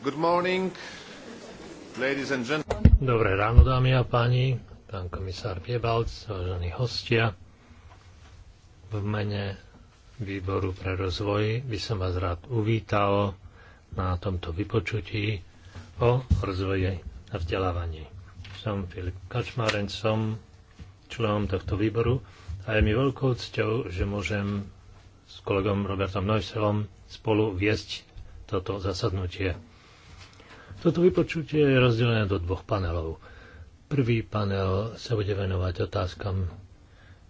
Good morning, ladies and gentlemen. Dobré ráno, dámy a páni, pán komisár Piebalc, vážení hostia. V mene Výboru pre rozvoj by som vás rád uvítal na tomto vypočutí o rozvoji a vzdelávaní. Som Filip Kačmaren, som členom tohto výboru a je mi veľkou cťou, že môžem s kolegom Robertom Neuselom spolu viesť toto zasadnutie. Toto vypočutie je rozdelené do dvoch panelov. Prvý panel sa bude venovať otázkam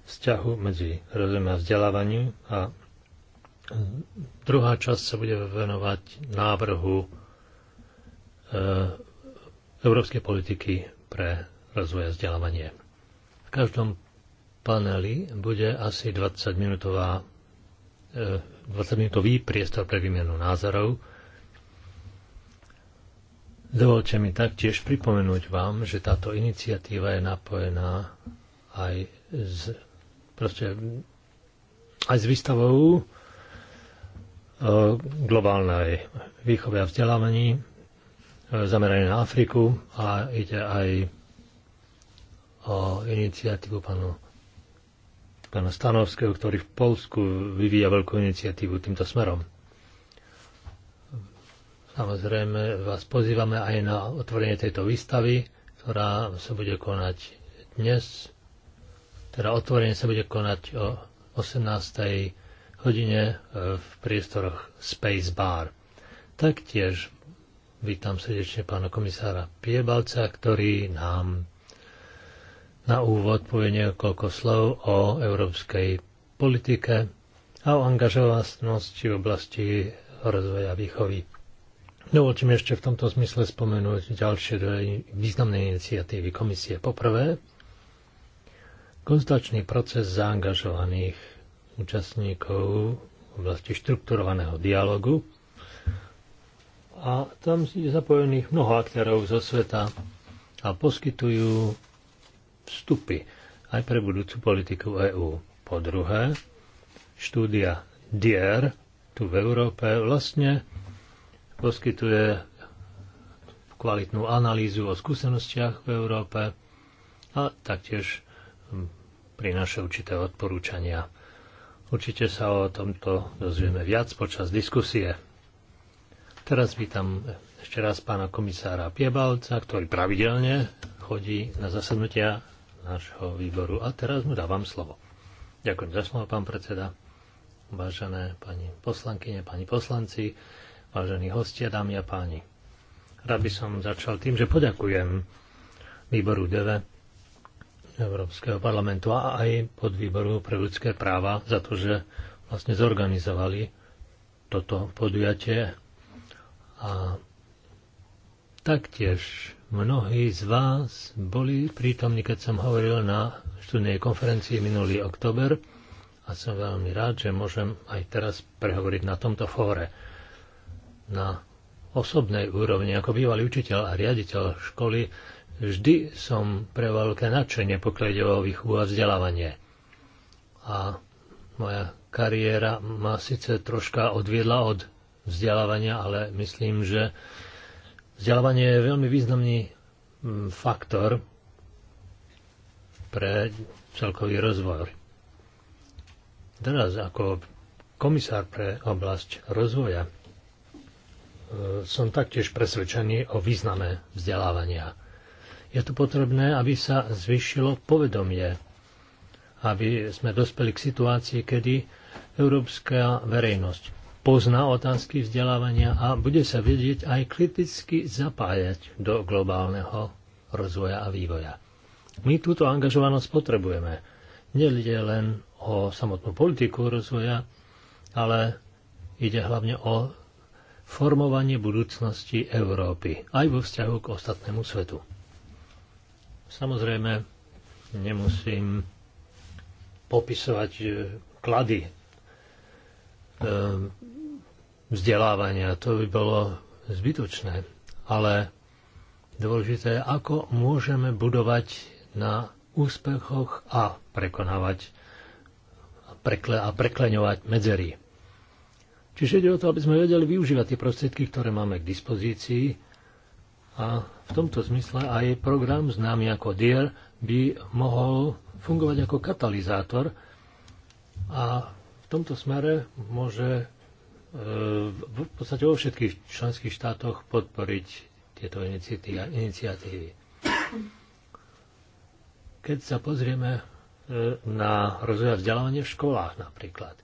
vzťahu medzi rozumom a vzdelávaním a druhá časť sa bude venovať návrhu e, európskej politiky pre rozvoj a vzdelávanie. V každom paneli bude asi 20-minútová 20-minútový e, priestor pre výmenu názorov Dovolte mi taktiež pripomenúť vám, že táto iniciatíva je napojená aj s, proste, aj z výstavou e, globálnej výchovy a vzdelávaní e, zamerané na Afriku a ide aj o iniciatívu pánu, pána Stanovského, ktorý v Polsku vyvíja veľkú iniciatívu týmto smerom. Samozrejme vás pozývame aj na otvorenie tejto výstavy, ktorá sa bude konať dnes. Teda otvorenie sa bude konať o 18. hodine e, v priestoroch Space Bar. Taktiež vítam srdečne pána komisára Piebalca, ktorý nám na úvod povie niekoľko slov o európskej politike a o angažovanosti v oblasti rozvoja výchovy. Dovolte mi ešte v tomto zmysle spomenúť ďalšie dve významné iniciatívy komisie. Poprvé, konzultačný proces zaangažovaných účastníkov v oblasti štrukturovaného dialogu a tam je zapojených mnoho aktérov zo sveta a poskytujú vstupy aj pre budúcu politiku EÚ. Po druhé, štúdia DIER tu v Európe vlastne poskytuje kvalitnú analýzu o skúsenostiach v Európe a taktiež hm, prináša určité odporúčania. Určite sa o tomto dozvieme viac počas diskusie. Teraz vítam ešte raz pána komisára Piebalca, ktorý pravidelne chodí na zasadnutia nášho výboru. A teraz mu dávam slovo. Ďakujem za slovo, pán predseda. Vážené pani poslankyne, pani poslanci, vážení hostia, dámy a páni. Rád by som začal tým, že poďakujem výboru DEVE Európskeho parlamentu a aj podvýboru pre ľudské práva za to, že vlastne zorganizovali toto podujatie a taktiež mnohí z vás boli prítomní, keď som hovoril na študnej konferencii minulý oktober a som veľmi rád, že môžem aj teraz prehovoriť na tomto fóre na osobnej úrovni, ako bývalý učiteľ a riaditeľ školy, vždy som pre veľké nadšenie, pokladil o výchovu a vzdelávanie. A moja kariéra ma síce troška odviedla od vzdelávania, ale myslím, že vzdelávanie je veľmi významný mm, faktor pre celkový rozvoj. Teraz ako komisár pre oblasť rozvoja som taktiež presvedčený o význame vzdelávania. Je to potrebné, aby sa zvyšilo povedomie, aby sme dospeli k situácii, kedy európska verejnosť pozná otázky vzdelávania a bude sa vedieť aj kriticky zapájať do globálneho rozvoja a vývoja. My túto angažovanosť potrebujeme. Nejde len o samotnú politiku rozvoja, ale ide hlavne o formovanie budúcnosti Európy aj vo vzťahu k ostatnému svetu. Samozrejme, nemusím popisovať e, klady e, vzdelávania. To by bolo zbytočné. Ale dôležité, ako môžeme budovať na úspechoch a prekonávať a, a prekleňovať medzery. Čiže ide o to, aby sme vedeli využívať tie prostriedky, ktoré máme k dispozícii a v tomto zmysle aj program známy ako DIR, by mohol fungovať ako katalizátor a v tomto smere môže e, v podstate vo všetkých členských štátoch podporiť tieto iniciatívy. Keď sa pozrieme e, na rozvoj vzdelávania v školách napríklad,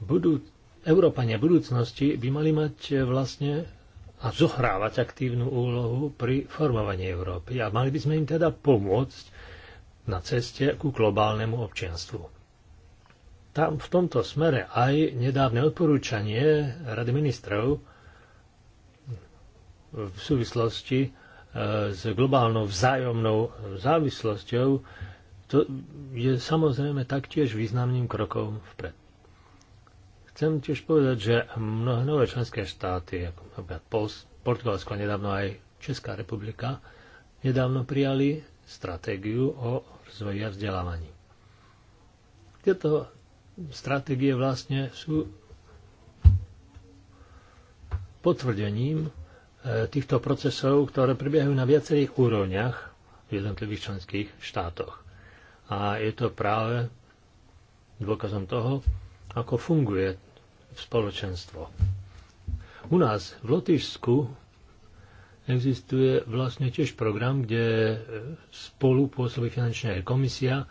budú Európania budúcnosti by mali mať e, vlastne a zohrávať aktívnu úlohu pri formovaní Európy. A mali by sme im teda pomôcť na ceste ku globálnemu občianstvu. Tam v tomto smere aj nedávne odporúčanie Rady ministrov v súvislosti e, s globálnou vzájomnou závislosťou to je samozrejme taktiež významným krokom vpred. Chcem tiež povedať, že mnohé nové členské štáty, ako napríklad Portugalsko a nedávno aj Česká republika, nedávno prijali stratégiu o rozvoji a vzdelávaní. Tieto stratégie vlastne sú potvrdením e, týchto procesov, ktoré prebiehajú na viacerých úrovniach v jednotlivých členských štátoch. A je to práve dôkazom toho, ako funguje spoločenstvo. U nás v Lotyšsku existuje vlastne tiež program, kde spolu pôsobí finančná komisia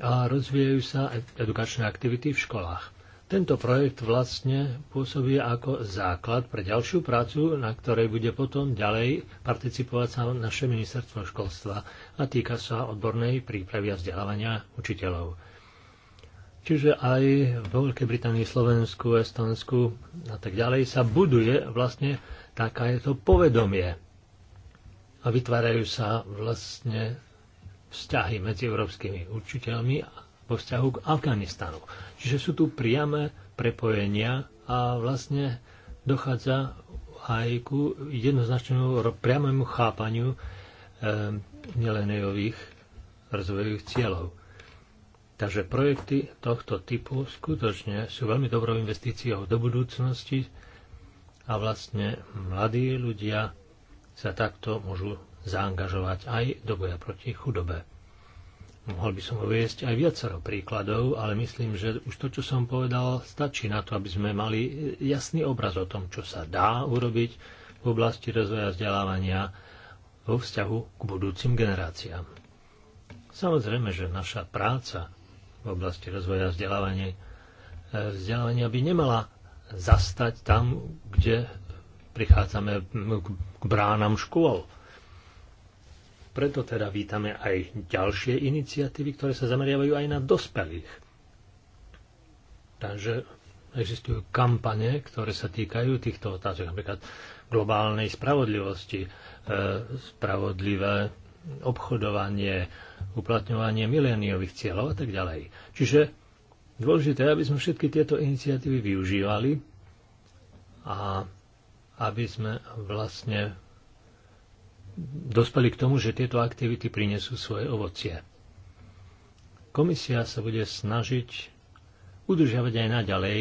a rozvíjajú sa e- edukačné aktivity v školách. Tento projekt vlastne pôsobí ako základ pre ďalšiu prácu, na ktorej bude potom ďalej participovať sa naše ministerstvo školstva a týka sa odbornej prípravy a vzdelávania učiteľov. Čiže aj v Veľkej Británii, Slovensku, Estonsku a tak ďalej sa buduje vlastne takéto povedomie. A vytvárajú sa vlastne vzťahy medzi európskymi učiteľmi vo vzťahu k Afganistanu. Čiže sú tu priame prepojenia a vlastne dochádza aj ku jednoznačnému priamému chápaniu e, eh, nielenejových rozvojových cieľov. Takže projekty tohto typu skutočne sú veľmi dobrou investíciou do budúcnosti a vlastne mladí ľudia sa takto môžu zaangažovať aj do boja proti chudobe. Mohol by som uviesť aj viacero príkladov, ale myslím, že už to, čo som povedal, stačí na to, aby sme mali jasný obraz o tom, čo sa dá urobiť v oblasti rozvoja vzdelávania vo vzťahu k budúcim generáciám. Samozrejme, že naša práca v oblasti rozvoja vzdelávania, e, vzdelávania by nemala zastať tam, kde prichádzame k bránam škôl. Preto teda vítame aj ďalšie iniciatívy, ktoré sa zameriavajú aj na dospelých. Takže existujú kampane, ktoré sa týkajú týchto otázok, napríklad globálnej spravodlivosti, e, spravodlivé obchodovanie, uplatňovanie miléniových cieľov a tak ďalej. Čiže dôležité, aby sme všetky tieto iniciatívy využívali a aby sme vlastne dospeli k tomu, že tieto aktivity prinesú svoje ovocie. Komisia sa bude snažiť udržiavať aj naďalej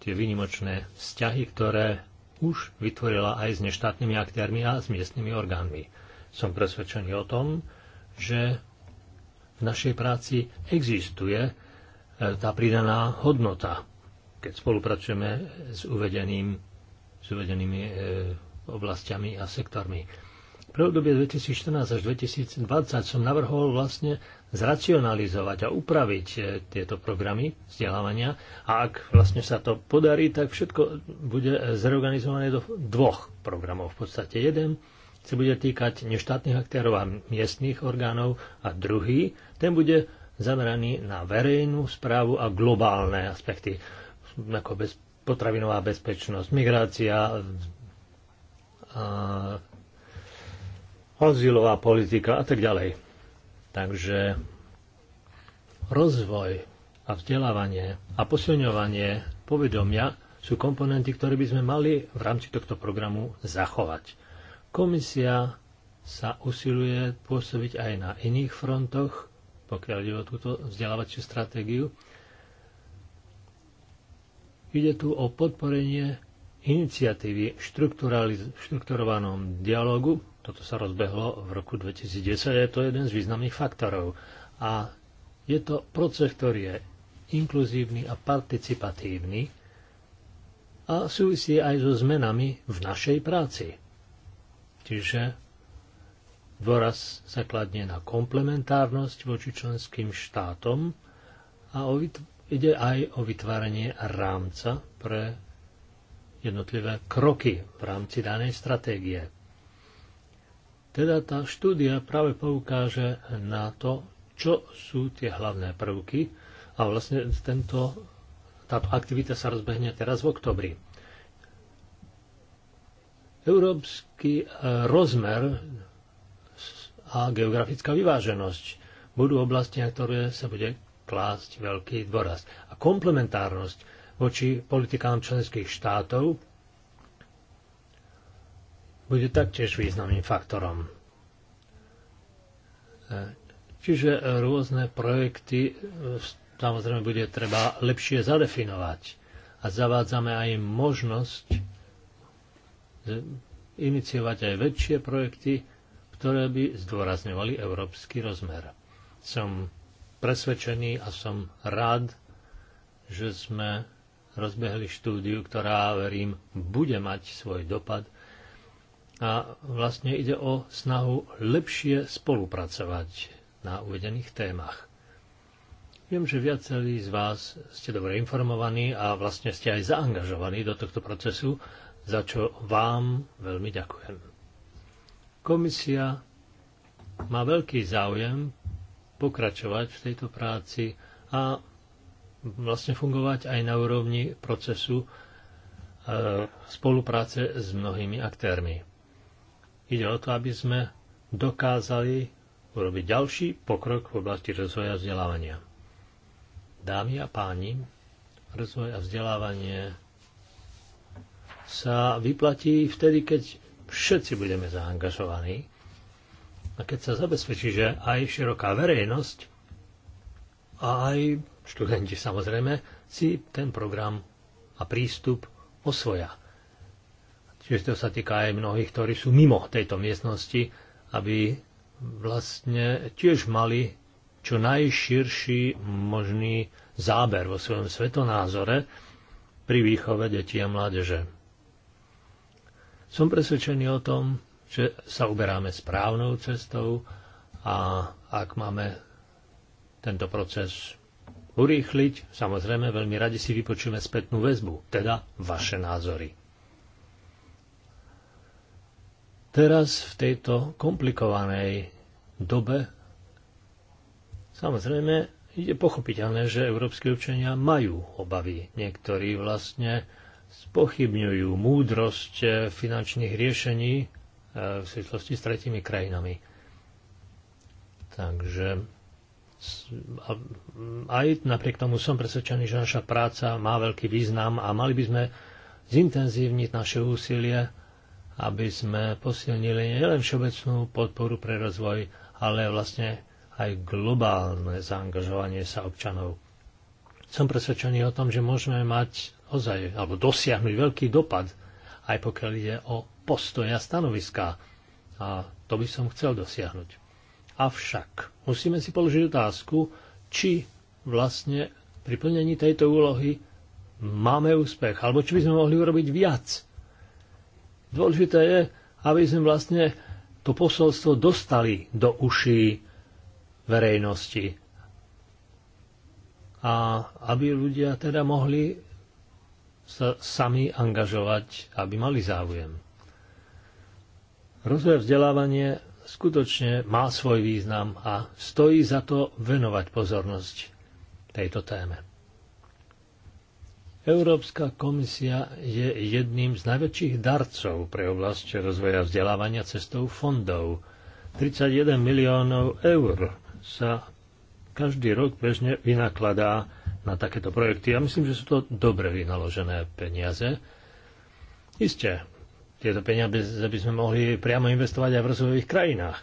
tie vynimočné vzťahy, ktoré už vytvorila aj s neštátnymi aktérmi a s miestnymi orgánmi som presvedčený o tom, že v našej práci existuje e, tá pridaná hodnota, keď spolupracujeme s, uvedeným, s uvedenými e, oblastiami a sektormi. Pre obdobie 2014 až 2020 som navrhol vlastne zracionalizovať a upraviť e, tieto programy vzdelávania a ak vlastne sa to podarí, tak všetko bude zreorganizované do dvoch programov. V podstate jeden sa bude týkať neštátnych aktérov a miestných orgánov a druhý, ten bude zameraný na verejnú správu a globálne aspekty, ako bez, potravinová bezpečnosť, migrácia, a azylová politika a tak ďalej. Takže rozvoj a vzdelávanie a posilňovanie povedomia sú komponenty, ktoré by sme mali v rámci tohto programu zachovať. Komisia sa usiluje pôsobiť aj na iných frontoch, pokiaľ ide o túto vzdelávaciu stratégiu. Ide tu o podporenie iniciatívy v štrukturovanom dialogu. Toto sa rozbehlo v roku 2010 je to jeden z významných faktorov. A je to proces, ktorý je inkluzívny a participatívny a súvisí aj so zmenami v našej práci. Čiže dôraz sa kladne na komplementárnosť voči členským štátom a o ide aj o vytváranie rámca pre jednotlivé kroky v rámci danej stratégie. Teda tá štúdia práve poukáže na to, čo sú tie hlavné prvky a vlastne tento, táto aktivita sa rozbehne teraz v oktobri. Európsky e, rozmer a geografická vyváženosť budú oblasti, na ktoré sa bude klásť veľký dôraz. A komplementárnosť voči politikám členských štátov bude taktiež významným faktorom. E, čiže rôzne projekty e, samozrejme bude treba lepšie zadefinovať. A zavádzame aj možnosť E, iniciovať aj väčšie projekty, ktoré by zdôrazňovali európsky rozmer. Som presvedčený a som rád, že sme rozbehli štúdiu, ktorá, verím, bude mať svoj dopad a vlastne ide o snahu lepšie spolupracovať na uvedených témach. Viem, že viacerí z vás ste dobre informovaní a vlastne ste aj zaangažovaní do tohto procesu za čo vám veľmi ďakujem. Komisia má veľký záujem pokračovať v tejto práci a vlastne fungovať aj na úrovni procesu e, spolupráce s mnohými aktérmi. Ide o to, aby sme dokázali urobiť ďalší pokrok v oblasti rozvoja a vzdelávania. Dámy a páni, rozvoj a vzdelávanie sa vyplatí vtedy, keď všetci budeme zaangažovaní a keď sa zabezpečí, že aj široká verejnosť a aj študenti samozrejme si ten program a prístup osvoja. Čiže to sa týka aj mnohých, ktorí sú mimo tejto miestnosti, aby vlastne tiež mali čo najširší možný záber vo svojom svetonázore pri výchove detí a mládeže. Som presvedčený o tom, že sa uberáme správnou cestou a ak máme tento proces urýchliť, samozrejme veľmi radi si vypočujeme spätnú väzbu, teda vaše názory. Teraz v tejto komplikovanej dobe samozrejme je pochopiteľné, že európske občania majú obavy. Niektorí vlastne spochybňujú múdrosť eh, finančných riešení eh, v súvislosti s tretimi krajinami. Takže mm, aj napriek tomu som presvedčený, že naša práca má veľký význam a mali by sme zintenzívniť naše úsilie, aby sme posilnili nielen všeobecnú podporu pre rozvoj, ale vlastne aj globálne zaangažovanie sa občanov. Som presvedčený o tom, že môžeme mať ozaj, alebo dosiahnuť veľký dopad, aj pokiaľ ide o postoje a stanoviská. A to by som chcel dosiahnuť. Avšak musíme si položiť otázku, či vlastne pri plnení tejto úlohy máme úspech, alebo či by sme mohli urobiť viac. Dôležité je, aby sme vlastne to posolstvo dostali do uší verejnosti a aby ľudia teda mohli sa sami angažovať, aby mali záujem. Rozvoj vzdelávanie skutočne má svoj význam a stojí za to venovať pozornosť tejto téme. Európska komisia je jedným z najväčších darcov pre oblasť rozvoja vzdelávania cestou fondov. 31 miliónov eur sa každý rok bežne vynakladá na takéto projekty. Ja myslím, že sú to dobre vynaložené peniaze. Isté, tieto peniaze by sme mohli priamo investovať aj v rozvojových krajinách.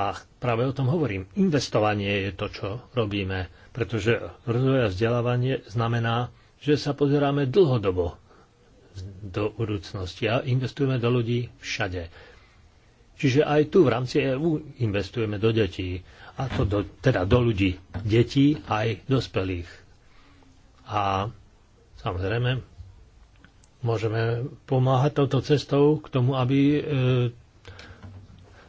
A práve o tom hovorím. Investovanie je to, čo robíme, pretože rozvoj a vzdelávanie znamená, že sa pozeráme dlhodobo do budúcnosti a investujeme do ľudí všade. Čiže aj tu v rámci EÚ investujeme do detí a to do, teda do ľudí, detí aj dospelých. A samozrejme, môžeme pomáhať touto cestou k tomu, aby e,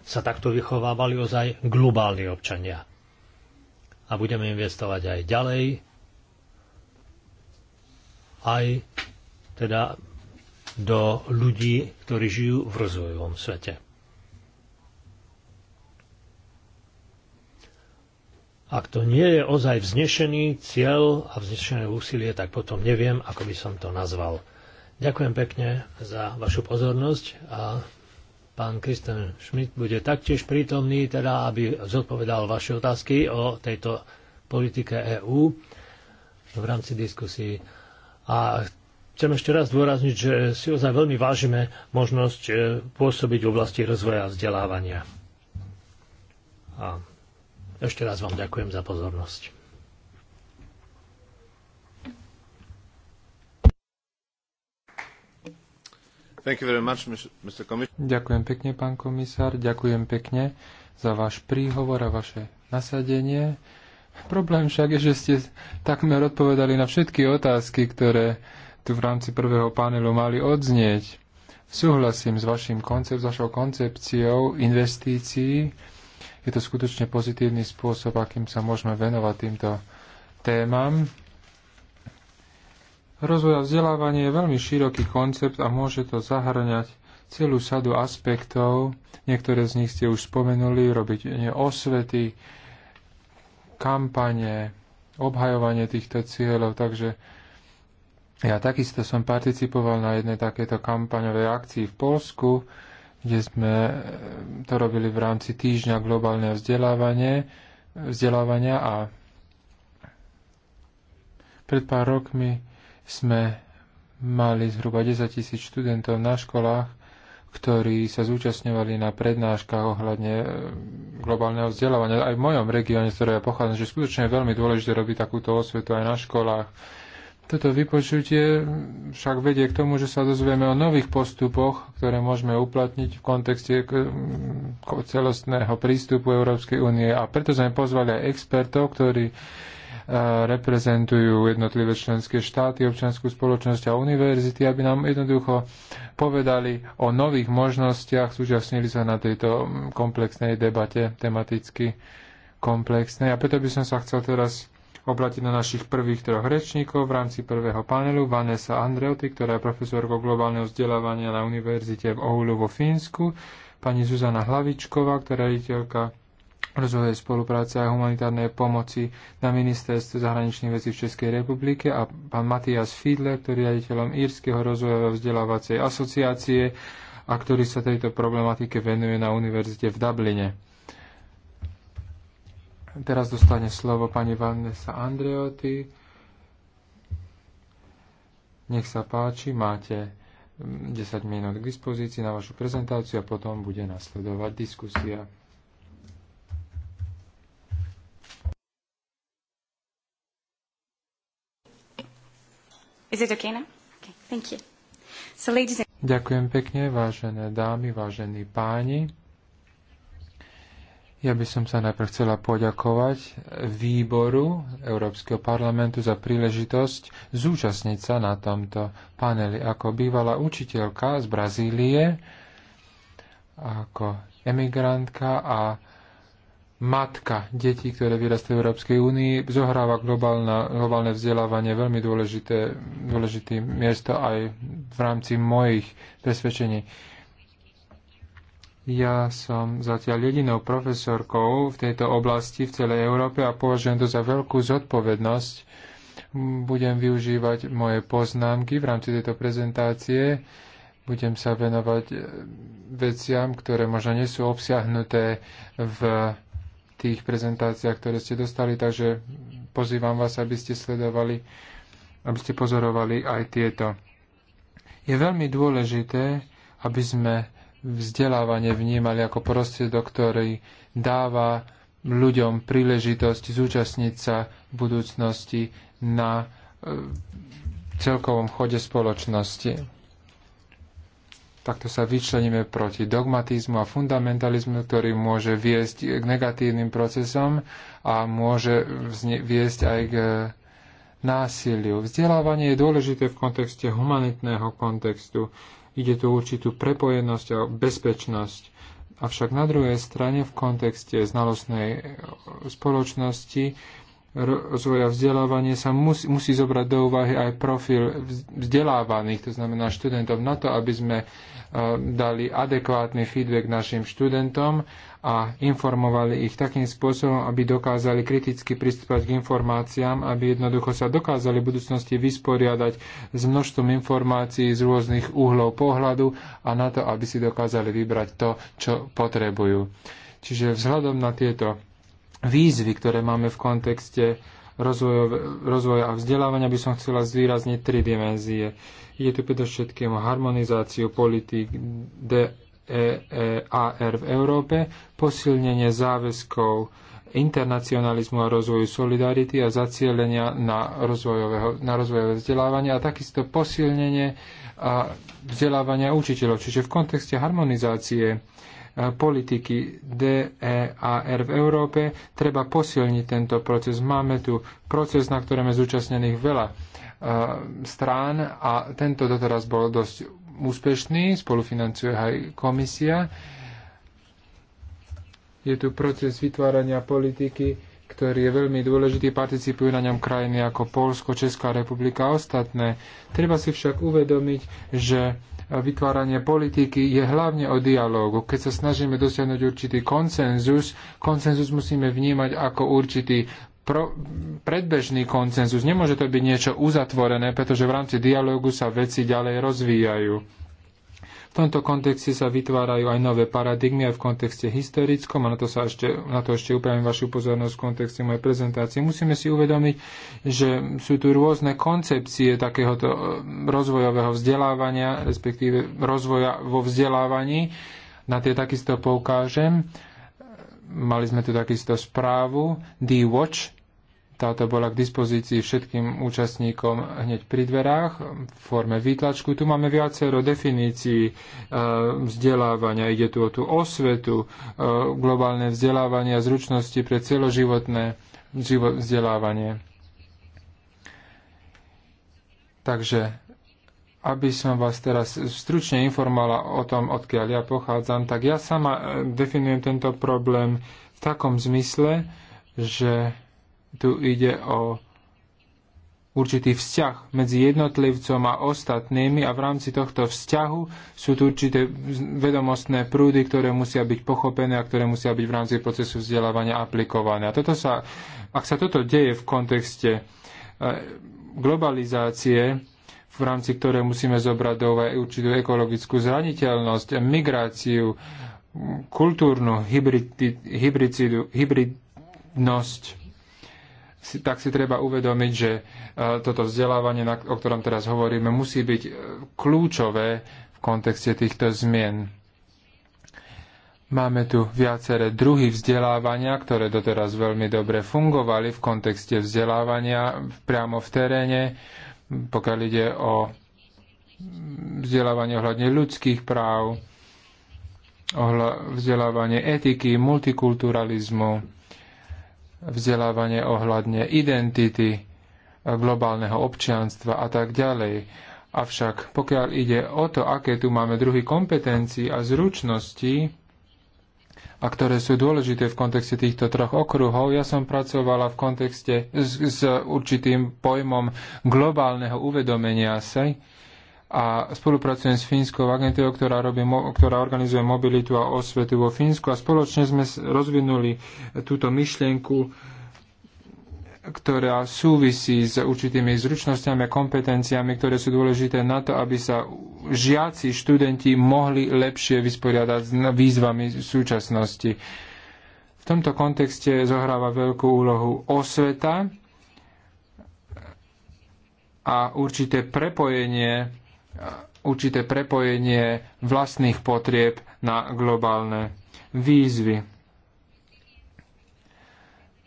sa takto vychovávali ozaj globálni občania. A budeme investovať aj ďalej, aj teda do ľudí, ktorí žijú v rozvojovom svete. Ak to nie je ozaj vznešený cieľ a vznešené úsilie, tak potom neviem, ako by som to nazval. Ďakujem pekne za vašu pozornosť a pán Kristen Schmidt bude taktiež prítomný, teda aby zodpovedal vaše otázky o tejto politike EÚ v rámci diskusí. A chcem ešte raz dôrazniť, že si ozaj veľmi vážime možnosť e, pôsobiť v oblasti rozvoja a vzdelávania. A ešte raz vám ďakujem za pozornosť. Much, Ďakujem pekne, pán komisár. Ďakujem pekne za váš príhovor a vaše nasadenie. Problém však je, že ste takmer odpovedali na všetky otázky, ktoré tu v rámci prvého panelu mali odznieť. Súhlasím s vašim koncept, s vašou koncepciou investícií je to skutočne pozitívny spôsob, akým sa môžeme venovať týmto témam. Rozvoj a vzdelávanie je veľmi široký koncept a môže to zahrňať celú sadu aspektov. Niektoré z nich ste už spomenuli, robiť osvety, kampane, obhajovanie týchto cieľov, takže ja takisto som participoval na jednej takéto kampaňovej akcii v Polsku, kde sme eh, to robili v rámci týždňa globálneho vzdelávania, vzdelávania a pred pár rokmi sme mali zhruba 10 tisíc študentov na školách, ktorí sa zúčastňovali na prednáškach ohľadne eh, globálneho vzdelávania. Aj v mojom regióne, z ktorého ja pochádzam, že skutočne je veľmi dôležité robiť takúto osvetu aj na školách, toto vypočutie však vedie k tomu, že sa dozvieme o nových postupoch, ktoré môžeme uplatniť v kontexte eh, celostného prístupu Európskej únie. A preto sme pozvali aj expertov, ktorí eh, reprezentujú jednotlivé členské štáty, občianskú spoločnosť a univerzity, aby nám jednoducho povedali o nových možnostiach, súčasnili sa na tejto hm, komplexnej debate, tematicky komplexnej. A preto by som sa chcel teraz obratiť na našich prvých troch rečníkov v rámci prvého panelu Vanessa Andreoty, ktorá je profesorkou globálneho vzdelávania na Univerzite v Oulu vo Fínsku, pani Zuzana Hlavičková, ktorá je riaditeľka rozvojovej spolupráce a humanitárnej pomoci na ministerstve zahraničných vecí v Českej republike a pán Matias Fiedler, ktorý je riaditeľom Írskeho rozvojového vzdelávacej asociácie a ktorý sa tejto problematike venuje na univerzite v Dubline. Teraz dostane slovo pani Vanessa Andreoty. Nech sa páči, máte 10 mm, minút k dispozícii na vašu prezentáciu a potom bude nasledovať diskusia. Is it okay now? Okay, thank you. So, ladies and... Ďakujem pekne, vážené dámy, vážení páni. Ja by som sa najprv chcela poďakovať výboru Európskeho parlamentu za príležitosť zúčastniť sa na tomto paneli. Ako bývalá učiteľka z Brazílie, ako emigrantka a matka detí, ktoré vyrastajú v Európskej únii, zohráva globálne, globálne vzdelávanie veľmi dôležité, dôležité miesto aj v rámci mojich presvedčení. Ja som zatiaľ jedinou profesorkou v tejto oblasti v celej Európe a považujem to za veľkú zodpovednosť. Budem využívať moje poznámky v rámci tejto prezentácie. Budem sa venovať e, veciam, ktoré možno nie sú obsiahnuté v tých prezentáciách, ktoré ste dostali, takže pozývam vás, aby ste sledovali, aby ste pozorovali aj tieto. Je veľmi dôležité, aby sme vzdelávanie vnímali ako prostriedok, ktorý dáva ľuďom príležitosť zúčastniť sa v budúcnosti na e, celkovom chode spoločnosti. Takto sa vyčleníme proti dogmatizmu a fundamentalizmu, ktorý môže viesť k negatívnym procesom a môže viesť aj k násiliu. Vzdelávanie je dôležité v kontexte humanitného kontextu. Ide tu určitú prepojenosť a bezpečnosť. Avšak na druhej strane v kontexte znalostnej spoločnosti rozvoja vzdelávania sa musí, musí zobrať do úvahy aj profil vzdelávaných, to znamená študentov, na to, aby sme eh, dali adekvátny feedback našim študentom a informovali ich takým spôsobom, aby dokázali kriticky pristúpať k informáciám, aby jednoducho sa dokázali v budúcnosti vysporiadať s množstvom informácií z rôznych uhlov pohľadu a na to, aby si dokázali vybrať to, čo potrebujú. Čiže vzhľadom na tieto výzvy, ktoré máme v kontexte rozvoja a vzdelávania, by som chcela zvýrazniť tri dimenzie. Je tu predovšetkým harmonizáciu politik de- EEAR v Európe, posilnenie záväzkov internacionalizmu a rozvoju solidarity a zacielenia na, na rozvojové vzdelávanie a takisto posilnenie a vzdelávania učiteľov. Čiže v kontexte harmonizácie e, politiky DEAR v Európe treba posilniť tento proces. Máme tu proces, na ktorom je zúčastnených veľa e, strán a tento doteraz bol dosť úspešný, spolufinancuje aj komisia. Je tu proces vytvárania politiky, ktorý je veľmi dôležitý, participujú na ňom krajiny ako Polsko, Česká republika a ostatné. Treba si však uvedomiť, že vytváranie politiky je hlavne o dialógu. Keď sa snažíme dosiahnuť určitý konsenzus, konsenzus musíme vnímať ako určitý pro, predbežný koncenzus. Nemôže to byť niečo uzatvorené, pretože v rámci dialógu sa veci ďalej rozvíjajú. V tomto kontexte sa vytvárajú aj nové paradigmy, aj v kontexte historickom, a na to, sa ešte, na to ešte upravím vašu pozornosť v kontexte mojej prezentácie. Musíme si uvedomiť, že sú tu rôzne koncepcie takéhoto e, rozvojového vzdelávania, respektíve rozvoja vo vzdelávaní. Na tie takisto poukážem. Mali sme tu takisto správu D-Watch, táto bola k dispozícii všetkým účastníkom hneď pri dverách v forme výtlačku. Tu máme viacero definícií e, vzdelávania. Ide tu o tú osvetu, e, globálne vzdelávanie a zručnosti pre celoživotné vzdelávanie. Takže aby som vás teraz stručne informovala o tom, odkiaľ ja pochádzam, tak ja sama e, definujem tento problém v takom zmysle, že tu ide o určitý vzťah medzi jednotlivcom a ostatnými a v rámci tohto vzťahu sú tu určité vedomostné prúdy, ktoré musia byť pochopené a ktoré musia byť v rámci procesu vzdelávania aplikované. A toto sa, ak sa toto deje v kontexte e, globalizácie, v rámci ktorej musíme zobrať do úvahy určitú ekologickú zraniteľnosť, migráciu, kultúrnu hybrid, hybridnosť, tak si treba uvedomiť, že e, toto vzdelávanie, o ktorom teraz hovoríme, musí byť e, kľúčové v kontexte týchto zmien. Máme tu viaceré druhy vzdelávania, ktoré doteraz veľmi dobre fungovali v kontexte vzdelávania priamo v teréne, pokiaľ ide o vzdelávanie ohľadne ľudských práv, ohľa, vzdelávanie etiky, multikulturalizmu, vzdelávanie ohľadne identity, e, globálneho občianstva a tak ďalej. Avšak pokiaľ ide o to, aké tu máme druhy kompetencií a zručnosti, a ktoré sú dôležité v kontexte týchto troch okruhov. Ja som pracovala v kontexte s, s určitým pojmom globálneho uvedomenia sa, a spolupracujem s Fínskou agentúrou, ktorá, robí, ktorá organizuje mobilitu a osvetu vo Fínsku a spoločne sme rozvinuli túto myšlienku, ktorá súvisí s určitými zručnosťami a kompetenciami, ktoré sú dôležité na to, aby sa žiaci, študenti mohli lepšie vysporiadať s výzvami súčasnosti. V tomto kontexte zohráva veľkú úlohu osveta a určité prepojenie určité prepojenie vlastných potrieb na globálne výzvy.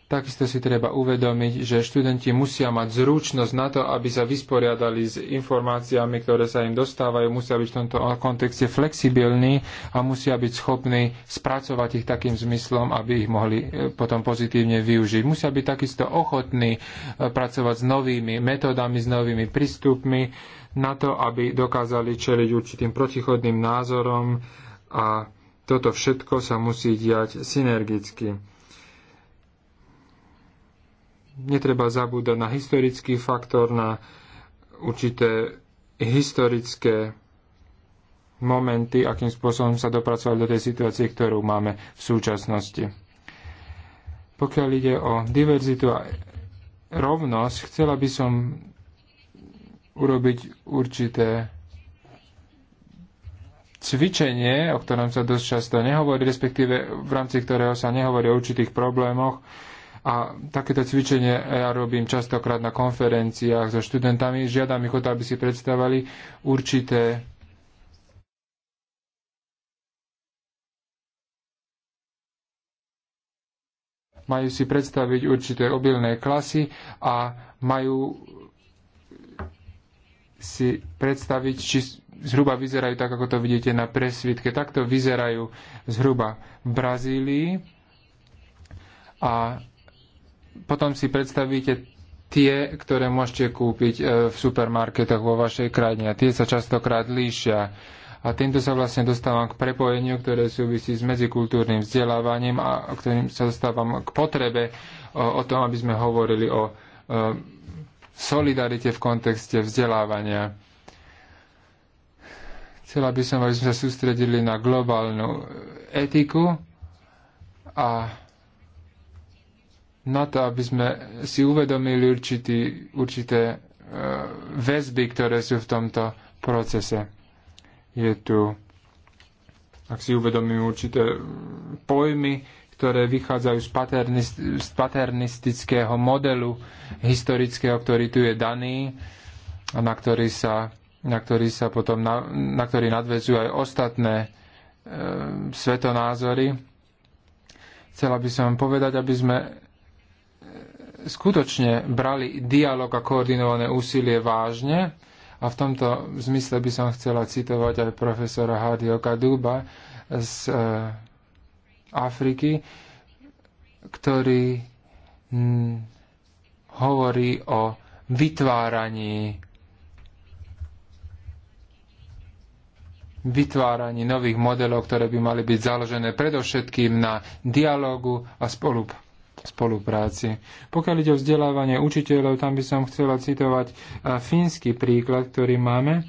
Takisto si treba uvedomiť, že študenti musia mať zručnosť na to, aby sa vysporiadali s informáciami, ktoré sa im dostávajú, musia byť v tomto kontexte flexibilní a musia byť schopní spracovať ich takým zmyslom, aby ich mohli e, potom pozitívne využiť. Musia byť takisto ochotní e, pracovať s novými metodami, s novými prístupmi, na to, aby dokázali čeliť určitým protichodným názorom a toto všetko sa musí diať synergicky. Netreba zabúdať na historický faktor, na určité historické momenty, akým spôsobom sa dopracovať do tej situácie, ktorú máme v súčasnosti. Pokiaľ ide o diverzitu a rovnosť, chcela by som urobiť určité cvičenie, o ktorom sa dosť často nehovorí, respektíve v rámci ktorého sa nehovorí o určitých problémoch. A takéto cvičenie ja robím častokrát na konferenciách so študentami. Žiadam ich o to, aby si predstavali určité majú si predstaviť určité obilné klasy a majú si predstaviť, či zhruba vyzerajú tak, ako to vidíte na presvitke. Takto vyzerajú zhruba v Brazílii a potom si predstavíte tie, ktoré môžete kúpiť e, v supermarketoch vo vašej krajine. A tie sa častokrát líšia. A týmto sa vlastne dostávam k prepojeniu, ktoré súvisí s medzikultúrnym vzdelávaním a ktorým sa dostávam k potrebe o, e, o tom, aby sme hovorili o, o e, solidarite v kontexte vzdelávania. Chcela by som, aby sme sa sústredili na globálnu etiku a na to, aby sme si uvedomili určitý, určité e, väzby, ktoré sú v tomto procese. Je tu, ak si uvedomím určité pojmy, ktoré vychádzajú z, paternist, z paternistického modelu historického, ktorý tu je daný a na ktorý sa, na ktorý sa potom na, na ktorý nadvezujú aj ostatné e, svetonázory. Chcela by som povedať, aby sme e, skutočne brali dialog a koordinované úsilie vážne. A v tomto zmysle by som chcela citovať aj profesora Hadioka Duba z e, Afriky, ktorý mm, hovorí o vytváraní vytváraní nových modelov, ktoré by mali byť založené predovšetkým na dialogu a spolup- spolupráci. Pokiaľ ide o vzdelávanie učiteľov, tam by som chcela citovať e, fínsky príklad, ktorý máme.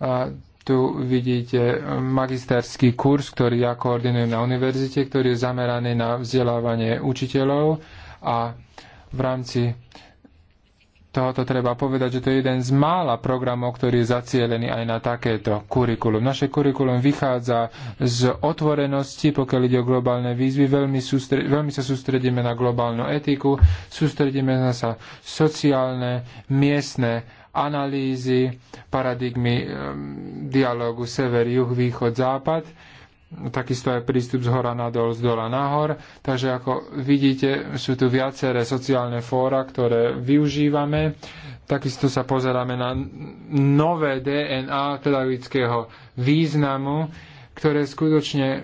A e, tu vidíte magisterský kurz, ktorý ja koordinujem na univerzite, ktorý je zameraný na vzdelávanie učiteľov a v rámci tohoto treba povedať, že to je jeden z mála programov, ktorý je zacielený aj na takéto kurikulum. Naše kurikulum vychádza z otvorenosti, pokiaľ ide o globálne výzvy, veľmi, sústre, veľmi sa sústredíme na globálnu etiku, sústredíme sa sociálne, miestne analýzy paradigmy dialógu sever-juh, východ-západ, takisto aj prístup z hora nadol, z dola nahor. Takže ako vidíte, sú tu viaceré sociálne fóra, ktoré využívame. Takisto sa pozeráme na nové DNA pedagogického významu, ktoré skutočne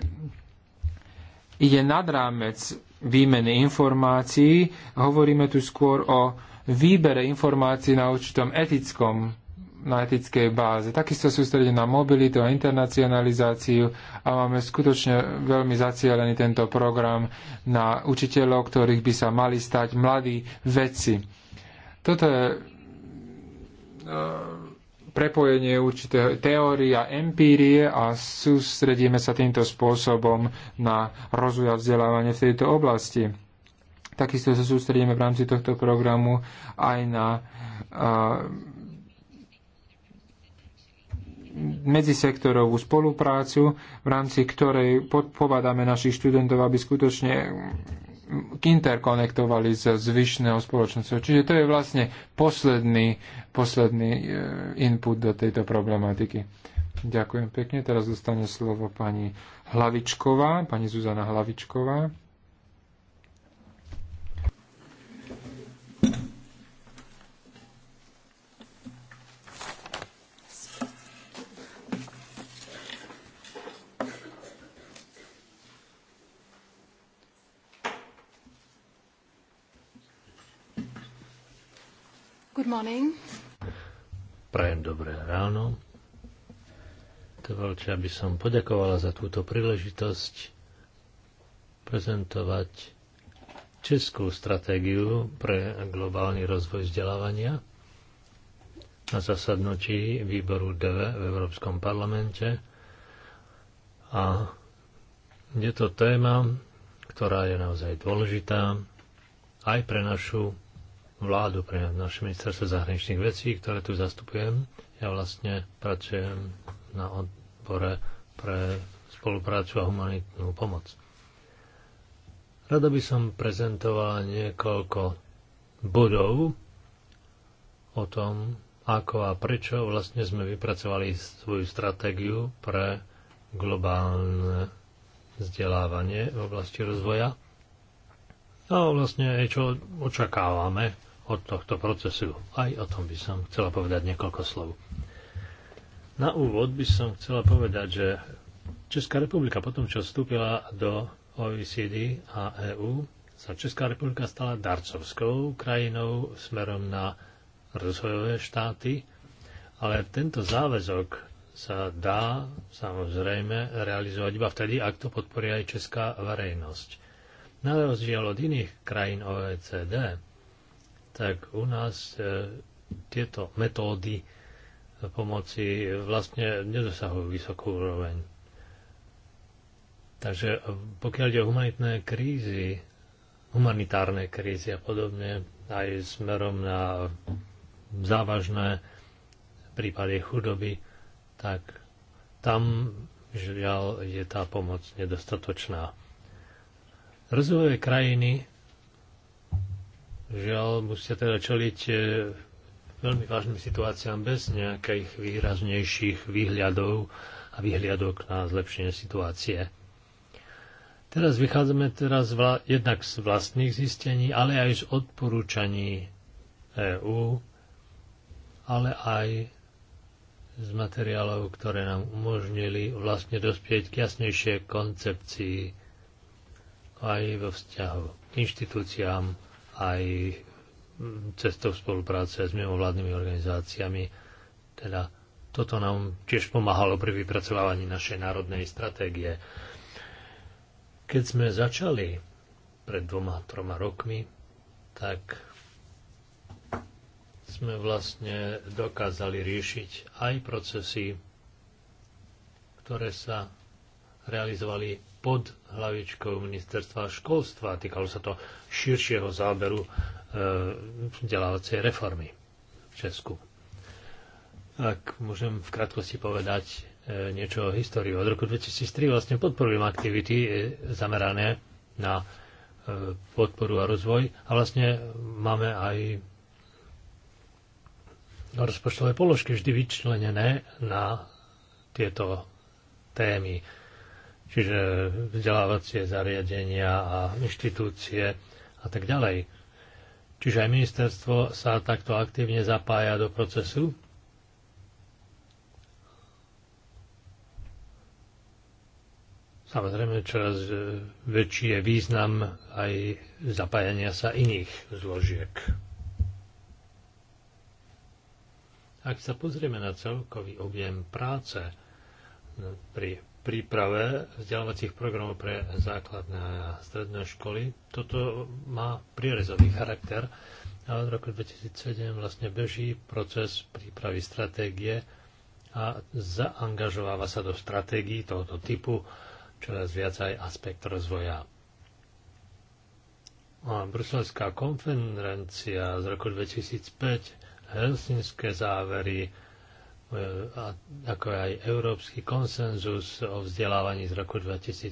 ide nad rámec výmeny informácií. Hovoríme tu skôr o výbere informácií na určitom etickom na etickej báze. Takisto sústredí na mobilitu a internacionalizáciu a máme skutočne veľmi zacielený tento program na učiteľov, ktorých by sa mali stať mladí vedci. Toto je e, prepojenie určitej teórie a empírie a sústredíme sa týmto spôsobom na rozvoj a vzdelávanie v tejto oblasti. Takisto sa sústredíme v rámci tohto programu aj na medzisektorovú spoluprácu, v rámci ktorej podpovadáme našich študentov, aby skutočne interkonektovali sa zvyšného spoločnosťou. Čiže to je vlastne posledný, posledný e, input do tejto problematiky. Ďakujem pekne. Teraz dostane slovo pani Hlavičková, pani Zuzana Hlavičková. Good morning. Prajem dobré ráno. Dovolte, aby som poďakovala za túto príležitosť prezentovať českú stratégiu pre globálny rozvoj vzdelávania na zasadnutí výboru DV v Európskom parlamente. A je to téma, ktorá je naozaj dôležitá aj pre našu vládu pre naše ministerstvo zahraničných vecí, ktoré tu zastupujem. Ja vlastne pracujem na odbore pre spoluprácu a humanitnú pomoc. Rada by som prezentovala niekoľko bodov o tom, ako a prečo vlastne sme vypracovali svoju stratégiu pre globálne vzdelávanie v oblasti rozvoja. A no, vlastne aj čo očakávame od tohto procesu. Aj o tom by som chcela povedať niekoľko slov. Na úvod by som chcela povedať, že Česká republika potom, čo vstúpila do OECD a EÚ, sa Česká republika stala darcovskou krajinou smerom na rozvojové štáty, ale tento záväzok sa dá samozrejme realizovať iba vtedy, ak to podporia aj česká verejnosť. Na rozdiel od iných krajín OECD, tak u nás e, tieto metódy pomoci vlastne nedosahujú vysokú úroveň. Takže pokiaľ ide o humanitné krízy, humanitárne krízy a podobne, aj smerom na závažné prípady chudoby, tak tam žiaľ je tá pomoc nedostatočná. Rozvojové krajiny Žiaľ, musia teda čeliť e, veľmi vážnym situáciám bez nejakých výraznejších výhľadov a výhľadok na zlepšenie situácie. Teraz vychádzame teraz vla, jednak z vlastných zistení, ale aj z odporúčaní EÚ, ale aj z materiálov, ktoré nám umožnili vlastne dospieť k jasnejšej koncepcii aj vo vzťahu k inštitúciám, aj mm, cestou spolupráce s mimovládnymi organizáciami. Teda toto nám tiež pomáhalo pri vypracovávaní našej národnej stratégie. Keď sme začali pred dvoma, troma rokmi, tak sme vlastne dokázali riešiť aj procesy, ktoré sa realizovali pod hlavičkou ministerstva školstva. Týkalo sa to širšieho záberu e, vzdelávacej reformy v Česku. Ak môžem v krátkosti povedať e, niečo o histórii. Od roku 2003 vlastne podporujem aktivity e, zamerané na podporu a rozvoj a vlastne máme aj rozpočtové položky vždy vyčlenené na tieto témy čiže vzdelávacie zariadenia a inštitúcie a tak ďalej. Čiže aj ministerstvo sa takto aktívne zapája do procesu. Samozrejme, čoraz väčší je význam aj zapájania sa iných zložiek. Ak sa pozrieme na celkový objem práce no, pri príprave vzdelávacích programov pre základné a stredné školy. Toto má prierezový charakter a od roku 2007 vlastne beží proces prípravy stratégie a zaangažováva sa do stratégií tohoto typu čoraz viac aj aspekt rozvoja. A Bruselská konferencia z roku 2005, helsinské závery, E, a ako aj Európsky konsenzus o vzdelávaní z roku 2007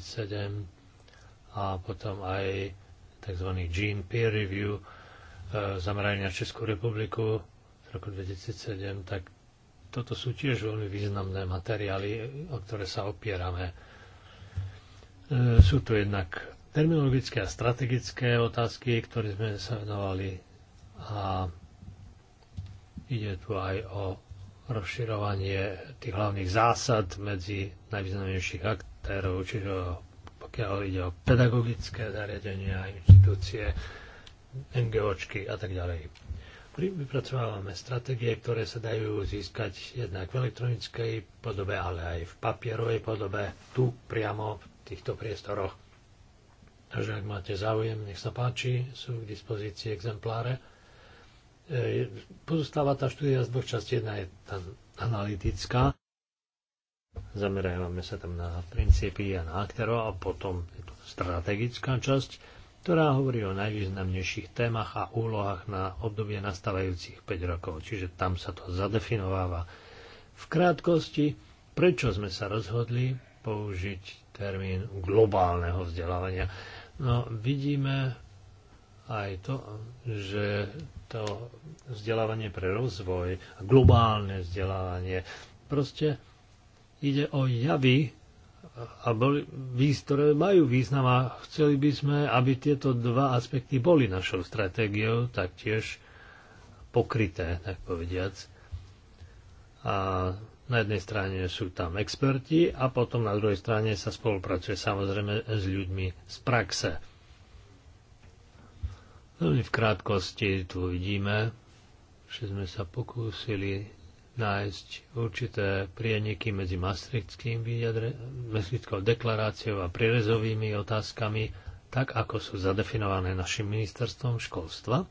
a potom aj tzv. Gene Peer Review e, zameraný na Českú republiku z roku 2007, tak toto sú tiež veľmi významné materiály, o ktoré sa opierame. E, sú tu jednak terminologické a strategické otázky, ktoré sme sa venovali a ide tu aj o rozširovanie tých hlavných zásad medzi najvýznamnejších aktérov, čiže pokiaľ ide o pedagogické zariadenia, inštitúcie, NGOčky a tak ďalej. Vypracovávame stratégie, ktoré sa dajú získať jednak v elektronickej podobe, ale aj v papierovej podobe, tu priamo v týchto priestoroch. Takže ak máte záujem, nech sa páči, sú k dispozícii exempláre. E, pozostáva tá štúdia z dvoch častí. Jedna je tá analytická, zamerávame sa tam na princípy a na aktérov a potom je tu strategická časť, ktorá hovorí o najvýznamnejších témach a úlohách na obdobie nastávajúcich 5 rokov. Čiže tam sa to zadefinováva. V krátkosti, prečo sme sa rozhodli použiť termín globálneho vzdelávania? No, vidíme aj to, že to vzdelávanie pre rozvoj, globálne vzdelávanie, proste ide o javy, a boli, ktoré majú význam a chceli by sme, aby tieto dva aspekty boli našou stratégiou taktiež pokryté, tak povediac. A na jednej strane sú tam experti a potom na druhej strane sa spolupracuje samozrejme s ľuďmi z praxe. Veľmi v krátkosti tu vidíme, že sme sa pokúsili nájsť určité prieniky medzi Maastrichtským Maastrichtskou deklaráciou a prirezovými otázkami, tak ako sú zadefinované našim ministerstvom školstva.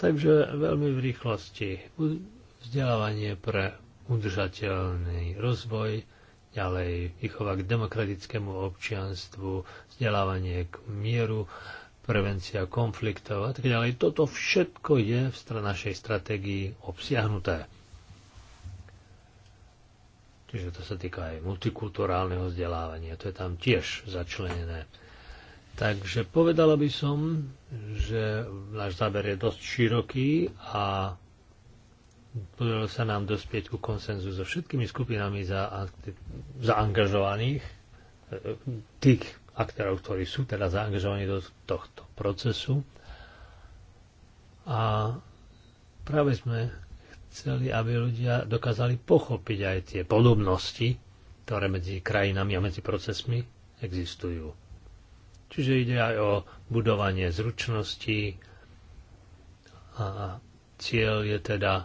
Takže veľmi v rýchlosti vzdelávanie pre udržateľný rozvoj, ďalej výchova k demokratickému občianstvu, vzdelávanie k mieru, prevencia konfliktov a tak ďalej. Toto všetko je v našej stratégii obsiahnuté. Čiže to sa týka aj multikulturálneho vzdelávania. To je tam tiež začlenené. Takže povedala by som, že náš záber je dosť široký a podarilo sa nám dospieť ku konsenzu so všetkými skupinami za, zaangažovaných, e, e, tých aktérov, ktorí sú teda zaangažovaní do tohto procesu. A práve sme chceli, aby ľudia dokázali pochopiť aj tie podobnosti, ktoré medzi krajinami a medzi procesmi existujú. Čiže ide aj o budovanie zručností a cieľ je teda e,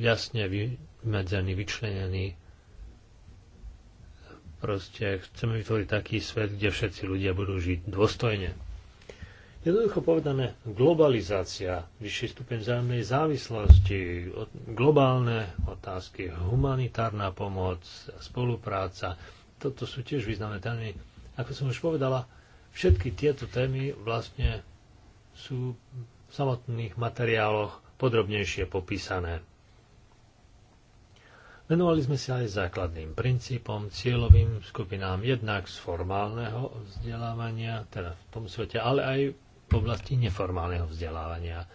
jasne vymedzený, vyčlenený Proste chceme vytvoriť taký svet, kde všetci ľudia budú žiť dôstojne. Jednoducho povedané, globalizácia, vyšší stupeň vzájomnej závislosti, globálne otázky, humanitárna pomoc, spolupráca, toto sú tiež významné témy. Ako som už povedala, všetky tieto témy vlastne sú v samotných materiáloch podrobnejšie popísané. Venovali sme sa aj základným princípom, cieľovým skupinám jednak z formálneho vzdelávania, teda v tom svete, ale aj v oblasti neformálneho vzdelávania.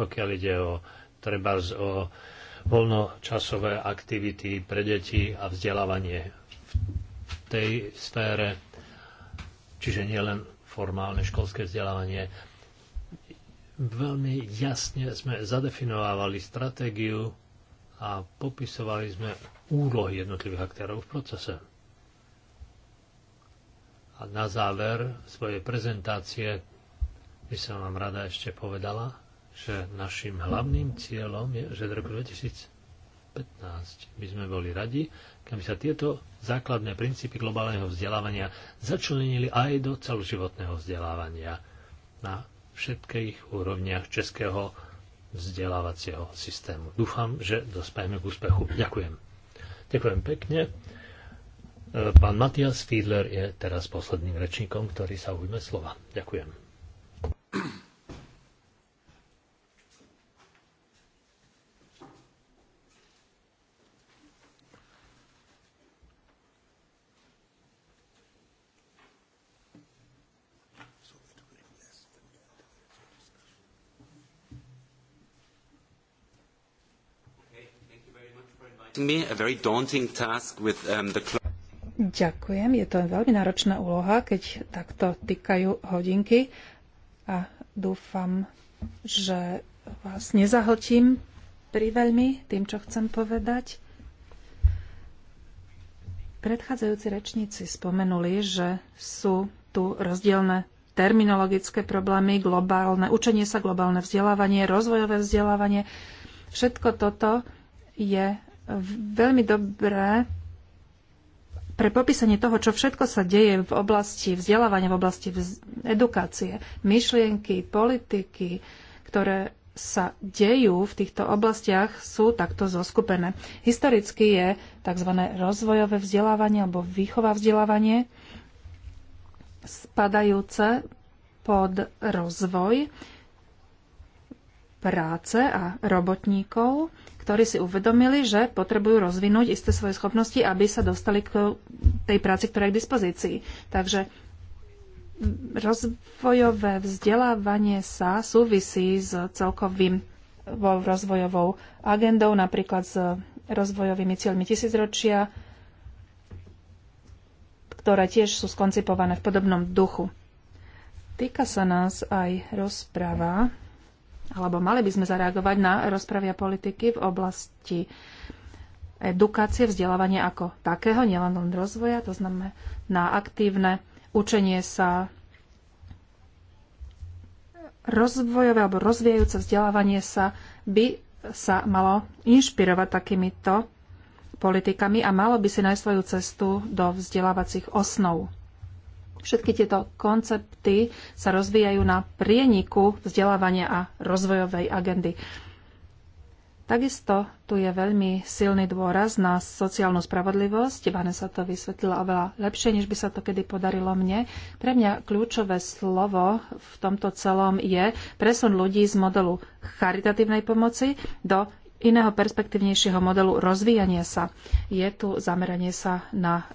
Pokiaľ ide o treba o voľnočasové aktivity pre deti a vzdelávanie v tej sfére, čiže nielen formálne školské vzdelávanie. Veľmi jasne sme zadefinovali stratégiu a popisovali sme úlohy jednotlivých aktérov v procese. A na záver svojej prezentácie by som vám rada ešte povedala, že našim hlavným cieľom je, že v roku 2015 by sme boli radi, keby sa tieto základné princípy globálneho vzdelávania začlenili aj do celoživotného vzdelávania na všetkých úrovniach českého vzdelávacieho systému. Dúfam, že dospajeme k úspechu. Ďakujem. Ďakujem pekne. E, pán Matias Fiedler je teraz posledným rečníkom, ktorý sa ujme slova. Ďakujem. Um, Ďakujem. Je to veľmi náročná úloha, keď takto týkajú hodinky a dúfam, že vás nezahltím priveľmi tým, čo chcem povedať. Predchádzajúci rečníci spomenuli, že sú tu rozdielne terminologické problémy, globálne učenie sa, globálne vzdelávanie, rozvojové vzdelávanie. Všetko toto je veľmi dobré pre popísanie toho, čo všetko sa deje v oblasti vzdelávania, v oblasti vz- edukácie, myšlienky, politiky, ktoré sa dejú v týchto oblastiach, sú takto zoskupené. Historicky je tzv. rozvojové vzdelávanie alebo výchova vzdelávanie spadajúce pod rozvoj práce a robotníkov, ktorí si uvedomili, že potrebujú rozvinúť isté svoje schopnosti, aby sa dostali k tej práci, ktorá je k dispozícii. Takže rozvojové vzdelávanie sa súvisí s celkovým rozvojovou agendou, napríklad s rozvojovými cieľmi tisícročia, ktoré tiež sú skoncipované v podobnom duchu. Týka sa nás aj rozpráva alebo mali by sme zareagovať na rozpravia politiky v oblasti edukácie, vzdelávania ako takého, nielen len rozvoja, to znamená na aktívne učenie sa, rozvojové alebo rozvíjajúce vzdelávanie sa by sa malo inšpirovať takýmito politikami a malo by si nájsť svoju cestu do vzdelávacích osnov. Všetky tieto koncepty sa rozvíjajú na prieniku vzdelávania a rozvojovej agendy. Takisto tu je veľmi silný dôraz na sociálnu spravodlivosť. Vane sa to vysvetlila oveľa lepšie, než by sa to kedy podarilo mne. Pre mňa kľúčové slovo v tomto celom je presun ľudí z modelu charitatívnej pomoci do iného perspektívnejšieho modelu rozvíjania sa. Je tu zameranie sa na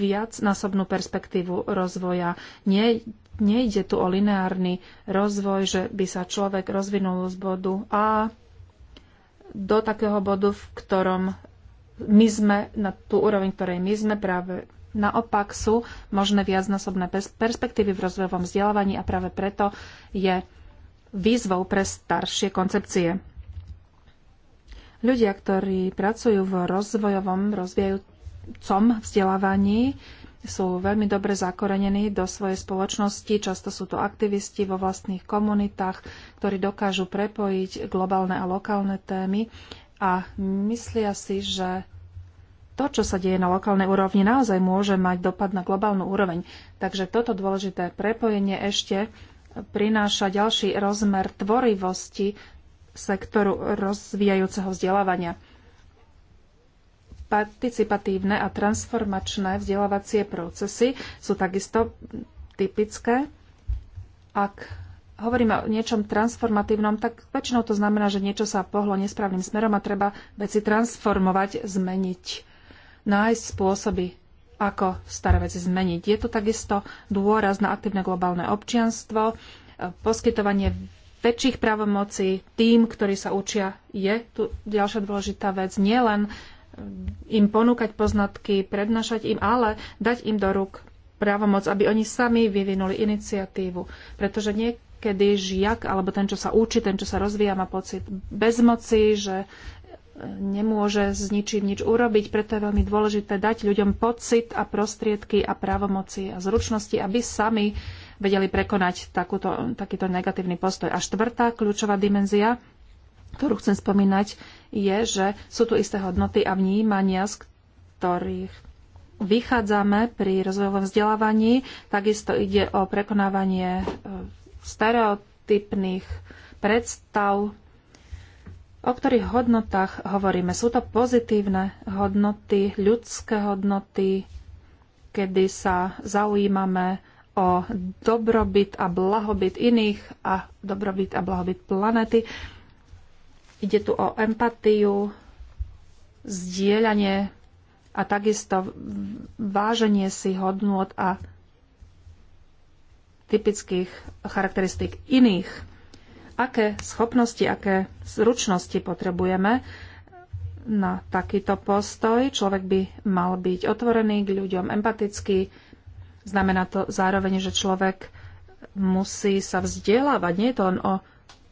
viacnásobnú perspektívu rozvoja. Nie, nejde tu o lineárny rozvoj, že by sa človek rozvinul z bodu A do takého bodu, v ktorom my sme, na tú úroveň, ktorej my sme práve Naopak sú možné viacnásobné perspektívy v rozvojovom vzdelávaní a práve preto je výzvou pre staršie koncepcie. Ľudia, ktorí pracujú v rozvojovom, rozvíjajúcom vzdelávaní, sú veľmi dobre zakorenení do svojej spoločnosti. Často sú to aktivisti vo vlastných komunitách, ktorí dokážu prepojiť globálne a lokálne témy a myslia si, že to, čo sa deje na lokálnej úrovni, naozaj môže mať dopad na globálnu úroveň. Takže toto dôležité prepojenie ešte prináša ďalší rozmer tvorivosti sektoru rozvíjajúceho vzdelávania. Participatívne a transformačné vzdelávacie procesy sú takisto typické. Ak hovoríme o niečom transformatívnom, tak väčšinou to znamená, že niečo sa pohlo nesprávnym smerom a treba veci transformovať, zmeniť, nájsť spôsoby, ako staré veci zmeniť. Je to takisto dôraz na aktívne globálne občianstvo, poskytovanie väčších právomocí tým, ktorí sa učia, je tu ďalšia dôležitá vec. Nie len eh, im ponúkať poznatky, prednášať im, ale dať im do rúk právomoc, aby oni sami vyvinuli iniciatívu. Pretože niekedy žiak, alebo ten, čo sa učí, ten, čo sa rozvíja, má pocit bezmoci, že eh, nemôže s ničím nič urobiť, preto je veľmi dôležité dať ľuďom pocit a prostriedky a právomoci a zručnosti, aby sami vedeli prekonať takúto, takýto negatívny postoj. A štvrtá kľúčová dimenzia, ktorú chcem spomínať, je, že sú tu isté hodnoty a vnímania, z ktorých vychádzame pri rozvojovom vzdelávaní. Takisto ide o prekonávanie e, stereotypných predstav, o ktorých hodnotách hovoríme. Sú to pozitívne hodnoty, ľudské hodnoty, kedy sa zaujímame o dobrobyt a blahobyt iných a dobrobyt a blahobyt planety. Ide tu o empatiu, zdieľanie a takisto váženie si hodnôt a typických charakteristík iných. Aké schopnosti, aké zručnosti potrebujeme na takýto postoj? Človek by mal byť otvorený k ľuďom, empatický, Znamená to zároveň, že človek musí sa vzdelávať. Nie je to len o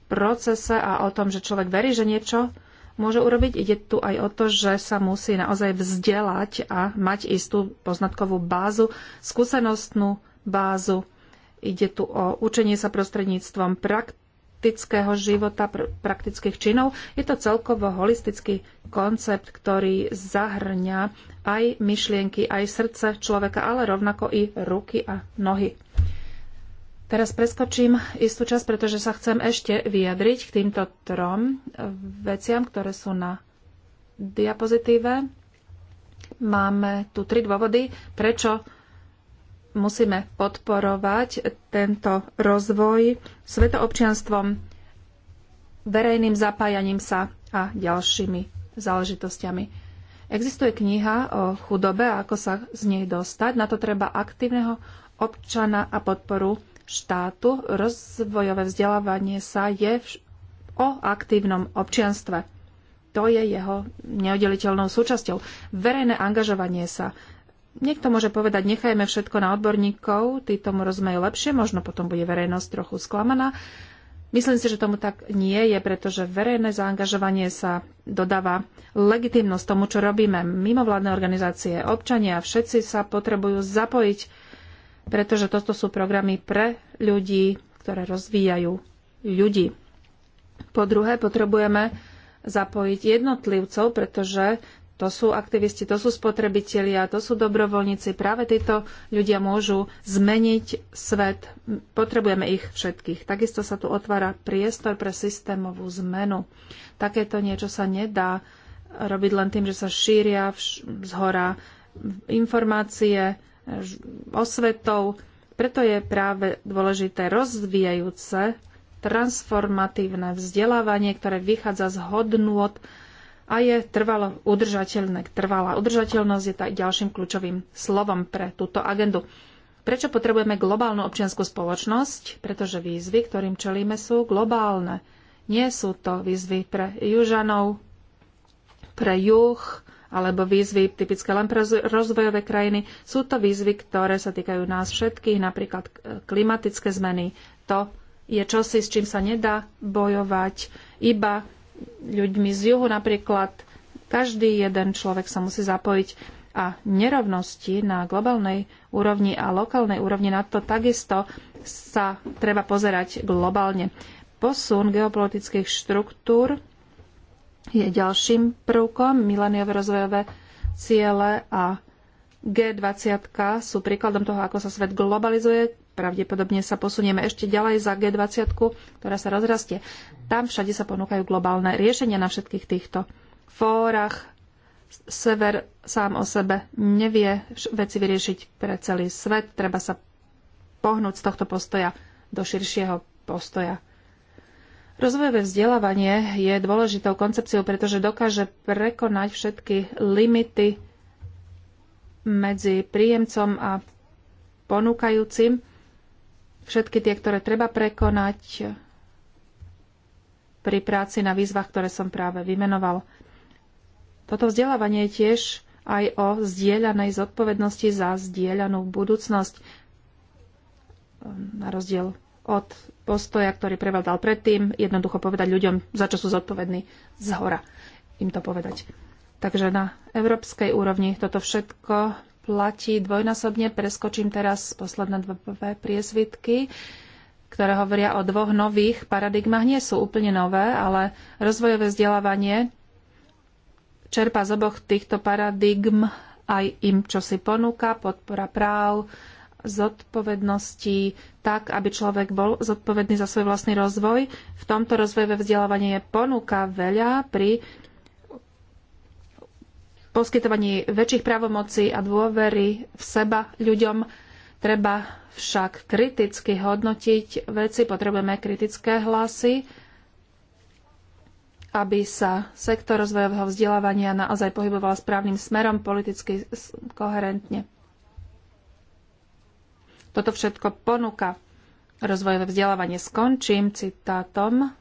procese a o tom, že človek verí, že niečo môže urobiť. Ide tu aj o to, že sa musí naozaj vzdelať a mať istú poznatkovú bázu, skúsenostnú bázu. Ide tu o učenie sa prostredníctvom praktiky praktického života, pr- praktických činov. Je to celkovo holistický koncept, ktorý zahrňa aj myšlienky, aj srdce človeka, ale rovnako i ruky a nohy. Teraz preskočím istú časť, pretože sa chcem ešte vyjadriť k týmto trom veciam, ktoré sú na diapozitíve. Máme tu tri dôvody, prečo musíme podporovať tento rozvoj svetoobčianstvom, verejným zapájaním sa a ďalšími záležitostiami. Existuje kniha o chudobe a ako sa z nej dostať. Na to treba aktívneho občana a podporu štátu. Rozvojové vzdelávanie sa je o aktívnom občianstve. To je jeho neoddeliteľnou súčasťou. Verejné angažovanie sa Niekto môže povedať, nechajme všetko na odborníkov, tí tomu rozumejú lepšie, možno potom bude verejnosť trochu sklamaná. Myslím si, že tomu tak nie je, pretože verejné zaangažovanie sa dodáva legitimnosť tomu, čo robíme. Mimovládne organizácie, občania, všetci sa potrebujú zapojiť, pretože toto sú programy pre ľudí, ktoré rozvíjajú ľudí. Po druhé, potrebujeme zapojiť jednotlivcov, pretože to sú aktivisti, to sú spotrebitelia, to sú dobrovoľníci. Práve títo ľudia môžu zmeniť svet. Potrebujeme ich všetkých. Takisto sa tu otvára priestor pre systémovú zmenu. Takéto niečo sa nedá robiť len tým, že sa šíria z hora informácie, osvetou. Preto je práve dôležité rozvíjajúce transformatívne vzdelávanie, ktoré vychádza z hodnôt a je trvalo udržateľné. Trvalá udržateľnosť je tak ďalším kľúčovým slovom pre túto agendu. Prečo potrebujeme globálnu občianskú spoločnosť? Pretože výzvy, ktorým čelíme, sú globálne. Nie sú to výzvy pre južanov, pre juh, alebo výzvy typické len pre rozvojové krajiny. Sú to výzvy, ktoré sa týkajú nás všetkých, napríklad klimatické zmeny. To je čosi, s čím sa nedá bojovať iba ľuďmi z juhu napríklad. Každý jeden človek sa musí zapojiť a nerovnosti na globálnej úrovni a lokálnej úrovni na to takisto sa treba pozerať globálne. Posun geopolitických štruktúr je ďalším prvkom. Mileniové rozvojové ciele a G20 sú príkladom toho, ako sa svet globalizuje pravdepodobne sa posunieme ešte ďalej za G20, ktorá sa rozrastie. Tam všade sa ponúkajú globálne riešenia na všetkých týchto fórach. Sever sám o sebe nevie veci vyriešiť pre celý svet. Treba sa pohnúť z tohto postoja do širšieho postoja. Rozvojové vzdelávanie je dôležitou koncepciou, pretože dokáže prekonať všetky limity medzi príjemcom a ponúkajúcim všetky tie, ktoré treba prekonať pri práci na výzvach, ktoré som práve vymenoval. Toto vzdelávanie je tiež aj o zdieľanej zodpovednosti za zdieľanú budúcnosť, na rozdiel od postoja, ktorý prevedal predtým, jednoducho povedať ľuďom, za čo sú zodpovední z hora, im to povedať. Takže na európskej úrovni toto všetko platí dvojnásobne. Preskočím teraz posledné dve priesvitky, ktoré hovoria o dvoch nových paradigmách. Nie sú úplne nové, ale rozvojové vzdelávanie čerpa z oboch týchto paradigm aj im, čo si ponúka, podpora práv, zodpovednosti, tak, aby človek bol zodpovedný za svoj vlastný rozvoj. V tomto rozvojové vzdelávanie je ponúka veľa pri poskytovaní väčších právomocí a dôvery v seba ľuďom. Treba však kriticky hodnotiť veci, potrebujeme kritické hlasy, aby sa sektor rozvojového vzdelávania naozaj pohyboval správnym smerom politicky koherentne. Toto všetko ponúka rozvojové vzdelávanie. Skončím citátom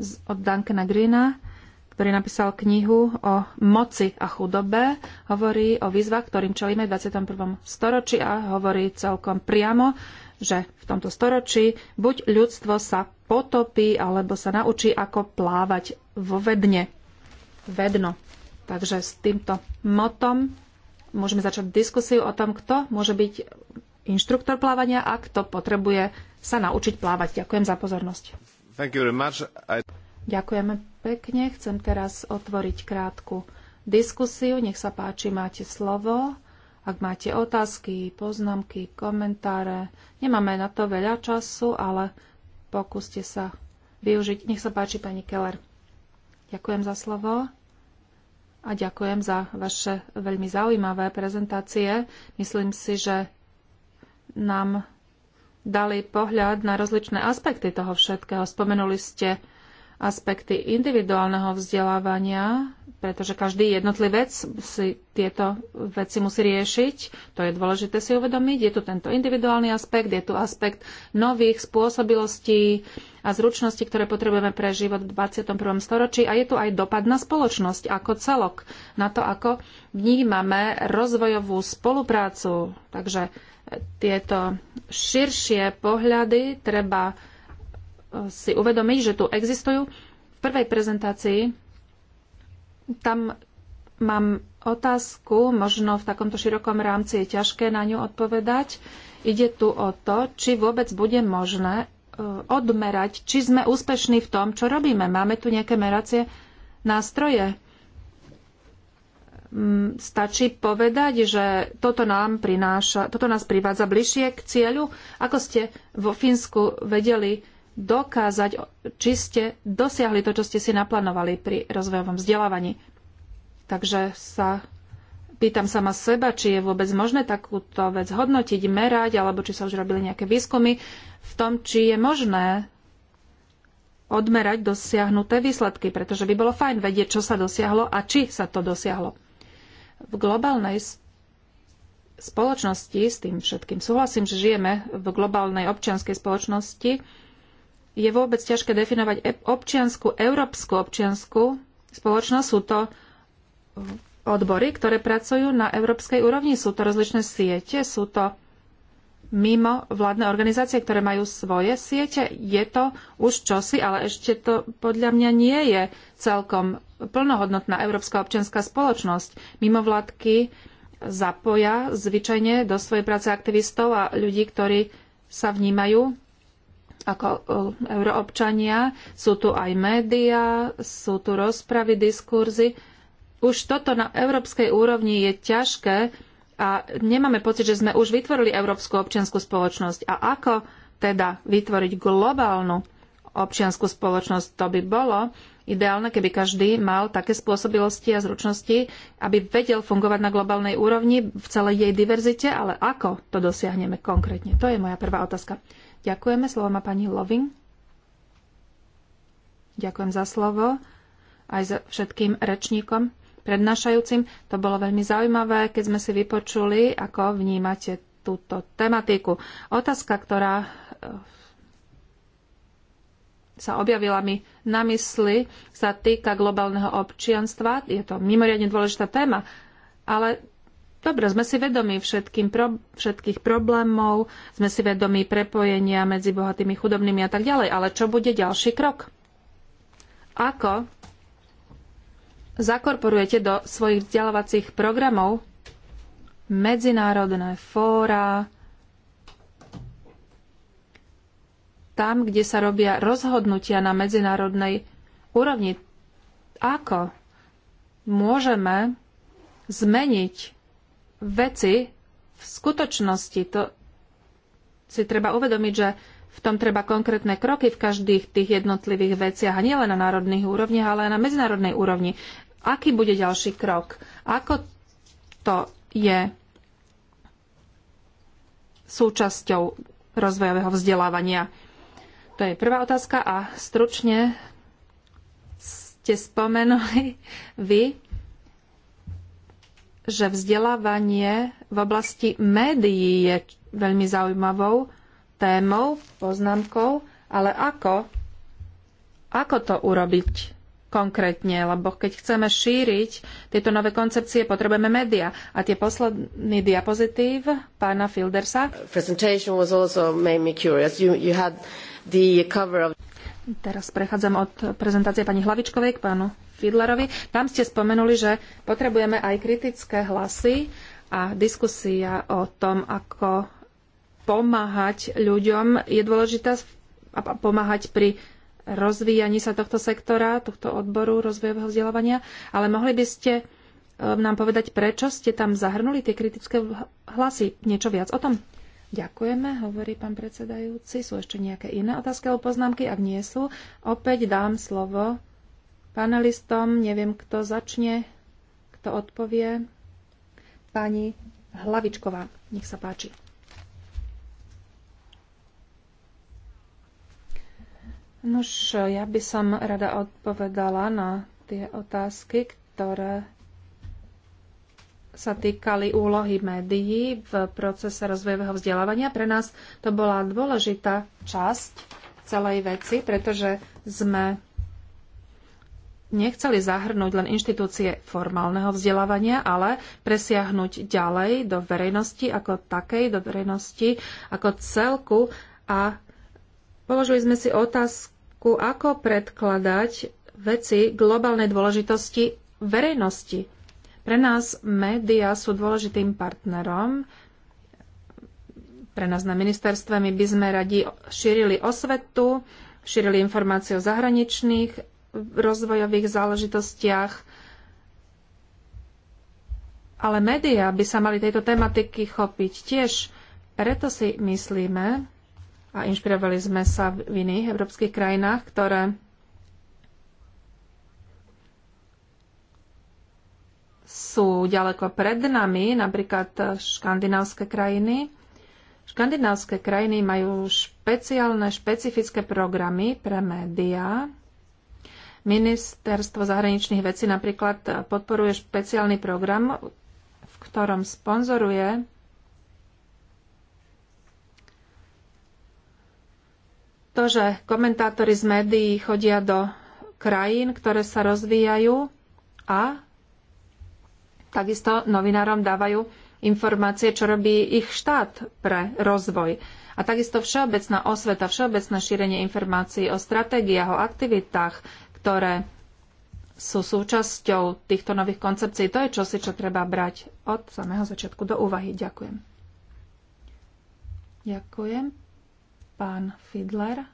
od Duncana Greena ktorý napísal knihu o moci a chudobe. Hovorí o výzvach, ktorým čelíme v 21. storočí a hovorí celkom priamo, že v tomto storočí buď ľudstvo sa potopí, alebo sa naučí, ako plávať vo vedne. Vedno. Takže s týmto motom môžeme začať diskusiu o tom, kto môže byť inštruktor plávania a kto potrebuje sa naučiť plávať. Ďakujem za pozornosť. I... Ďakujeme pekne. Chcem teraz otvoriť krátku diskusiu. Nech sa páči, máte slovo. Ak máte otázky, poznámky, komentáre, nemáme na to veľa času, ale pokúste sa využiť. Nech sa páči, pani Keller. Ďakujem za slovo a ďakujem za vaše veľmi zaujímavé prezentácie. Myslím si, že nám dali pohľad na rozličné aspekty toho všetkého. Spomenuli ste aspekty individuálneho vzdelávania, pretože každý jednotlivec si tieto veci musí riešiť. To je dôležité si uvedomiť. Je tu tento individuálny aspekt, je tu aspekt nových spôsobilostí a zručností, ktoré potrebujeme pre život v 21. storočí a je tu aj dopad na spoločnosť ako celok, na to, ako vnímame rozvojovú spoluprácu. Takže tieto širšie pohľady treba si uvedomiť, že tu existujú. V prvej prezentácii tam mám otázku, možno v takomto širokom rámci je ťažké na ňu odpovedať. Ide tu o to, či vôbec bude možné e, odmerať, či sme úspešní v tom, čo robíme. Máme tu nejaké meracie nástroje. Mm, stačí povedať, že toto, nám prináša, toto nás privádza bližšie k cieľu. Ako ste vo Fínsku vedeli dokázať, či ste dosiahli to, čo ste si naplánovali pri rozvojovom vzdelávaní. Takže sa pýtam sama seba, či je vôbec možné takúto vec hodnotiť, merať, alebo či sa už robili nejaké výskumy v tom, či je možné odmerať dosiahnuté výsledky, pretože by bolo fajn vedieť, čo sa dosiahlo a či sa to dosiahlo. V globálnej spoločnosti, s tým všetkým súhlasím, že žijeme v globálnej občianskej spoločnosti, je vôbec ťažké definovať e- občiansku, európsku občiansku spoločnosť. Sú to odbory, ktoré pracujú na európskej úrovni. Sú to rozličné siete, sú to mimo vládne organizácie, ktoré majú svoje siete. Je to už čosi, ale ešte to podľa mňa nie je celkom plnohodnotná európska občianská spoločnosť. vládky zapoja zvyčajne do svojej práce aktivistov a ľudí, ktorí sa vnímajú ako e, euroobčania. Sú tu aj médiá, sú tu rozpravy, diskurzy. Už toto na európskej úrovni je ťažké a nemáme pocit, že sme už vytvorili európsku občianskú spoločnosť. A ako teda vytvoriť globálnu občianskú spoločnosť, to by bolo ideálne, keby každý mal také spôsobilosti a zručnosti, aby vedel fungovať na globálnej úrovni v celej jej diverzite, ale ako to dosiahneme konkrétne? To je moja prvá otázka. Ďakujeme. Slovo má pani Loving. Ďakujem za slovo aj za všetkým rečníkom prednášajúcim. To bolo veľmi zaujímavé, keď sme si vypočuli, ako vnímate túto tematiku. Otázka, ktorá eh, sa objavila mi na mysli, sa týka globálneho občianstva. Je to mimoriadne dôležitá téma, ale Dobre, sme si vedomi pro, všetkých problémov, sme si vedomi prepojenia medzi bohatými, chudobnými a tak ďalej, ale čo bude ďalší krok? Ako zakorporujete do svojich vzdelávacích programov medzinárodné fóra, tam, kde sa robia rozhodnutia na medzinárodnej úrovni. Ako môžeme zmeniť veci v skutočnosti. To si treba uvedomiť, že v tom treba konkrétne kroky v každých tých jednotlivých veciach a nielen na národných úrovniach, ale aj na medzinárodnej úrovni. Aký bude ďalší krok? Ako to je súčasťou rozvojového vzdelávania? To je prvá otázka a stručne ste spomenuli vy že vzdelávanie v oblasti médií je veľmi zaujímavou témou, poznámkou, ale ako, ako to urobiť konkrétne, lebo keď chceme šíriť tieto nové koncepcie, potrebujeme média. A tie posledný diapozitív pána Fildersa. You, you of... Teraz prechádzam od prezentácie pani Hlavičkovej k pánu Fiedlerovi. Tam ste spomenuli, že potrebujeme aj kritické hlasy a diskusia o tom, ako pomáhať ľuďom je dôležité pomáhať pri rozvíjaní sa tohto sektora, tohto odboru rozvojového vzdelávania, ale mohli by ste eh, nám povedať, prečo ste tam zahrnuli tie kritické hlasy? Niečo viac o tom? Ďakujeme, hovorí pán predsedajúci. Sú ešte nejaké iné otázky alebo poznámky? Ak nie sú, opäť dám slovo panelistom. Neviem, kto začne, kto odpovie. Pani Hlavičková, nech sa páči. Nož, ja by som rada odpovedala na tie otázky, ktoré sa týkali úlohy médií v procese rozvojového vzdelávania. Pre nás to bola dôležitá časť celej veci, pretože sme nechceli zahrnúť len inštitúcie formálneho vzdelávania, ale presiahnuť ďalej do verejnosti ako takej, do verejnosti ako celku a položili sme si otázku, ako predkladať veci globálnej dôležitosti verejnosti. Pre nás médiá sú dôležitým partnerom. Pre nás na ministerstve my by sme radi šírili osvetu, šírili informácie o zahraničných rozvojových záležitostiach. Ale médiá by sa mali tejto tematiky chopiť tiež. Preto si myslíme, a inšpirovali sme sa v iných európskych krajinách, ktoré sú ďaleko pred nami, napríklad škandinávske krajiny. Škandinávske krajiny majú špeciálne, špecifické programy pre médiá, Ministerstvo zahraničných vecí napríklad podporuje špeciálny program, v ktorom sponzoruje to, že komentátori z médií chodia do krajín, ktoré sa rozvíjajú a takisto novinárom dávajú informácie, čo robí ich štát pre rozvoj. A takisto všeobecná osveta, všeobecné šírenie informácií o stratégiách, o aktivitách ktoré sú súčasťou týchto nových koncepcií. To je čosi, čo treba brať od samého začiatku do úvahy. Ďakujem. Ďakujem. Pán Fidler.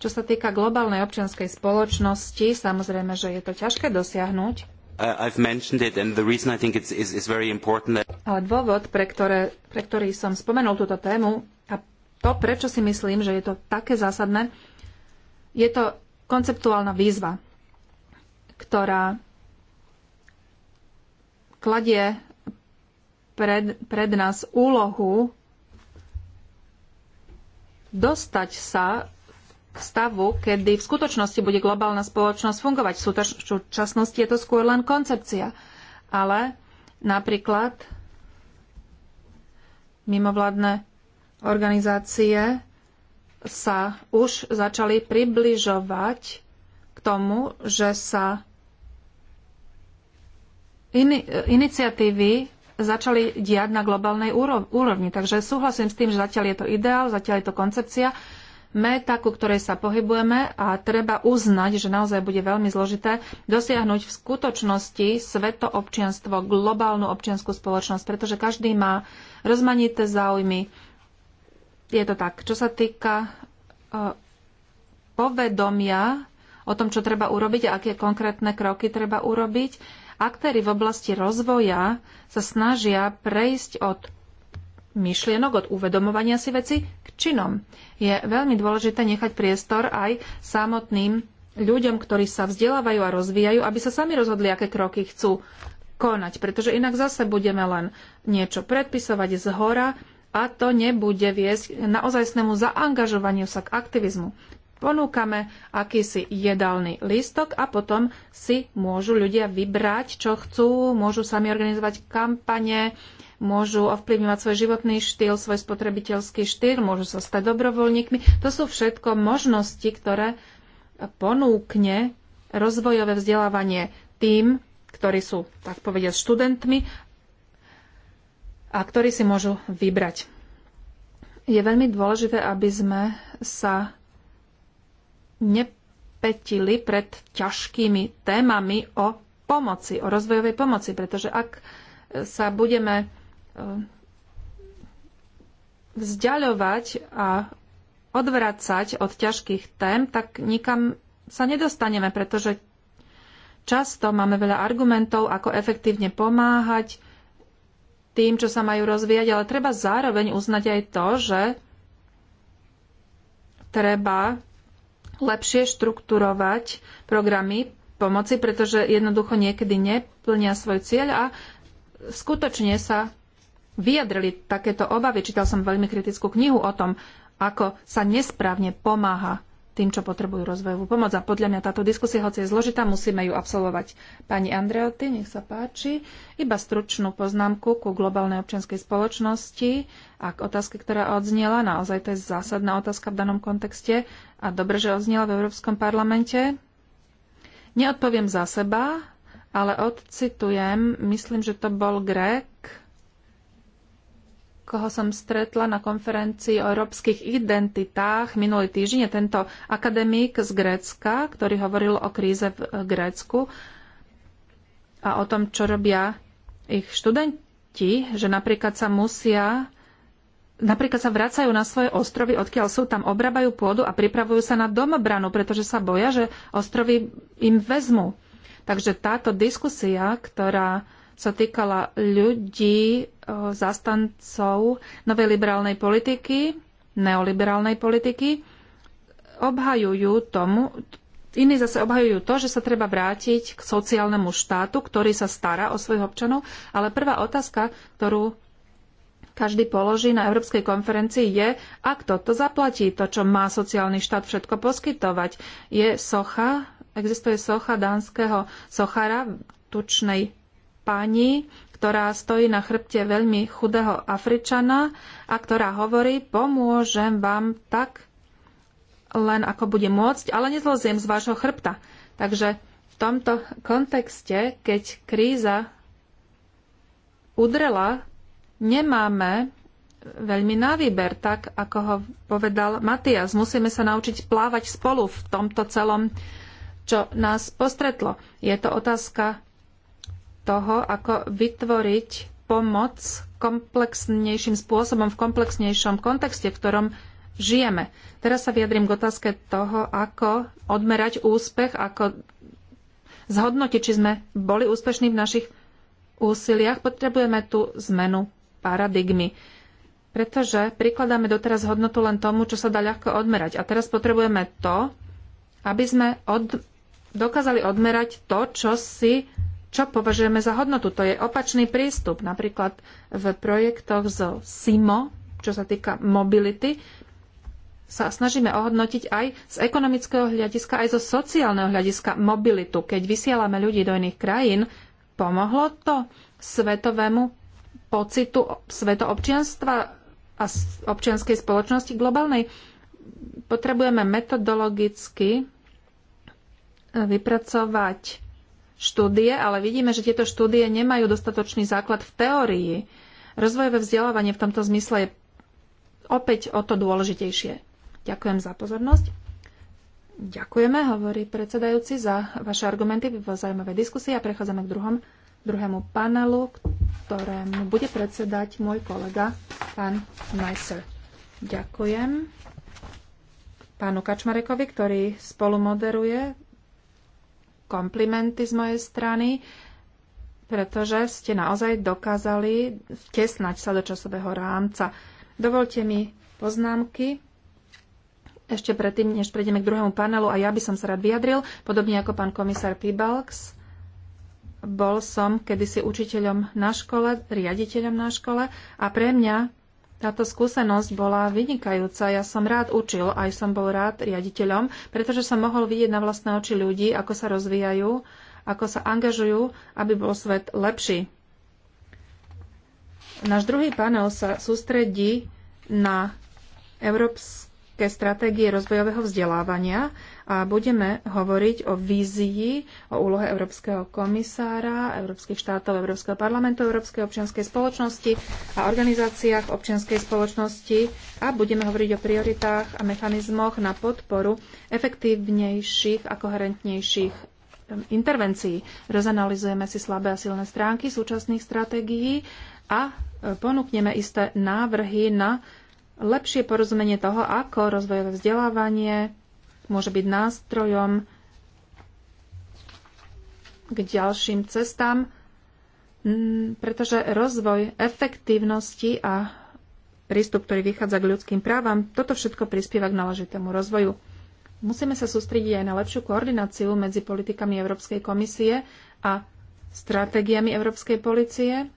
Čo sa týka globálnej občianskej spoločnosti, samozrejme, že je to ťažké dosiahnuť. Uh, Ale dôvod, pre, ktoré, pre ktorý som spomenul túto tému a to, prečo si myslím, že je to také zásadné, je to konceptuálna výzva, ktorá kladie pred, pred nás úlohu dostať sa k stavu, kedy v skutočnosti bude globálna spoločnosť fungovať. V súčasnosti je to skôr len koncepcia. Ale napríklad mimovládne organizácie sa už začali približovať k tomu, že sa in, iniciatívy začali diať na globálnej úrovni. Takže súhlasím s tým, že zatiaľ je to ideál, zatiaľ je to koncepcia, meta, ku ktorej sa pohybujeme a treba uznať, že naozaj bude veľmi zložité dosiahnuť v skutočnosti svetoobčianstvo, globálnu občianskú spoločnosť, pretože každý má rozmanité záujmy, je to tak. Čo sa týka e, povedomia o tom, čo treba urobiť a aké konkrétne kroky treba urobiť, aktéry v oblasti rozvoja sa snažia prejsť od myšlienok, od uvedomovania si veci k činom. Je veľmi dôležité nechať priestor aj samotným ľuďom, ktorí sa vzdelávajú a rozvíjajú, aby sa sami rozhodli, aké kroky chcú konať, pretože inak zase budeme len niečo predpisovať z hora a to nebude viesť k naozajstnému zaangažovaniu sa k aktivizmu. Ponúkame akýsi jedálny lístok a potom si môžu ľudia vybrať, čo chcú, môžu sami organizovať kampane, môžu ovplyvňovať svoj životný štýl, svoj spotrebiteľský štýl, môžu sa stať dobrovoľníkmi. To sú všetko možnosti, ktoré ponúkne rozvojové vzdelávanie tým, ktorí sú, tak povediať, študentmi a ktorí si môžu vybrať. Je veľmi dôležité, aby sme sa nepetili pred ťažkými témami o pomoci, o rozvojovej pomoci, pretože ak sa budeme e, vzdialovať a odvracať od ťažkých tém, tak nikam sa nedostaneme, pretože často máme veľa argumentov, ako efektívne pomáhať, tým, čo sa majú rozvíjať, ale treba zároveň uznať aj to, že treba lepšie štrukturovať programy pomoci, pretože jednoducho niekedy neplnia svoj cieľ a skutočne sa vyjadrili takéto obavy. Čítal som veľmi kritickú knihu o tom, ako sa nesprávne pomáha tým, čo potrebujú rozvojovú pomoc. A podľa mňa táto diskusia, hoci je zložitá, musíme ju absolvovať. Pani Andreoty, nech sa páči. Iba stručnú poznámku ku globálnej občianskej spoločnosti a k otázke, ktorá odznela. Naozaj to je zásadná otázka v danom kontexte a dobre, že odznela v Európskom parlamente. Neodpoviem za seba, ale odcitujem, myslím, že to bol Grek, koho som stretla na konferencii o európskych identitách minulý týždeň, je tento akademik z Grécka, ktorý hovoril o kríze v eh, Grécku a o tom, čo robia ich študenti, že napríklad sa musia napríklad sa vracajú na svoje ostrovy, odkiaľ sú, tam obrabajú pôdu a pripravujú sa na domobranu, pretože sa boja, že ostrovy im vezmu. Takže táto diskusia, ktorá sa týkala ľudí, e, zastancov novej liberálnej politiky, neoliberálnej politiky, obhajujú tomu, iní zase obhajujú to, že sa treba vrátiť k sociálnemu štátu, ktorý sa stará o svojich občanov, ale prvá otázka, ktorú každý položí na Európskej konferencii je, ak toto zaplatí, to, čo má sociálny štát všetko poskytovať. Je socha, existuje socha dánskeho sochara tučnej pani, ktorá stojí na chrbte veľmi chudého Afričana a ktorá hovorí, pomôžem vám tak, len ako bude môcť, ale nezlozím z vášho chrbta. Takže v tomto kontexte, keď kríza udrela, nemáme veľmi na výber, tak ako ho povedal Matias. Musíme sa naučiť plávať spolu v tomto celom, čo nás postretlo. Je to otázka toho, ako vytvoriť pomoc komplexnejším spôsobom, v komplexnejšom kontexte, v ktorom žijeme. Teraz sa vyjadrím k otázke toho, ako odmerať úspech, ako zhodnotiť, či sme boli úspešní v našich úsiliach. Potrebujeme tú zmenu paradigmy, pretože prikladáme doteraz hodnotu len tomu, čo sa dá ľahko odmerať. A teraz potrebujeme to, aby sme od, dokázali odmerať to, čo si čo považujeme za hodnotu. To je opačný prístup. Napríklad v projektoch zo SIMO, čo sa týka mobility, sa snažíme ohodnotiť aj z ekonomického hľadiska, aj zo sociálneho hľadiska mobilitu. Keď vysielame ľudí do iných krajín, pomohlo to svetovému pocitu svetoobčianstva a občianskej spoločnosti globálnej. Potrebujeme metodologicky vypracovať štúdie, ale vidíme, že tieto štúdie nemajú dostatočný základ v teórii. Rozvojové vzdelávanie v tomto zmysle je opäť o to dôležitejšie. Ďakujem za pozornosť. Ďakujeme, hovorí predsedajúci, za vaše argumenty v zaujímavej diskusii a prechádzame k druhom, druhému panelu, ktorému bude predsedať môj kolega, pán Meiser. Ďakujem pánu Kačmarekovi, ktorý spolu moderuje komplimenty z mojej strany, pretože ste naozaj dokázali vtesnať sa do časového rámca. Dovolte mi poznámky ešte predtým, než prejdeme k druhému panelu a ja by som sa rád vyjadril, podobne ako pán komisár Pibalks. Bol som kedysi učiteľom na škole, riaditeľom na škole a pre mňa táto skúsenosť bola vynikajúca. Ja som rád učil, aj som bol rád riaditeľom, pretože som mohol vidieť na vlastné oči ľudí, ako sa rozvíjajú, ako sa angažujú, aby bol svet lepší. Náš druhý panel sa sústredí na európsky ke stratégie rozvojového vzdelávania a budeme hovoriť o vízii, o úlohe Európskeho komisára, Európskych štátov, Európskeho parlamentu, Európskej občianskej spoločnosti a organizáciách občianskej spoločnosti a budeme hovoriť o prioritách a mechanizmoch na podporu efektívnejších a koherentnejších intervencií. Rozanalizujeme si slabé a silné stránky súčasných stratégií a e, ponúkneme isté návrhy na lepšie porozumenie toho, ako rozvojové vzdelávanie môže byť nástrojom k ďalším cestám, mm, pretože rozvoj efektívnosti a prístup, ktorý vychádza k ľudským právam, toto všetko prispieva k náležitému rozvoju. Musíme sa sústrediť aj na lepšiu koordináciu medzi politikami Európskej komisie a stratégiami Európskej policie,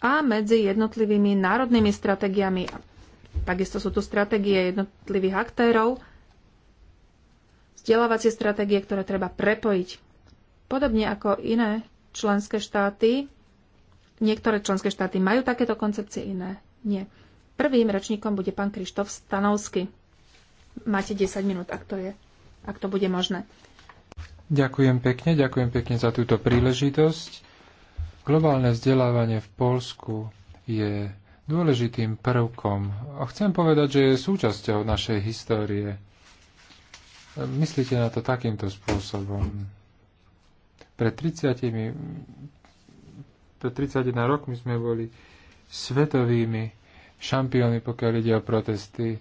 a medzi jednotlivými národnými stratégiami. Takisto sú tu stratégie jednotlivých aktérov, vzdelávacie stratégie, ktoré treba prepojiť. Podobne ako iné členské štáty, niektoré členské štáty majú takéto koncepcie, iné nie. Prvým rečníkom bude pán Krištof Stanovsky. Máte 10 minút, ak to, je, ak to bude možné. Ďakujem pekne, ďakujem pekne za túto príležitosť Globálne vzdelávanie v Polsku je dôležitým prvkom a chcem povedať, že je súčasťou našej histórie. Myslíte na to takýmto spôsobom. Pred 30, pred 31 rokmi sme boli svetovými šampióny, pokiaľ ide o protesty.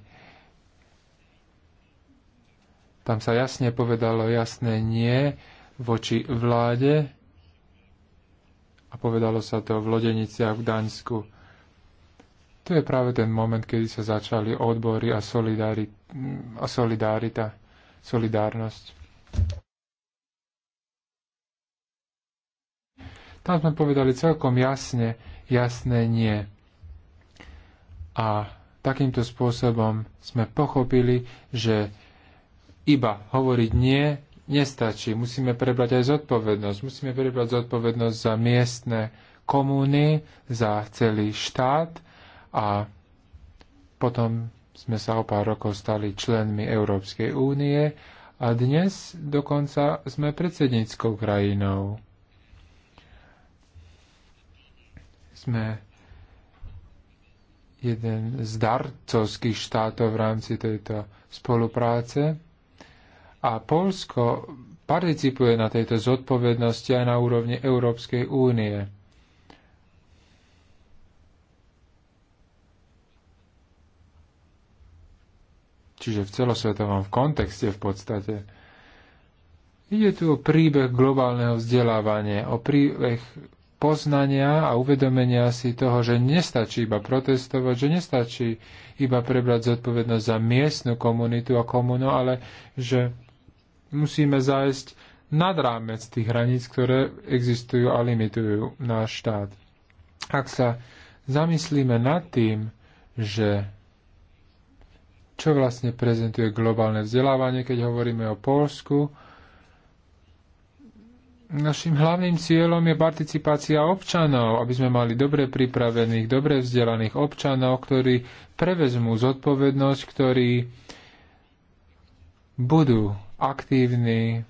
Tam sa jasne povedalo jasné nie voči vláde, a povedalo sa to v Lodeniciach v Daňsku. To je práve ten moment, kedy sa začali odbory a, solidári, a solidárita, solidárnosť. Tam sme povedali celkom jasne, jasné nie. A takýmto spôsobom sme pochopili, že iba hovoriť nie nestačí. Musíme prebrať aj zodpovednosť. Musíme prebrať zodpovednosť za miestne komúny, za celý štát a potom sme sa o pár rokov stali členmi Európskej únie a dnes dokonca sme predsedníckou krajinou. Sme jeden z darcovských štátov v rámci tejto spolupráce a Polsko participuje na tejto zodpovednosti aj na úrovni Európskej únie. Čiže v celosvetovom kontexte v podstate. Ide tu o príbeh globálneho vzdelávania, o príbeh poznania a uvedomenia si toho, že nestačí iba protestovať, že nestačí iba prebrať zodpovednosť za miestnu komunitu a komunu, ale že musíme zájsť nad rámec tých hraníc, ktoré existujú a limitujú náš štát. Ak sa zamyslíme nad tým, že čo vlastne prezentuje globálne vzdelávanie, keď hovoríme o Polsku, Našim hlavným cieľom je participácia občanov, aby sme mali dobre pripravených, dobre vzdelaných občanov, ktorí prevezmú zodpovednosť, ktorí budú aktívni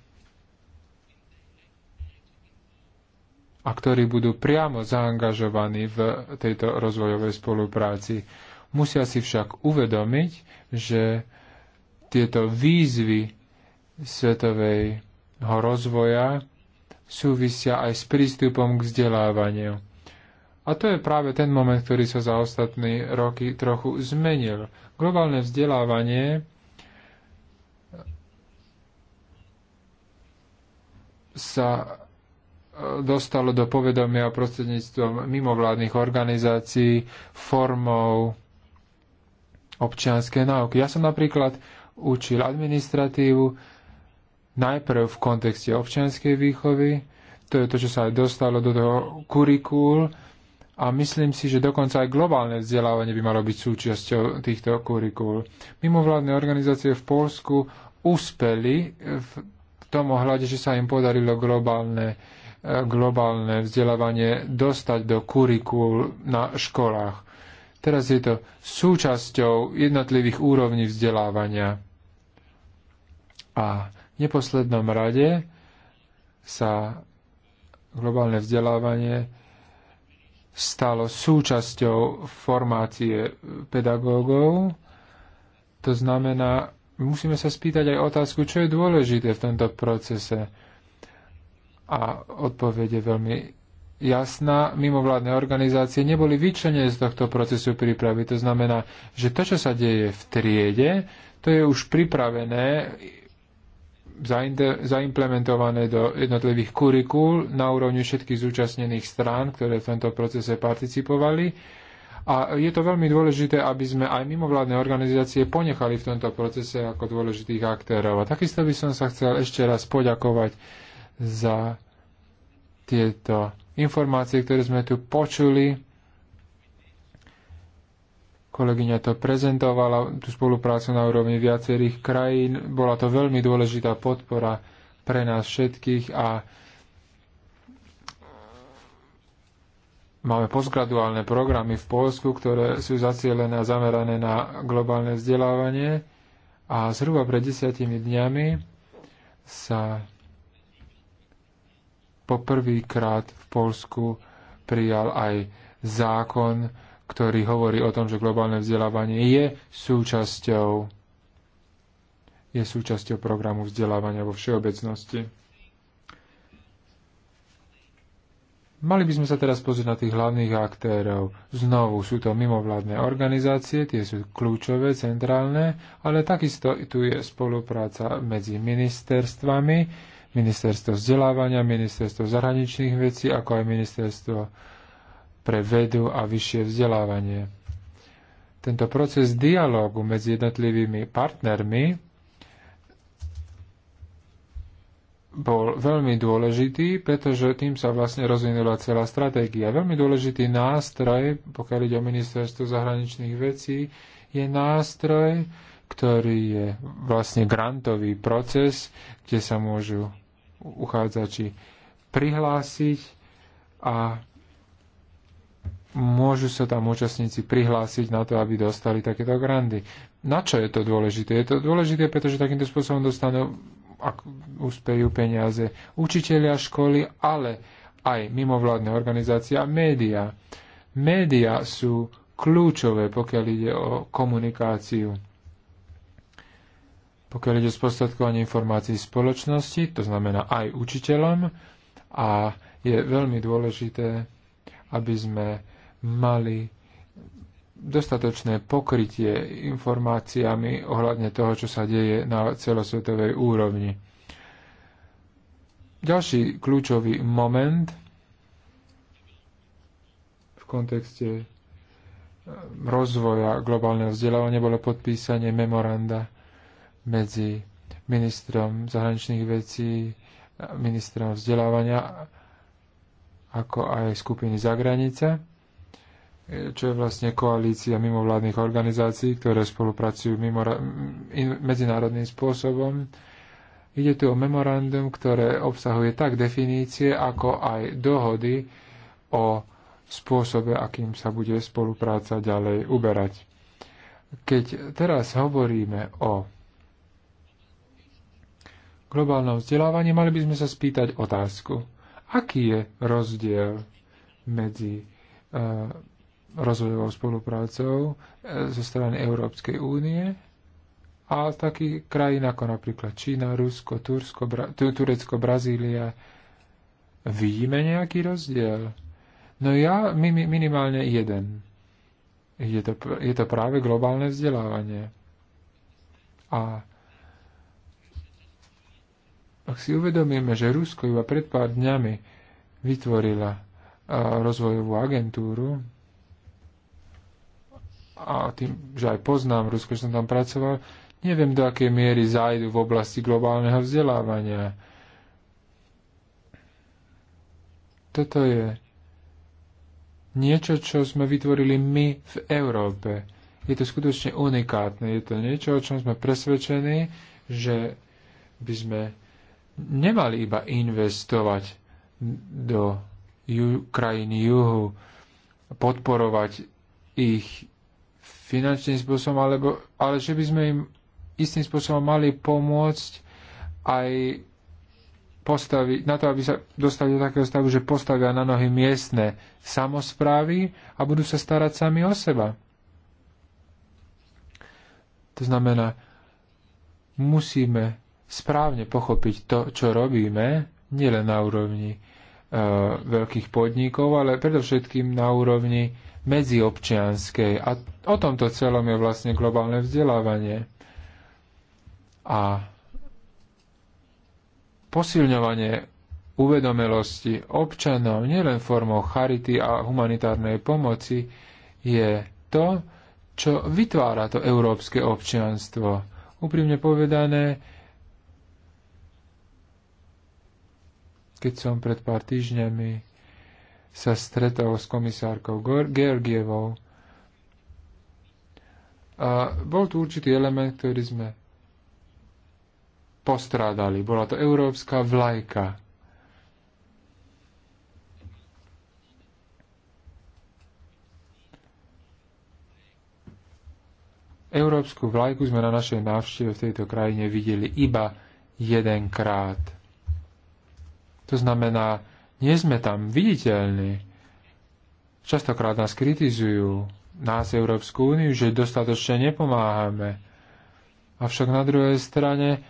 a ktorí budú priamo zaangažovaní v tejto rozvojovej spolupráci. Musia si však uvedomiť, že tieto výzvy svetového rozvoja súvisia aj s prístupom k vzdelávaniu. A to je práve ten moment, ktorý sa za ostatné roky trochu zmenil. Globálne vzdelávanie sa e, dostalo do povedomia prostredníctvom mimovládnych organizácií formou občianskej náuky. Ja som napríklad učil administratívu najprv v kontexte občianskej výchovy, to je to, čo sa aj dostalo do toho kurikúl a myslím si, že dokonca aj globálne vzdelávanie by malo byť súčasťou týchto kurikúl. Mimovládne organizácie v Polsku uspeli v tom ohľade, že sa im podarilo globálne, e, globálne vzdelávanie dostať do kurikul na školách. Teraz je to súčasťou jednotlivých úrovní vzdelávania. A v neposlednom rade sa globálne vzdelávanie stalo súčasťou formácie pedagógov. To znamená, musíme sa spýtať aj otázku, čo je dôležité v tomto procese. A odpoveď je veľmi jasná. Mimovládne organizácie neboli vyčlenené z tohto procesu prípravy. To znamená, že to, čo sa deje v triede, to je už pripravené, zaimplementované do jednotlivých kurikúl na úrovni všetkých zúčastnených strán, ktoré v tomto procese participovali a je to veľmi dôležité, aby sme aj mimovládne organizácie ponechali v tomto procese ako dôležitých aktérov. A takisto by som sa chcel ešte raz poďakovať za tieto informácie, ktoré sme tu počuli. Kolegyňa to prezentovala, tú spoluprácu na úrovni viacerých krajín. Bola to veľmi dôležitá podpora pre nás všetkých a Máme postgraduálne programy v Polsku, ktoré sú zacielené a zamerané na globálne vzdelávanie a zhruba pred desiatimi dňami sa poprvýkrát v Polsku prijal aj zákon, ktorý hovorí o tom, že globálne vzdelávanie je súčasťou je súčasťou programu vzdelávania vo všeobecnosti. Mali by sme sa teraz pozrieť na tých hlavných aktérov. Znovu sú to mimovládne organizácie, tie sú kľúčové, centrálne, ale takisto tu je spolupráca medzi ministerstvami, ministerstvo vzdelávania, ministerstvo zahraničných vecí, ako aj ministerstvo pre vedu a vyššie vzdelávanie. Tento proces dialógu medzi jednotlivými partnermi bol veľmi dôležitý, pretože tým sa vlastne rozvinula celá stratégia. Veľmi dôležitý nástroj, pokiaľ ide o ministerstvo zahraničných vecí, je nástroj, ktorý je vlastne grantový proces, kde sa môžu uchádzači prihlásiť a môžu sa tam účastníci prihlásiť na to, aby dostali takéto grandy. Na čo je to dôležité? Je to dôležité, pretože takýmto spôsobom dostanú ak uspejú peniaze učiteľia školy, ale aj mimovládne organizácie a média. Média sú kľúčové, pokiaľ ide o komunikáciu. Pokiaľ ide o sprostredkovanie informácií spoločnosti, to znamená aj učiteľom, a je veľmi dôležité, aby sme mali dostatočné pokrytie informáciami ohľadne toho, čo sa deje na celosvetovej úrovni. Ďalší kľúčový moment v kontexte eh, rozvoja globálneho vzdelávania bolo podpísanie memoranda medzi ministrom zahraničných vecí, a ministrom vzdelávania, ako aj skupiny za granica čo je vlastne koalícia mimovládnych organizácií, ktoré spolupracujú mimo, medzinárodným spôsobom. Ide tu o memorandum, ktoré obsahuje tak definície, ako aj dohody o spôsobe, akým sa bude spolupráca ďalej uberať. Keď teraz hovoríme o globálnom vzdelávaní, mali by sme sa spýtať otázku, aký je rozdiel medzi uh, rozvojovou spoluprácou e, zo strany Európskej únie a takých krajín ako napríklad Čína, Rusko, Tursko, Bra- Turecko, Brazília. Vidíme nejaký rozdiel? No ja minimálne jeden. Je to, je to práve globálne vzdelávanie. A ak si uvedomíme, že Rusko iba pred pár dňami vytvorila rozvojovú agentúru, a tým, že aj poznám Rusko, že som tam pracoval, neviem, do akej miery zájdu v oblasti globálneho vzdelávania. Toto je niečo, čo sme vytvorili my v Európe. Je to skutočne unikátne. Je to niečo, o čom sme presvedčení, že by sme nemali iba investovať do ju, krajiny juhu, podporovať ich finančným spôsobom, alebo, ale že by sme im istým spôsobom mali pomôcť aj postaviť, na to, aby sa dostali do takého stavu, že postavia na nohy miestne samozprávy a budú sa starať sami o seba. To znamená, musíme správne pochopiť to, čo robíme, nielen na úrovni e, veľkých podnikov, ale predovšetkým na úrovni medziobčianskej. A o tomto celom je vlastne globálne vzdelávanie. A posilňovanie uvedomelosti občanov nielen formou charity a humanitárnej pomoci je to, čo vytvára to európske občianstvo. Úprimne povedané, keď som pred pár týždňami sa stretol s komisárkou Georgievou. A bol tu určitý element, ktorý sme postrádali. Bola to európska vlajka. Európsku vlajku sme na našej návšteve v tejto krajine videli iba jedenkrát. To znamená, nie sme tam viditeľní. Častokrát nás kritizujú, nás Európsku úniu, že dostatočne nepomáhame. Avšak na druhej strane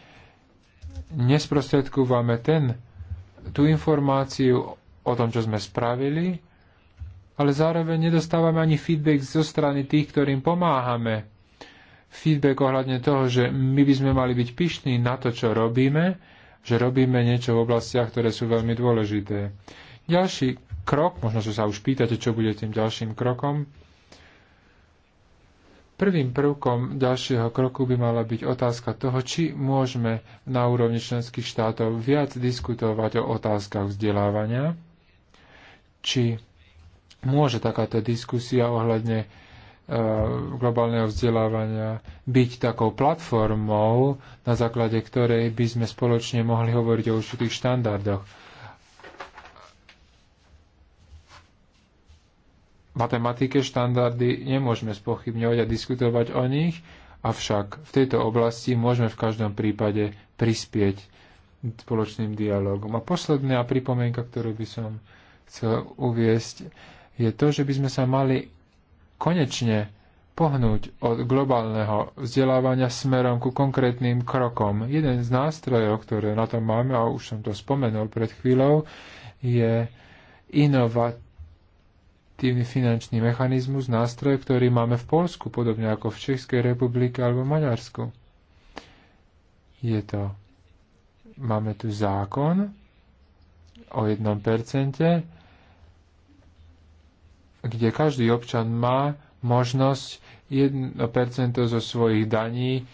nesprostredkúvame ten, tú informáciu o tom, čo sme spravili, ale zároveň nedostávame ani feedback zo strany tých, ktorým pomáhame. Feedback ohľadne toho, že my by sme mali byť pyšní na to, čo robíme, že robíme niečo v oblastiach, ktoré sú veľmi dôležité. Ďalší krok, možno, že sa už pýtate, čo bude tým ďalším krokom, Prvým prvkom ďalšieho kroku by mala byť otázka toho, či môžeme na úrovni členských štátov viac diskutovať o otázkach vzdelávania, či môže takáto diskusia ohľadne E, globálneho vzdelávania byť takou platformou, na základe ktorej by sme spoločne mohli hovoriť o určitých štandardoch. V matematike štandardy nemôžeme spochybňovať a diskutovať o nich, avšak v tejto oblasti môžeme v každom prípade prispieť spoločným dialogom. A posledná pripomienka, ktorú by som chcel uviesť, je to, že by sme sa mali konečne pohnúť od globálneho vzdelávania smerom ku konkrétnym krokom. Jeden z nástrojov, ktoré na to máme, a už som to spomenul pred chvíľou, je inovatívny finančný mechanizmus, nástroj, ktorý máme v Polsku, podobne ako v Českej republike alebo Maďarsku. Je to. Máme tu zákon o jednom percente, kde každý občan má možnosť 1% zo svojich daní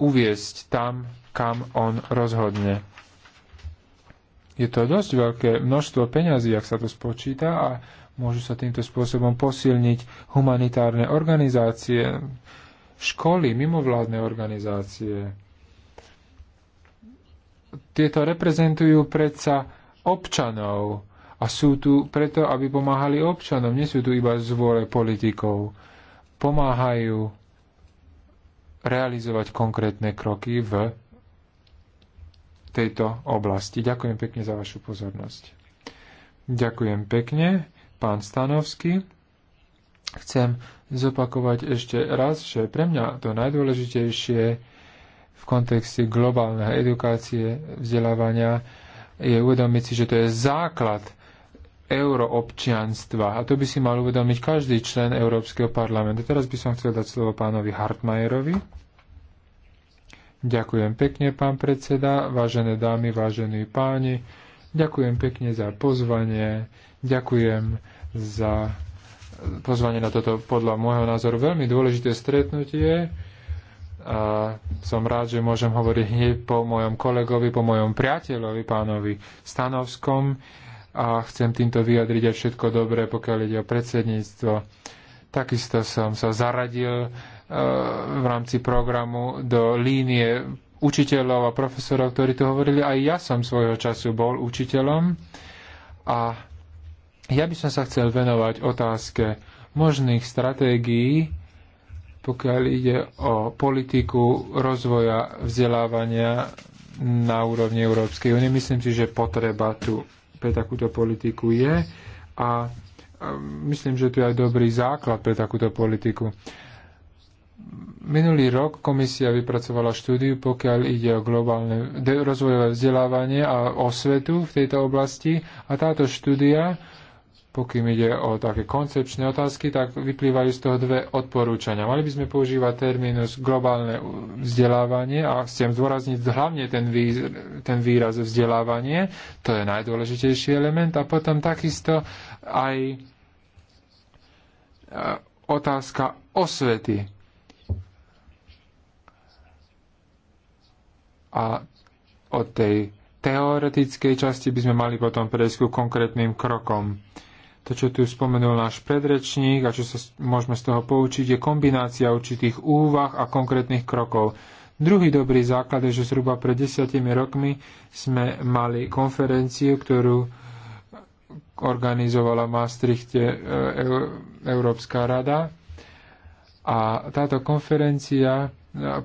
uviesť tam, kam on rozhodne. Je to dosť veľké množstvo peňazí, ak sa to spočíta a môžu sa týmto spôsobom posilniť humanitárne organizácie, školy, mimovládne organizácie. Tieto reprezentujú predsa občanov, a sú tu preto, aby pomáhali občanom. Nie sú tu iba z vôle politikov. Pomáhajú realizovať konkrétne kroky v tejto oblasti. Ďakujem pekne za vašu pozornosť. Ďakujem pekne, pán Stanovský. Chcem zopakovať ešte raz, že pre mňa to najdôležitejšie v kontexte globálnej edukácie, vzdelávania je uvedomiť si, že to je základ euroobčianstva. A to by si mal uvedomiť každý člen Európskeho parlamentu. Teraz by som chcel dať slovo pánovi Hartmajerovi. Ďakujem pekne, pán predseda, vážené dámy, vážení páni. Ďakujem pekne za pozvanie. Ďakujem za pozvanie na toto podľa môjho názoru veľmi dôležité stretnutie. A som rád, že môžem hovoriť hneď po mojom kolegovi, po mojom priateľovi, pánovi Stanovskom, a chcem týmto vyjadriť aj všetko dobré, pokiaľ ide o predsedníctvo. Takisto som sa zaradil e, v rámci programu do línie učiteľov a profesorov, ktorí tu hovorili. Aj ja som svojho času bol učiteľom a ja by som sa chcel venovať otázke možných stratégií, pokiaľ ide o politiku rozvoja vzdelávania na úrovni Európskej únie. Myslím si, že potreba tu pre takúto politiku je a myslím, že tu je aj dobrý základ pre takúto politiku. Minulý rok komisia vypracovala štúdiu, pokiaľ ide o globálne rozvojové vzdelávanie a osvetu v tejto oblasti a táto štúdia Pokým ide o také koncepčné otázky, tak vyplývajú z toho dve odporúčania. Mali by sme používať termínus globálne vzdelávanie a chcem zdôrazniť hlavne ten, vý, ten výraz vzdelávanie, to je najdôležitejší element a potom takisto aj e, otázka osvety. A od tej teoretickej časti by sme mali potom prejsť ku konkrétnym krokom to, čo tu spomenul náš predrečník a čo sa môžeme z toho poučiť, je kombinácia určitých úvah a konkrétnych krokov. Druhý dobrý základ je, že zhruba pred desiatimi rokmi sme mali konferenciu, ktorú organizovala v Maastrichte e, Európska rada. A táto konferencia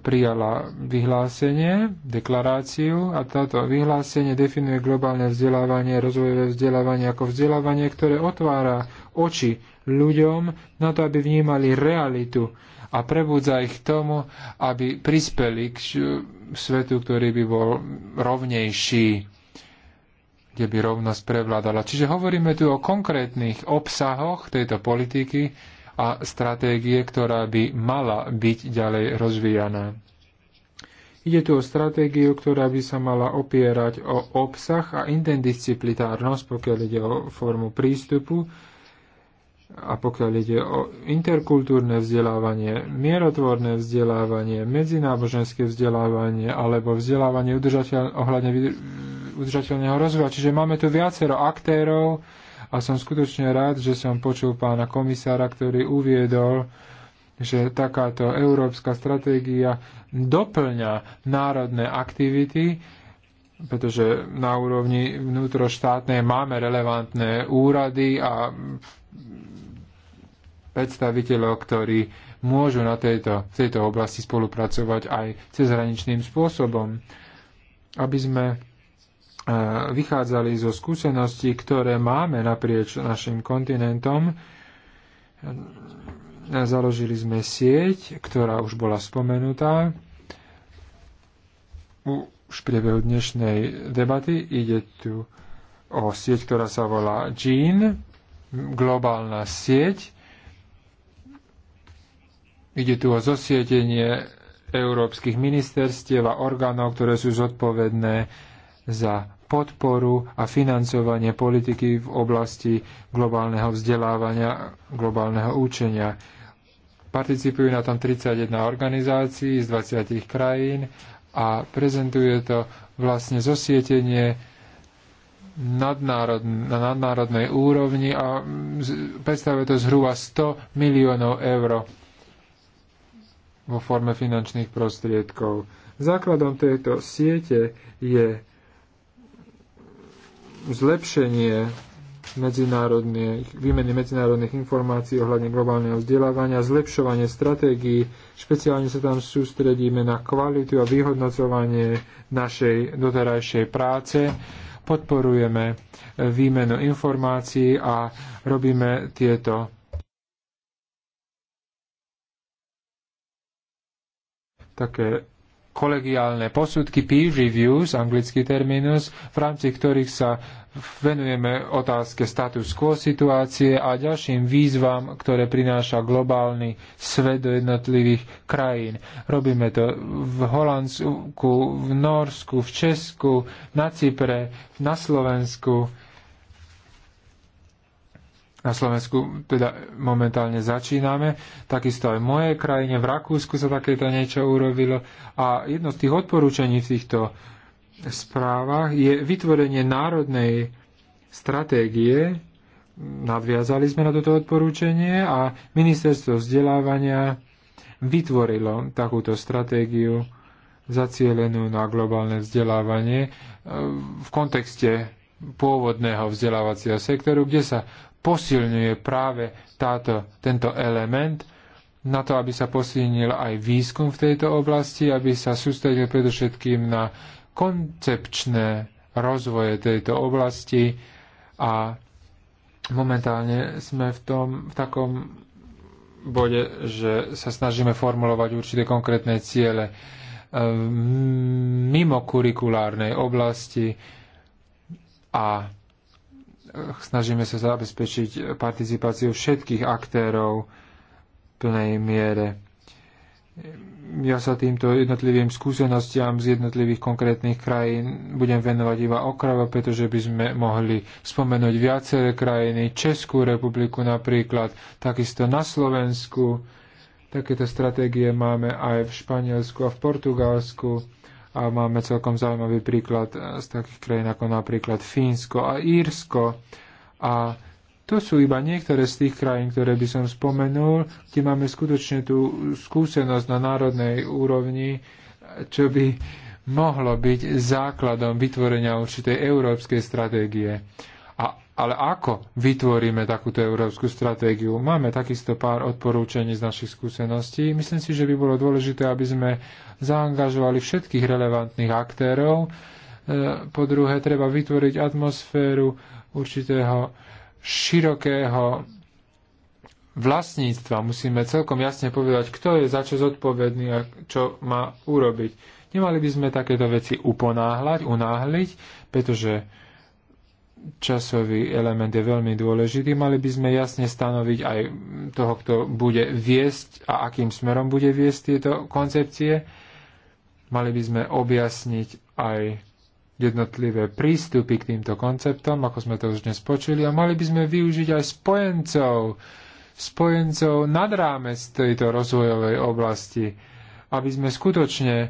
prijala vyhlásenie, deklaráciu a táto vyhlásenie definuje globálne vzdelávanie, rozvojové vzdelávanie ako vzdelávanie, ktoré otvára oči ľuďom na to, aby vnímali realitu a prebudza ich k tomu, aby prispeli k svetu, ktorý by bol rovnejší, kde by rovnosť prevládala. Čiže hovoríme tu o konkrétnych obsahoch tejto politiky, a stratégie, ktorá by mala byť ďalej rozvíjaná. Ide tu o stratégiu, ktorá by sa mala opierať o obsah a interdisciplinárnosť, pokiaľ ide o formu prístupu, a pokiaľ ide o interkultúrne vzdelávanie, mierotvorné vzdelávanie, medzináboženské vzdelávanie alebo vzdelávanie udržateľ, ohľadne udržateľného rozvoja. Čiže máme tu viacero aktérov, a som skutočne rád, že som počul pána komisára, ktorý uviedol, že takáto európska stratégia doplňa národné aktivity, pretože na úrovni vnútroštátnej máme relevantné úrady a predstaviteľov, ktorí môžu na tejto, tejto oblasti spolupracovať aj cezhraničným spôsobom, aby sme vychádzali zo skúseností, ktoré máme naprieč našim kontinentom. Založili sme sieť, ktorá už bola spomenutá. Už v priebehu dnešnej debaty ide tu o sieť, ktorá sa volá GEAN, globálna sieť. Ide tu o zosietenie európskych ministerstiev a orgánov, ktoré sú zodpovedné za podporu a financovanie politiky v oblasti globálneho vzdelávania, globálneho učenia. Participujú na tom 31 organizácií z 20 krajín a prezentuje to vlastne zosietenie na nadnárodnej úrovni a predstavuje to zhruba 100 miliónov eur vo forme finančných prostriedkov. Základom tejto siete je zlepšenie medzinárodných, výmeny medzinárodných informácií ohľadne globálneho vzdelávania, zlepšovanie stratégií. Špeciálne sa tam sústredíme na kvalitu a vyhodnocovanie našej doterajšej práce. Podporujeme výmenu informácií a robíme tieto také kolegiálne posudky, peer reviews, anglický terminus, v rámci ktorých sa venujeme otázke status quo situácie a ďalším výzvam, ktoré prináša globálny svet do jednotlivých krajín. Robíme to v Holandsku, v Norsku, v Česku, na Cypre, na Slovensku na Slovensku teda momentálne začíname. Takisto aj v mojej krajine, v Rakúsku sa takéto niečo urobilo. A jedno z tých odporúčaní v týchto správach je vytvorenie národnej stratégie. Nadviazali sme na toto odporúčanie a ministerstvo vzdelávania vytvorilo takúto stratégiu zacielenú na globálne vzdelávanie eh, v kontexte pôvodného vzdelávacieho sektoru, kde sa posilňuje práve táto, tento element na to, aby sa posilnil aj výskum v tejto oblasti, aby sa sústredil predovšetkým na koncepčné rozvoje tejto oblasti a momentálne sme v, tom, v takom bode, že sa snažíme formulovať určité konkrétne ciele e, mimo kurikulárnej oblasti a snažíme sa zabezpečiť participáciu všetkých aktérov v plnej miere. Ja sa týmto jednotlivým skúsenostiam z jednotlivých konkrétnych krajín budem venovať iba okravo, pretože by sme mohli spomenúť viaceré krajiny, Českú republiku napríklad, takisto na Slovensku. Takéto stratégie máme aj v Španielsku a v Portugalsku a máme celkom zaujímavý príklad eh, z takých krajín ako napríklad Fínsko a Írsko. A to sú iba niektoré z tých krajín, ktoré by som spomenul, kde máme skutočne tú skúsenosť na národnej úrovni, čo by mohlo byť základom vytvorenia určitej európskej stratégie. A ale ako vytvoríme takúto európsku stratégiu? Máme takisto pár odporúčaní z našich skúseností. Myslím si, že by bolo dôležité, aby sme zaangažovali všetkých relevantných aktérov. E, po druhé, treba vytvoriť atmosféru určitého širokého vlastníctva. Musíme celkom jasne povedať, kto je za čo zodpovedný a čo má urobiť. Nemali by sme takéto veci uponáhľať, unáhliť, pretože časový element je veľmi dôležitý. Mali by sme jasne stanoviť aj toho, kto bude viesť a akým smerom bude viesť tieto koncepcie. Mali by sme objasniť aj jednotlivé prístupy k týmto konceptom, ako sme to už dnes počuli, a mali by sme využiť aj spojencov, spojencov nad rámec tejto rozvojovej oblasti, aby sme skutočne e,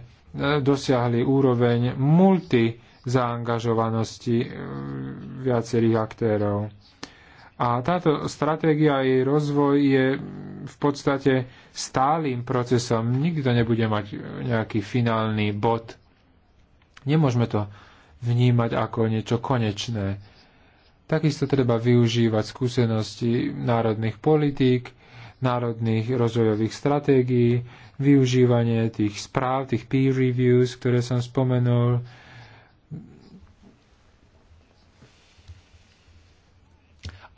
dosiahli úroveň multi zaangažovanosti eh, viacerých aktérov. A táto stratégia a jej rozvoj je v podstate stálým procesom. Nikto nebude mať eh, nejaký finálny bod. Nemôžeme to vnímať ako niečo konečné. Takisto treba využívať skúsenosti národných politík, národných rozvojových stratégií, využívanie tých správ, tých peer reviews, ktoré som spomenul,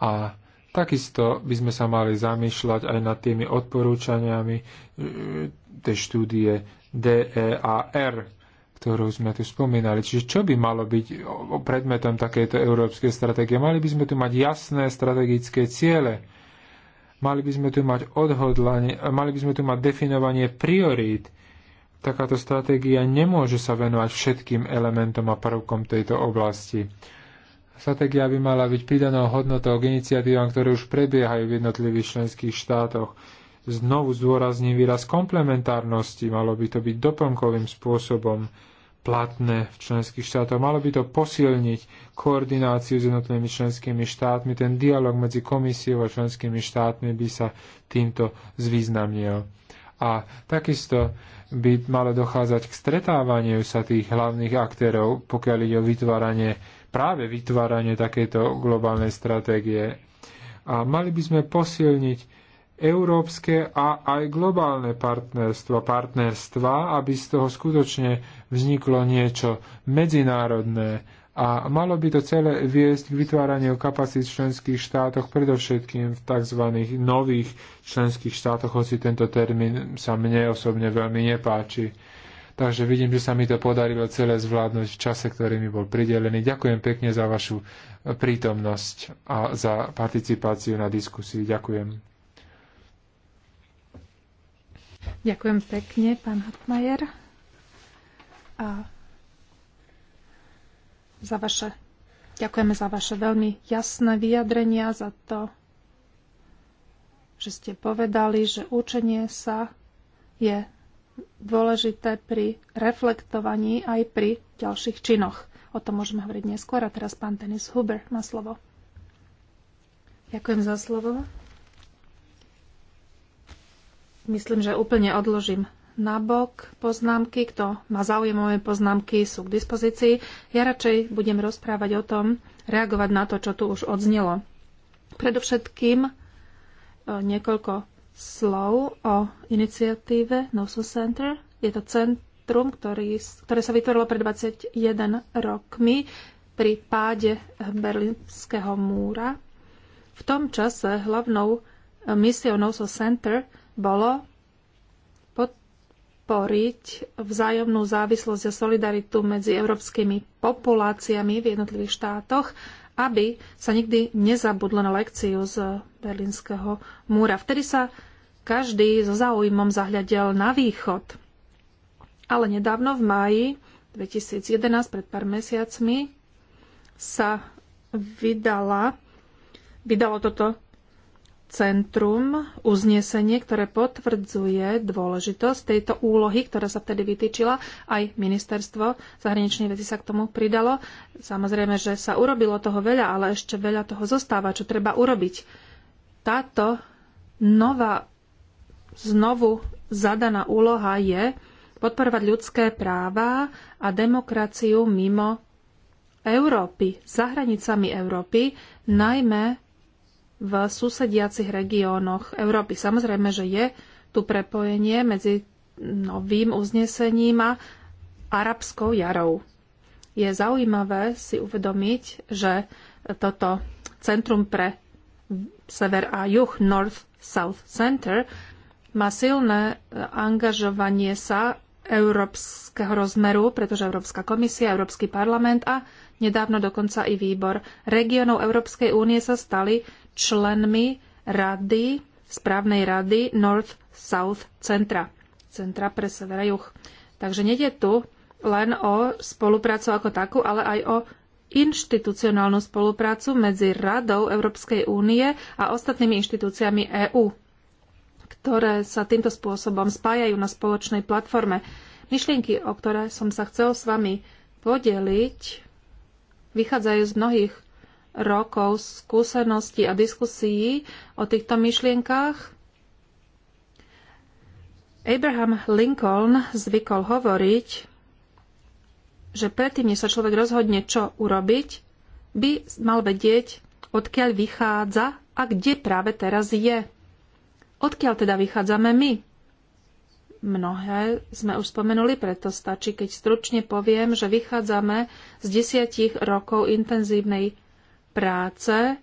A takisto by sme sa mali zamýšľať aj nad tými odporúčaniami e, tej štúdie DEAR, ktorú sme tu spomínali. Čiže čo by malo byť predmetom takejto európskej stratégie? Mali by sme tu mať jasné strategické ciele. Mali by sme tu mať odhodlanie, e, mali by sme tu mať definovanie priorít. Takáto stratégia nemôže sa venovať všetkým elementom a prvkom tejto oblasti. Stratégia by mala byť pridanou hodnotou k iniciatívam, ktoré už prebiehajú v jednotlivých členských štátoch. Znovu zdôrazním výraz komplementárnosti, malo by to byť doplnkovým spôsobom platné v členských štátoch. Malo by to posilniť koordináciu s jednotlivými členskými štátmi. Ten dialog medzi komisiou a členskými štátmi by sa týmto zvýznamnil. A takisto by malo dochádzať k stretávaniu sa tých hlavných aktérov, pokiaľ ide o vytváranie práve vytváranie takéto globálnej stratégie. A mali by sme posilniť európske a aj globálne partnerstva, partnerstva, aby z toho skutočne vzniklo niečo medzinárodné. A malo by to celé viesť k vytváraniu kapacít v členských štátoch, predovšetkým v tzv. nových členských štátoch, hoci tento termín sa mne osobne veľmi nepáči. Takže vidím, že sa mi to podarilo celé zvládnuť v čase, ktorý mi bol pridelený. Ďakujem pekne za vašu prítomnosť a za participáciu na diskusii. Ďakujem. Ďakujem pekne, pán Hatmajer, a za vaše, ďakujeme za vaše veľmi jasné vyjadrenia, za to, že ste povedali, že učenie sa je dôležité pri reflektovaní aj pri ďalších činoch. O tom môžeme hovoriť neskôr. A teraz pán Denis Huber má slovo. Ďakujem za slovo. Myslím, že úplne odložím nabok poznámky. Kto má záujem moje poznámky, sú k dispozícii. Ja radšej budem rozprávať o tom, reagovať na to, čo tu už odznelo. Predovšetkým e, niekoľko slov o iniciatíve Nosso Center. Je to centrum, ktorý, ktoré sa vytvorilo pred 21 rokmi pri páde Berlínskeho múra. V tom čase hlavnou misiou Nosso Center bolo podporiť vzájomnú závislosť a solidaritu medzi európskymi populáciami v jednotlivých štátoch, aby sa nikdy nezabudlo na lekciu z berlínskeho múra. Vtedy sa každý so záujmom zahľadel na východ. Ale nedávno v máji 2011, pred pár mesiacmi, sa vydala, vydalo toto centrum uznesenie, ktoré potvrdzuje dôležitosť tejto úlohy, ktorá sa vtedy vytýčila. Aj ministerstvo zahraničnej veci sa k tomu pridalo. Samozrejme, že sa urobilo toho veľa, ale ešte veľa toho zostáva, čo treba urobiť táto nová znovu zadaná úloha je podporovať ľudské práva a demokraciu mimo Európy, za hranicami Európy, najmä v susediacich regiónoch Európy. Samozrejme, že je tu prepojenie medzi novým uznesením a arabskou jarou. Je zaujímavé si uvedomiť, že toto Centrum pre sever a juh, North, South Center, má silné e, angažovanie sa európskeho rozmeru, pretože Európska komisia, Európsky parlament a nedávno dokonca i výbor regionov Európskej únie sa stali členmi rady, správnej rady North-South Centra, Centra pre sever a juh. Takže nejde tu len o spoluprácu ako takú, ale aj o inštitucionálnu spoluprácu medzi Radou Európskej únie a ostatnými inštitúciami EÚ, ktoré sa týmto spôsobom spájajú na spoločnej platforme. Myšlienky, o ktoré som sa chcel s vami podeliť, vychádzajú z mnohých rokov skúseností a diskusí o týchto myšlienkách. Abraham Lincoln zvykol hovoriť, že predtým, než sa človek rozhodne, čo urobiť, by mal vedieť, odkiaľ vychádza a kde práve teraz je. Odkiaľ teda vychádzame my? Mnohé sme už spomenuli, preto stačí, keď stručne poviem, že vychádzame z desiatich rokov intenzívnej práce,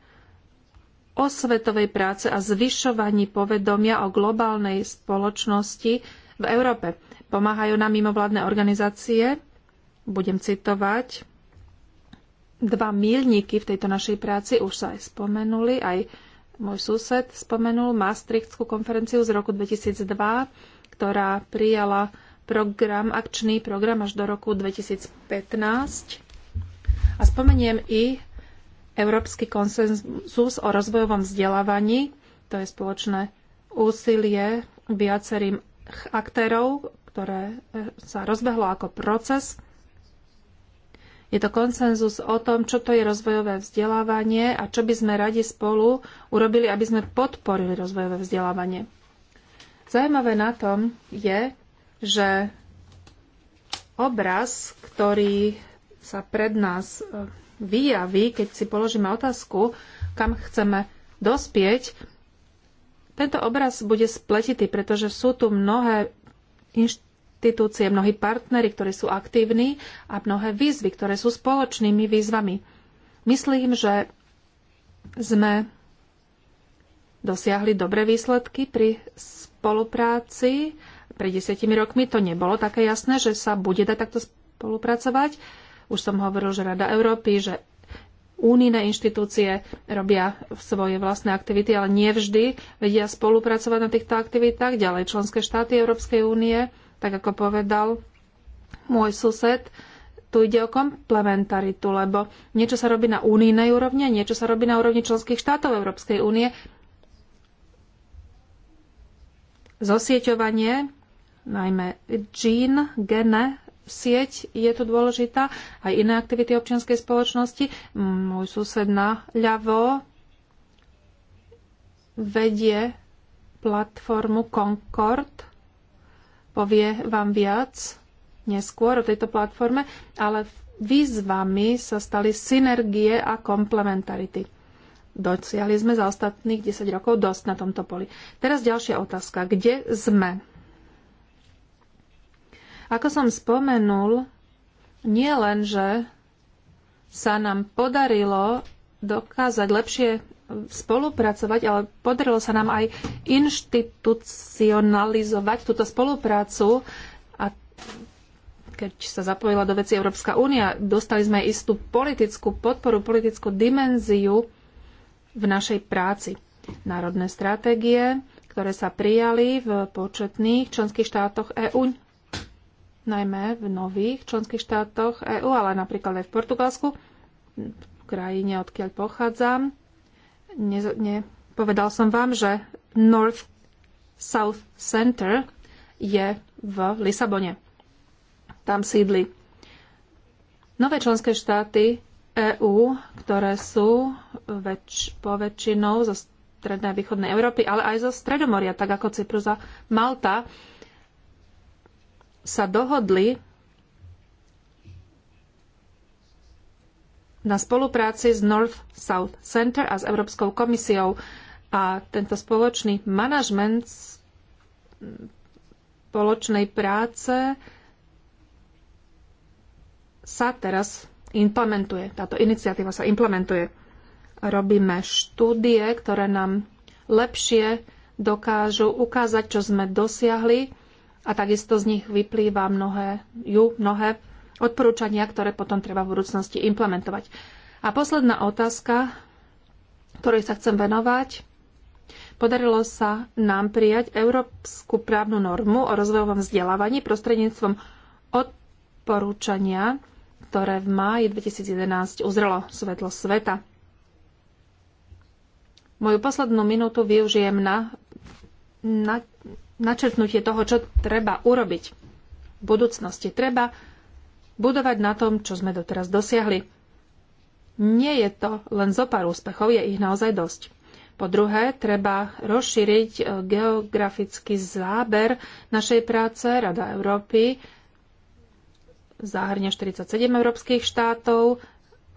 osvetovej práce a zvyšovaní povedomia o globálnej spoločnosti v Európe. Pomáhajú nám mimovládne organizácie, budem citovať, dva milníky v tejto našej práci už sa aj spomenuli, aj môj sused spomenul Maastrichtskú konferenciu z roku 2002, ktorá prijala program, akčný program až do roku 2015. A spomeniem i Európsky konsenzus o rozvojovom vzdelávaní, to je spoločné úsilie viacerým aktérov, ktoré sa rozbehlo ako proces je to konsenzus o tom, čo to je rozvojové vzdelávanie a čo by sme radi spolu urobili, aby sme podporili rozvojové vzdelávanie. Zajímavé na tom je, že obraz, ktorý sa pred nás e, vyjaví, keď si položíme otázku, kam chceme dospieť, tento obraz bude spletitý, pretože sú tu mnohé inšt- inštitúcie, mnohí partnery, ktorí sú aktívni a mnohé výzvy, ktoré sú spoločnými výzvami. Myslím, že sme dosiahli dobré výsledky pri spolupráci. Pred desiatimi rokmi to nebolo také jasné, že sa bude dať takto spolupracovať. Už som hovoril, že Rada Európy, že únijné inštitúcie robia svoje vlastné aktivity, ale nevždy vedia spolupracovať na týchto aktivitách. Ďalej členské štáty Európskej únie tak ako povedal môj sused, tu ide o komplementaritu, lebo niečo sa robí na unijnej úrovni a niečo sa robí na úrovni členských štátov Európskej únie. Zosieťovanie, najmä GIN, GENE, sieť je tu dôležitá, aj iné aktivity občianskej spoločnosti. Môj sused na ľavo vedie platformu Concord, povie vám viac neskôr o tejto platforme, ale výzvami sa stali synergie a komplementarity. Dociali sme za ostatných 10 rokov dosť na tomto poli. Teraz ďalšia otázka. Kde sme? Ako som spomenul, nie len, že sa nám podarilo dokázať lepšie spolupracovať, ale podarilo sa nám aj inštitucionalizovať túto spoluprácu a keď sa zapojila do veci Európska únia, dostali sme istú politickú podporu, politickú dimenziu v našej práci. Národné stratégie, ktoré sa prijali v početných členských štátoch EÚ, najmä v nových členských štátoch EÚ, ale napríklad aj v Portugalsku, v krajine, odkiaľ pochádzam, ne, ne, povedal som vám, že North South Center je v Lisabone. Tam sídli nové členské štáty EÚ, ktoré sú väč, poväčšinou zo strednej a východnej Európy, ale aj zo Stredomoria, tak ako Cyprus a Malta, sa dohodli na spolupráci s North South Center a s Európskou komisiou. A tento spoločný manažment spoločnej práce sa teraz implementuje. Táto iniciatíva sa implementuje. Robíme štúdie, ktoré nám lepšie dokážu ukázať, čo sme dosiahli a takisto z nich vyplýva mnohé, ju mnohé odporúčania, ktoré potom treba v budúcnosti implementovať. A posledná otázka, ktorej sa chcem venovať. Podarilo sa nám prijať európsku právnu normu o rozvojovom vzdelávaní prostredníctvom odporúčania, ktoré v máji 2011 uzrelo svetlo sveta. Moju poslednú minútu využijem na, na načrtnutie toho, čo treba urobiť v budúcnosti. Treba budovať na tom, čo sme doteraz dosiahli. Nie je to len zo pár úspechov, je ich naozaj dosť. Po druhé, treba rozšíriť e, geografický záber našej práce. Rada Európy zahrňa 47 európskych štátov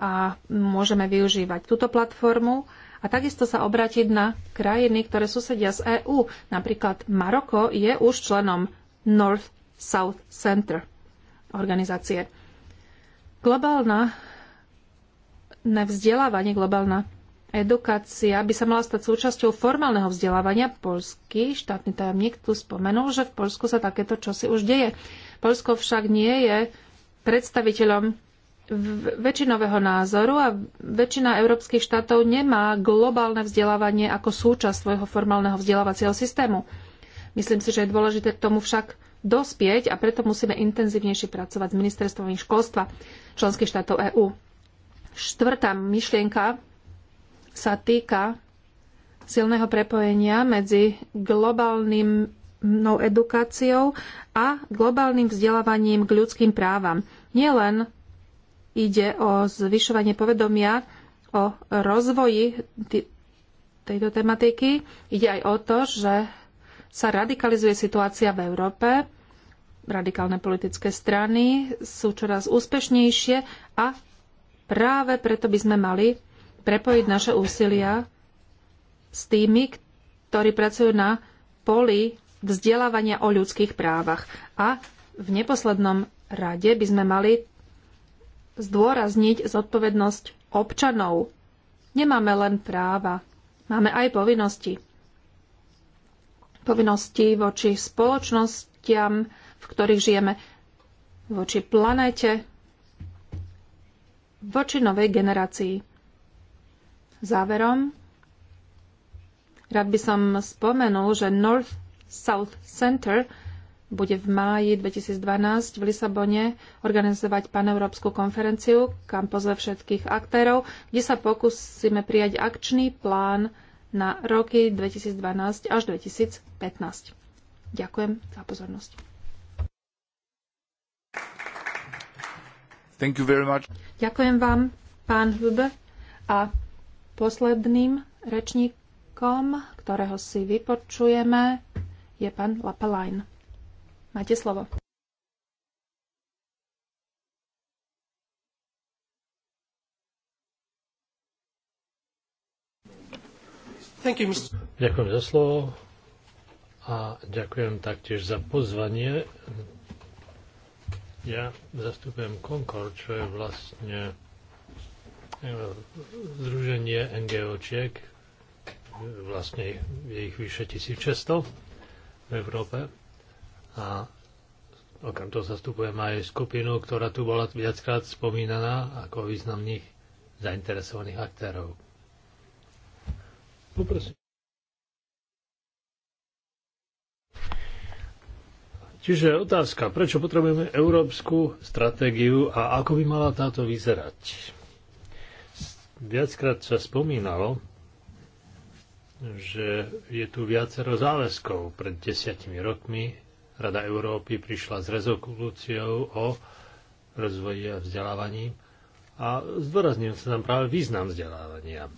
a môžeme využívať túto platformu a takisto sa obrátiť na krajiny, ktoré susedia z EÚ. Napríklad Maroko je už členom North South Center organizácie. Globálna vzdelávanie, globálna edukácia by sa mala stať súčasťou formálneho vzdelávania. Polský štátny tajomník tu spomenul, že v Polsku sa takéto čosi už deje. Polsko však nie je predstaviteľom väčšinového názoru a väčšina európskych štátov nemá globálne vzdelávanie ako súčasť svojho formálneho vzdelávacieho systému. Myslím si, že je dôležité k tomu však dospieť a preto musíme intenzívnejšie pracovať s ministerstvom školstva členských štátov EÚ. Štvrtá myšlienka sa týka silného prepojenia medzi globálnou edukáciou a globálnym vzdelávaním k ľudským právam. Nielen ide o zvyšovanie povedomia o rozvoji tejto tematiky, ide aj o to, že sa radikalizuje situácia v Európe. Radikálne politické strany sú čoraz úspešnejšie a práve preto by sme mali prepojiť naše úsilia s tými, ktorí pracujú na poli vzdelávania o ľudských právach. A v neposlednom rade by sme mali zdôrazniť zodpovednosť občanov. Nemáme len práva, máme aj povinnosti zodpovednosti voči spoločnostiam, v ktorých žijeme, voči planéte, voči novej generácii. Záverom, rád by som spomenul, že North South Center bude v máji 2012 v Lisabone organizovať paneurópsku konferenciu, kam pozve všetkých aktérov, kde sa pokúsime prijať akčný plán na roky 2012 až 2015. Ďakujem za pozornosť. Thank you very much. Ďakujem vám, pán Hube. A posledným rečníkom, ktorého si vypočujeme, je pán Lapelajn. Máte slovo. You, ďakujem za slovo a ďakujem taktiež za pozvanie. Ja zastupujem Concord, čo je vlastne e, združenie NGOčiek, vlastne je ich vyše 1600 v Európe a okrem toho zastupujem aj skupinu, ktorá tu bola viackrát spomínaná ako významných zainteresovaných aktérov. Poprosím. Čiže otázka, prečo potrebujeme európsku stratégiu a ako by mala táto vyzerať? Viackrát sa spomínalo, že je tu viacero záväzkov. Pred desiatimi rokmi Rada Európy prišla s rezolúciou o rozvoji a vzdelávaní a zdôraznil sa tam práve význam vzdelávania.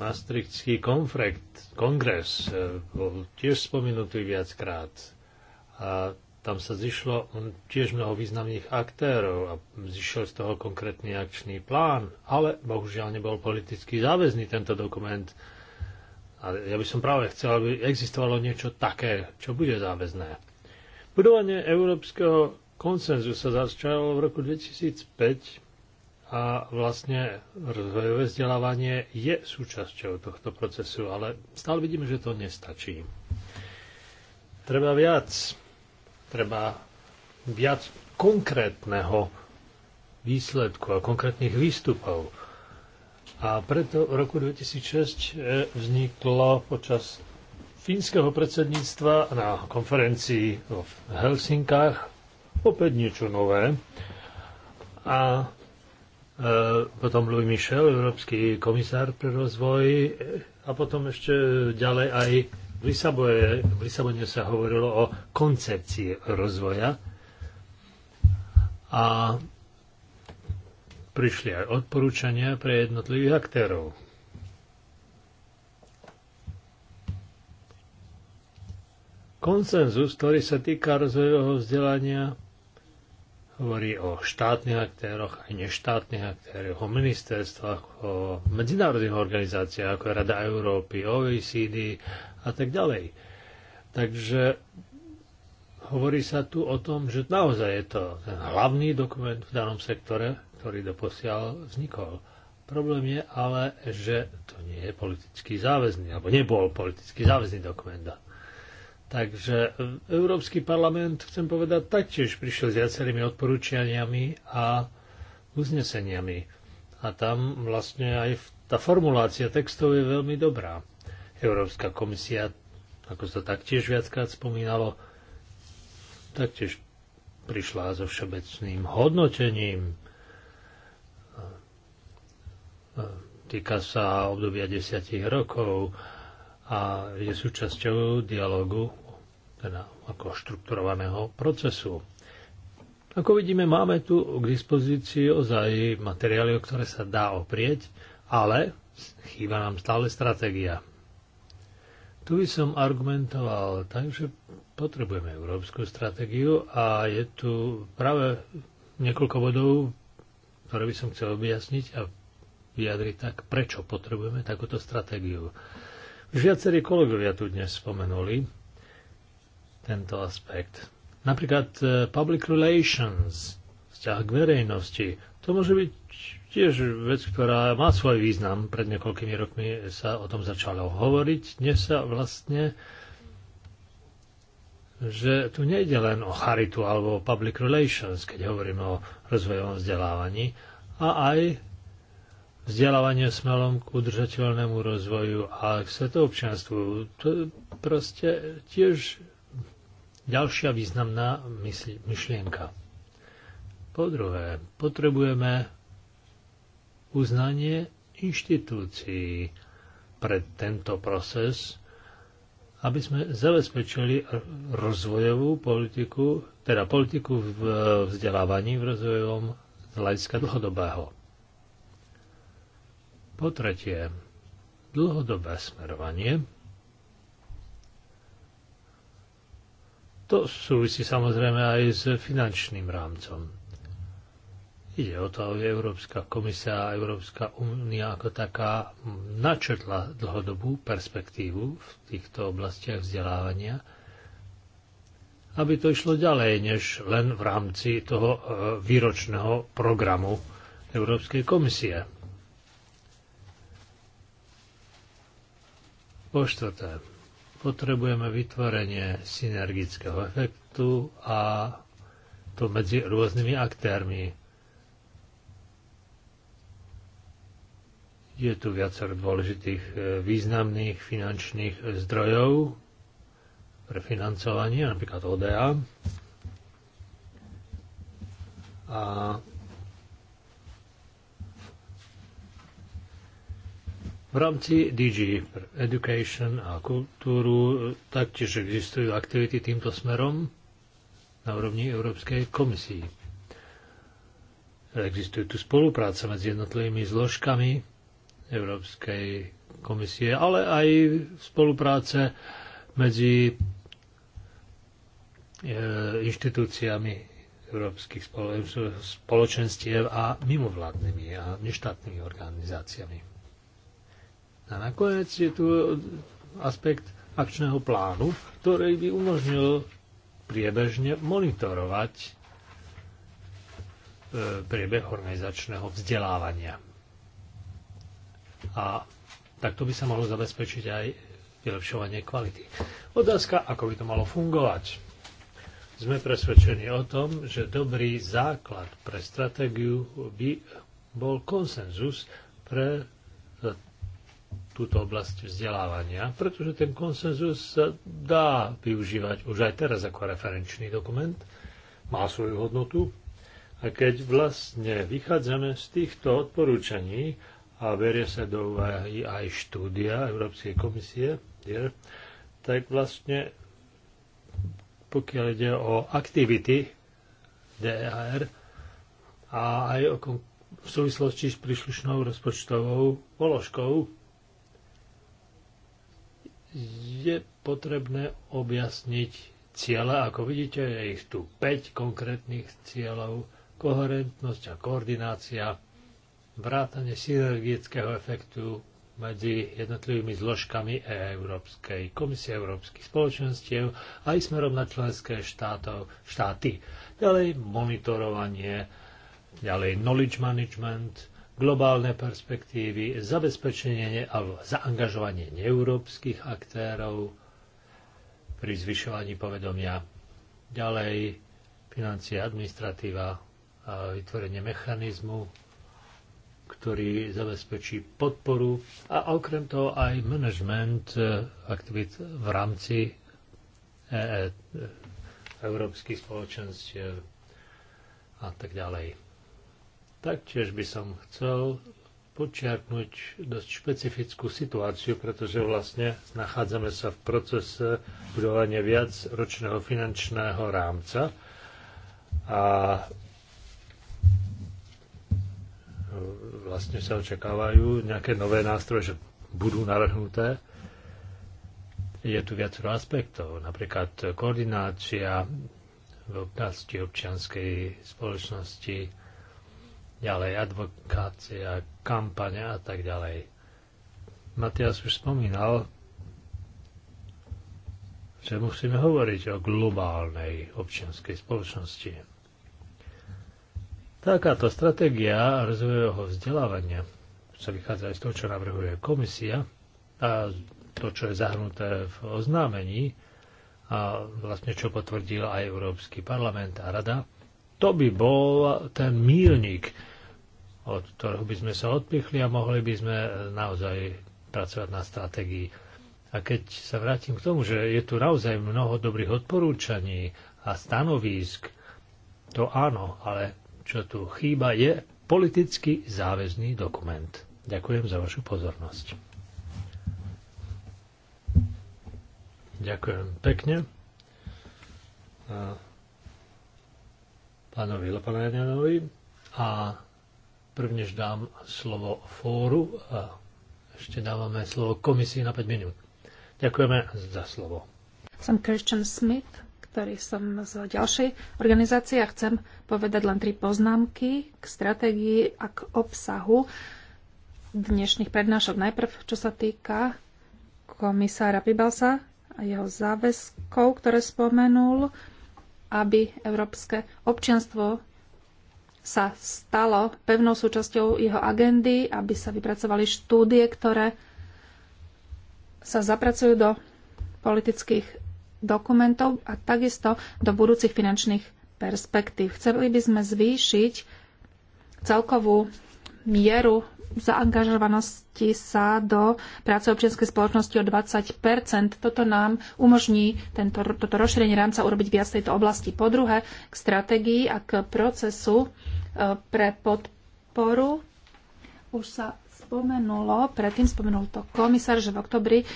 Maastrichtský konfrekt, kongres eh, bol tiež spomenutý viackrát a tam sa zišlo hm, tiež mnoho významných aktérov a zišiel z toho konkrétny akčný plán, ale bohužiaľ nebol politicky záväzný tento dokument. A ja by som práve chcel, aby existovalo niečo také, čo bude záväzné. Budovanie európskeho konsenzu sa začalo v roku 2005 a vlastne rozvojové vzdelávanie je súčasťou tohto procesu, ale stále vidíme, že to nestačí. Treba viac. Treba viac konkrétneho výsledku a konkrétnych výstupov. A preto v roku 2006 eh, vzniklo počas fínskeho predsedníctva na konferencii v Helsinkách opäť niečo nové. A E, potom Louis Michel, európsky komisár pre rozvoj e, a potom ešte ďalej aj v Lisabone, v Lisabone sa hovorilo o koncepcii rozvoja a prišli aj odporúčania pre jednotlivých aktérov. Konsenzus, ktorý sa týka rozvojového vzdelania, hovorí o štátnych aktéroch, aj neštátnych aktéroch, o ministerstvách, o medzinárodných organizáciách ako je Rada Európy, OECD a tak ďalej. Takže hovorí sa tu o tom, že naozaj je to ten hlavný dokument v danom sektore, ktorý doposiaľ vznikol. Problém je ale, že to nie je politicky záväzný, alebo nebol politicky záväzný dokument. Takže e, Európsky parlament, chcem povedať, taktiež prišiel s viacerými odporúčaniami a uzneseniami. A tam vlastne aj tá formulácia textov je veľmi dobrá. Európska komisia, ako sa taktiež viackrát spomínalo, taktiež prišla so všeobecným hodnotením. E, e, týka sa obdobia desiatich rokov a je súčasťou dialogu teda ako štrukturovaného procesu. Ako vidíme, máme tu k dispozícii ozaj materiály, o ktoré sa dá oprieť, ale chýba nám stále stratégia. Tu by som argumentoval tak, že potrebujeme európsku stratégiu a je tu práve niekoľko bodov, ktoré by som chcel objasniť a vyjadriť tak, prečo potrebujeme takúto stratégiu. Viacerí kolegovia tu dnes spomenuli, tento aspekt. Napríklad e, public relations, vzťah k verejnosti. To môže byť tiež vec, ktorá má svoj význam. Pred niekoľkými rokmi sa o tom začalo hovoriť. Dnes sa vlastne že tu nejde len o charitu alebo o public relations, keď hovoríme o rozvojovom vzdelávaní, a aj vzdelávanie smelom k udržateľnému rozvoju a k svetoobčianstvu. To proste tiež Ďalšia významná myšlienka. Po druhé, potrebujeme uznanie inštitúcií pre tento proces, aby sme zabezpečili rozvojovú politiku, teda politiku v vzdelávaní v rozvojovom z hľadiska dlhodobého. Po tretie, dlhodobé smerovanie To súvisí samozrejme aj s finančným rámcom. Ide o to, aby Európska komisia a Európska únia ako taká načrtla dlhodobú perspektívu v týchto oblastiach vzdelávania, aby to išlo ďalej, než len v rámci toho e, výročného programu Európskej komisie. Po štvrté potrebujeme vytvorenie synergického efektu a to medzi rôznymi aktérmi. Je tu viacero dôležitých e, významných finančných zdrojov pre financovanie, napríklad ODA. A V rámci DG Education a kultúru e, taktiež existujú aktivity týmto smerom na úrovni Európskej komisii. Existuje tu spolupráca medzi jednotlivými zložkami Európskej komisie, ale aj spolupráce medzi e, inštitúciami európskych spoločenstiev a mimovládnymi a neštátnymi organizáciami. A nakoniec je tu aspekt akčného plánu, ktorý by umožnil priebežne monitorovať e, priebeh organizačného vzdelávania. A takto by sa mohlo zabezpečiť aj vylepšovanie kvality. Otázka, ako by to malo fungovať. Sme presvedčení o tom, že dobrý základ pre stratégiu by bol konsenzus pre túto oblasť vzdelávania, pretože ten konsenzus sa dá využívať už aj teraz ako referenčný dokument, má svoju hodnotu. A keď vlastne vychádzame z týchto odporúčaní a verie sa do úvahy aj štúdia Európskej komisie, tak vlastne pokiaľ ide o aktivity DAR e a aj o v súvislosti s príslušnou rozpočtovou položkou je potrebné objasniť cieľa. Ako vidíte, je ich tu 5 konkrétnych cieľov. Koherentnosť a koordinácia, vrátanie synergického efektu medzi jednotlivými zložkami e Európskej komisie Európskych spoločenstiev aj smerom na členské štátov, štáty. Ďalej monitorovanie, ďalej knowledge management, globálne perspektívy, zabezpečenie alebo zaangažovanie neeurópskych aktérov pri zvyšovaní povedomia, ďalej financie, administratíva, a vytvorenie mechanizmu, ktorý zabezpečí podporu a okrem toho aj management e, aktivít v rámci e, e, európskych spoločenstiev a tak ďalej. Taktiež by som chcel počiarknúť dosť špecifickú situáciu, pretože vlastne nachádzame sa v procese budovania viac ročného finančného rámca a vlastne sa očakávajú nejaké nové nástroje, že budú navrhnuté. Je tu viacero aspektov, napríklad koordinácia v oblasti občianskej spoločnosti, ďalej advokácia, kampaňa a tak ďalej. Matias už spomínal, že musíme hovoriť o globálnej občianskej spoločnosti. Takáto stratégia rozvojového vzdelávania sa vychádza aj z toho, čo navrhuje komisia a to, čo je zahrnuté v oznámení a vlastne čo potvrdil aj Európsky parlament a rada, to by bol ten mílnik, od ktorého by sme sa odpichli a mohli by sme eh, naozaj pracovať na stratégii. A keď sa vrátim k tomu, že je tu naozaj mnoho dobrých odporúčaní a stanovísk, to áno, ale čo tu chýba je politicky záväzný dokument. Ďakujem za vašu pozornosť. Ďakujem pekne. pánovi Lopanajanovi a Prvnež dám slovo fóru a ešte dávame slovo komisii na 5 minút. Ďakujeme za slovo. Som Christian Smith, ktorý som z ďalšej organizácie a chcem povedať len tri poznámky k stratégii a k obsahu dnešných prednášok. Najprv, čo sa týka komisára Pibalsa a jeho záväzkov, ktoré spomenul, aby európske občianstvo sa stalo pevnou súčasťou jeho agendy, aby sa vypracovali štúdie, ktoré sa zapracujú do politických dokumentov a takisto do budúcich finančných perspektív. Chceli by sme zvýšiť celkovú mieru zaangažovanosti sa do práce občianskej spoločnosti o 20 Toto nám umožní tento, toto rozšírenie rámca urobiť viac tejto oblasti. Po druhé, k stratégii a k procesu pre podporu. Už sa spomenulo, predtým spomenul to komisár, že v oktobri e,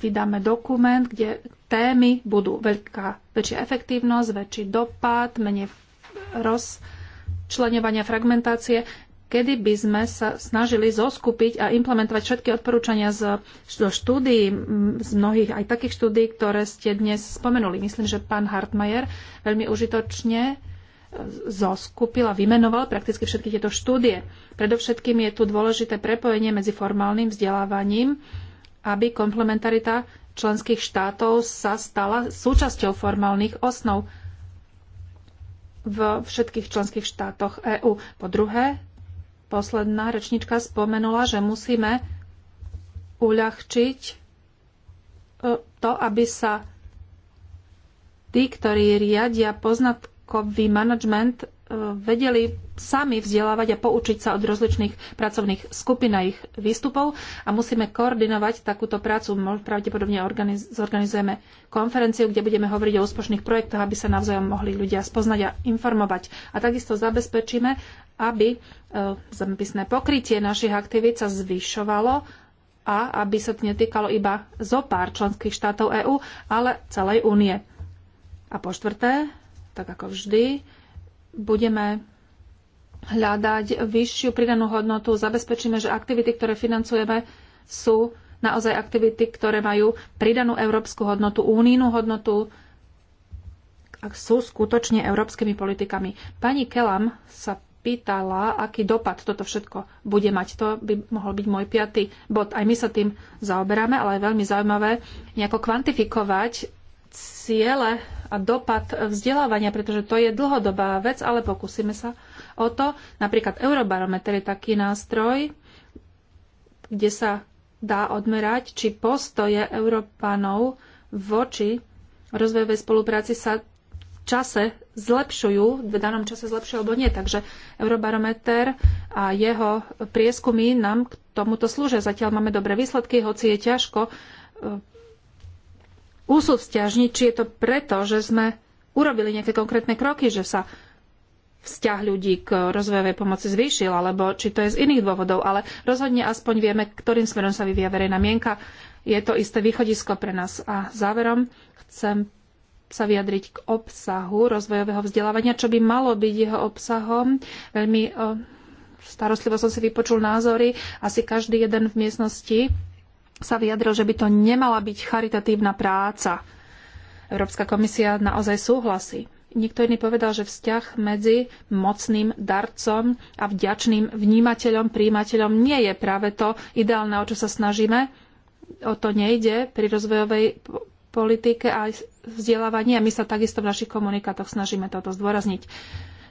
vydáme dokument, kde témy budú veľká, väčšia efektívnosť, väčší dopad, menej rozčlenovania fragmentácie. Kedy by sme sa snažili zoskupiť a implementovať všetky odporúčania z, štúdií, z mnohých aj takých štúdií, ktoré ste dnes spomenuli. Myslím, že pán Hartmajer veľmi užitočne zoskupil a vymenoval prakticky všetky tieto štúdie. Predovšetkým je tu dôležité prepojenie medzi formálnym vzdelávaním, aby komplementarita členských štátov sa stala súčasťou formálnych osnov v všetkých členských štátoch EÚ. Po druhé, posledná rečnička spomenula, že musíme uľahčiť e, to, aby sa tí, ktorí riadia poznatky, celkový management e, vedeli sami vzdelávať a poučiť sa od rozličných pracovných skupín a ich výstupov a musíme koordinovať takúto prácu. Pravdepodobne zorganizujeme konferenciu, kde budeme hovoriť o úspešných projektoch, aby sa navzájom mohli ľudia spoznať a informovať. A takisto zabezpečíme, aby e, zemepisné pokrytie našich aktivít sa zvyšovalo a aby sa to netýkalo iba zo pár členských štátov EÚ, ale celej únie. A po štvrté, tak ako vždy, budeme hľadať vyššiu pridanú hodnotu, zabezpečíme, že aktivity, ktoré financujeme, sú naozaj aktivity, ktoré majú pridanú európsku hodnotu, únijnú hodnotu, ak sú skutočne európskymi politikami. Pani Kelam sa pýtala, aký dopad toto všetko bude mať. To by mohol byť môj piaty bod. Aj my sa tým zaoberáme, ale je veľmi zaujímavé nejako kvantifikovať ciele a dopad vzdelávania, pretože to je dlhodobá vec, ale pokúsime sa o to. Napríklad Eurobarometer je taký nástroj, kde sa dá odmerať, či postoje Európanov voči rozvojovej spolupráci sa v čase zlepšujú, v danom čase zlepšujú alebo nie. Takže Eurobarometer a jeho prieskumy nám k tomuto slúžia. Zatiaľ máme dobré výsledky, hoci je ťažko e, úsud stiažniť, či je to preto, že sme urobili nejaké konkrétne kroky, že sa vzťah ľudí k rozvojovej pomoci zvýšil, alebo či to je z iných dôvodov, ale rozhodne aspoň vieme, ktorým smerom sa vyvíja verejná mienka. Je to isté východisko pre nás. A záverom chcem sa vyjadriť k obsahu rozvojového vzdelávania, čo by malo byť jeho obsahom. Veľmi eh, starostlivo som si vypočul názory, asi každý jeden v miestnosti sa vyjadril, že by to nemala byť charitatívna práca. Európska komisia naozaj súhlasí. Niekto iný povedal, že vzťah medzi mocným darcom a vďačným vnímateľom, príjimateľom nie je práve to ideálne, o čo sa snažíme. O to nejde pri rozvojovej politike a vzdelávaní a my sa takisto v našich komunikátoch snažíme toto zdôrazniť.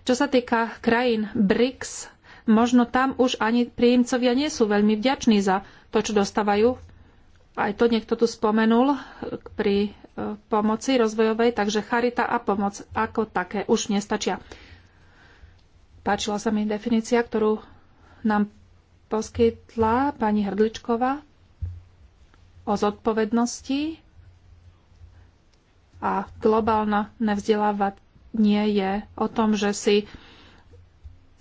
Čo sa týka krajín BRICS, možno tam už ani príjemcovia nie sú veľmi vďační za to, čo dostávajú aj to niekto tu spomenul eh, pri eh, pomoci rozvojovej, takže charita a pomoc ako také už nestačia. Páčila sa mi definícia, ktorú nám poskytla pani Hrdličková o zodpovednosti a globálne nevzdelávanie je o tom, že si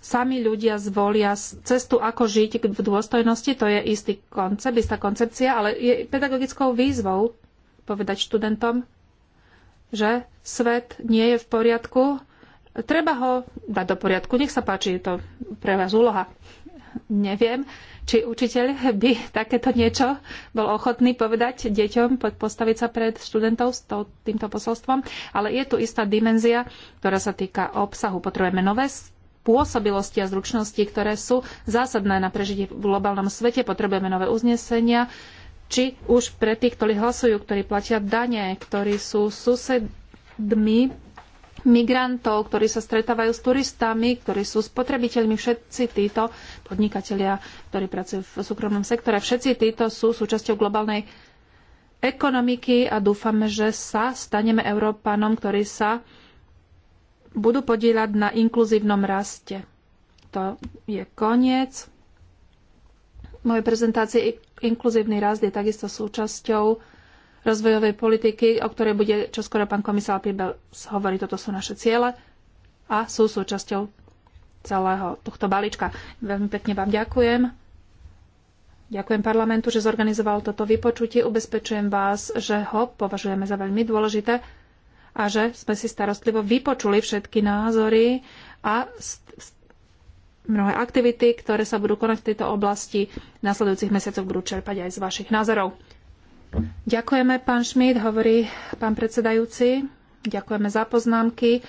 sami ľudia zvolia cestu, ako žiť v dôstojnosti. To je istý koncept, istá koncepcia, ale je pedagogickou výzvou povedať študentom, že svet nie je v poriadku. Treba ho dať do poriadku. Nech sa páči, je to pre vás úloha. Neviem, či učiteľ by takéto niečo bol ochotný povedať deťom, postaviť sa pred študentov s týmto posolstvom, ale je tu istá dimenzia, ktorá sa týka obsahu. Potrebujeme nové pôsobilosti a zručnosti, ktoré sú zásadné na prežitie v globálnom svete. Potrebujeme nové uznesenia, či už pre tých, ktorí hlasujú, ktorí platia dane, ktorí sú susedmi migrantov, ktorí sa stretávajú s turistami, ktorí sú spotrebiteľmi, všetci títo podnikatelia, ktorí pracujú v súkromnom sektore, všetci títo sú súčasťou globálnej ekonomiky a dúfame, že sa staneme Európanom, ktorí sa budú podielať na inkluzívnom raste. To je koniec moje prezentácie. Inkluzívny rast je takisto súčasťou rozvojovej politiky, o ktorej bude čoskoro pán komisár Pibel hovorí, toto sú naše ciele a sú súčasťou celého tohto balíčka. Veľmi pekne vám ďakujem. Ďakujem parlamentu, že zorganizoval toto vypočutie. Ubezpečujem vás, že ho považujeme za veľmi dôležité a že sme si starostlivo vypočuli všetky názory a mnohé aktivity, ktoré sa budú konať v tejto oblasti v nasledujúcich mesiacoch budú čerpať aj z vašich názorov. Ďakujeme, pán Šmíd, hovorí pán predsedajúci. Ďakujeme za poznámky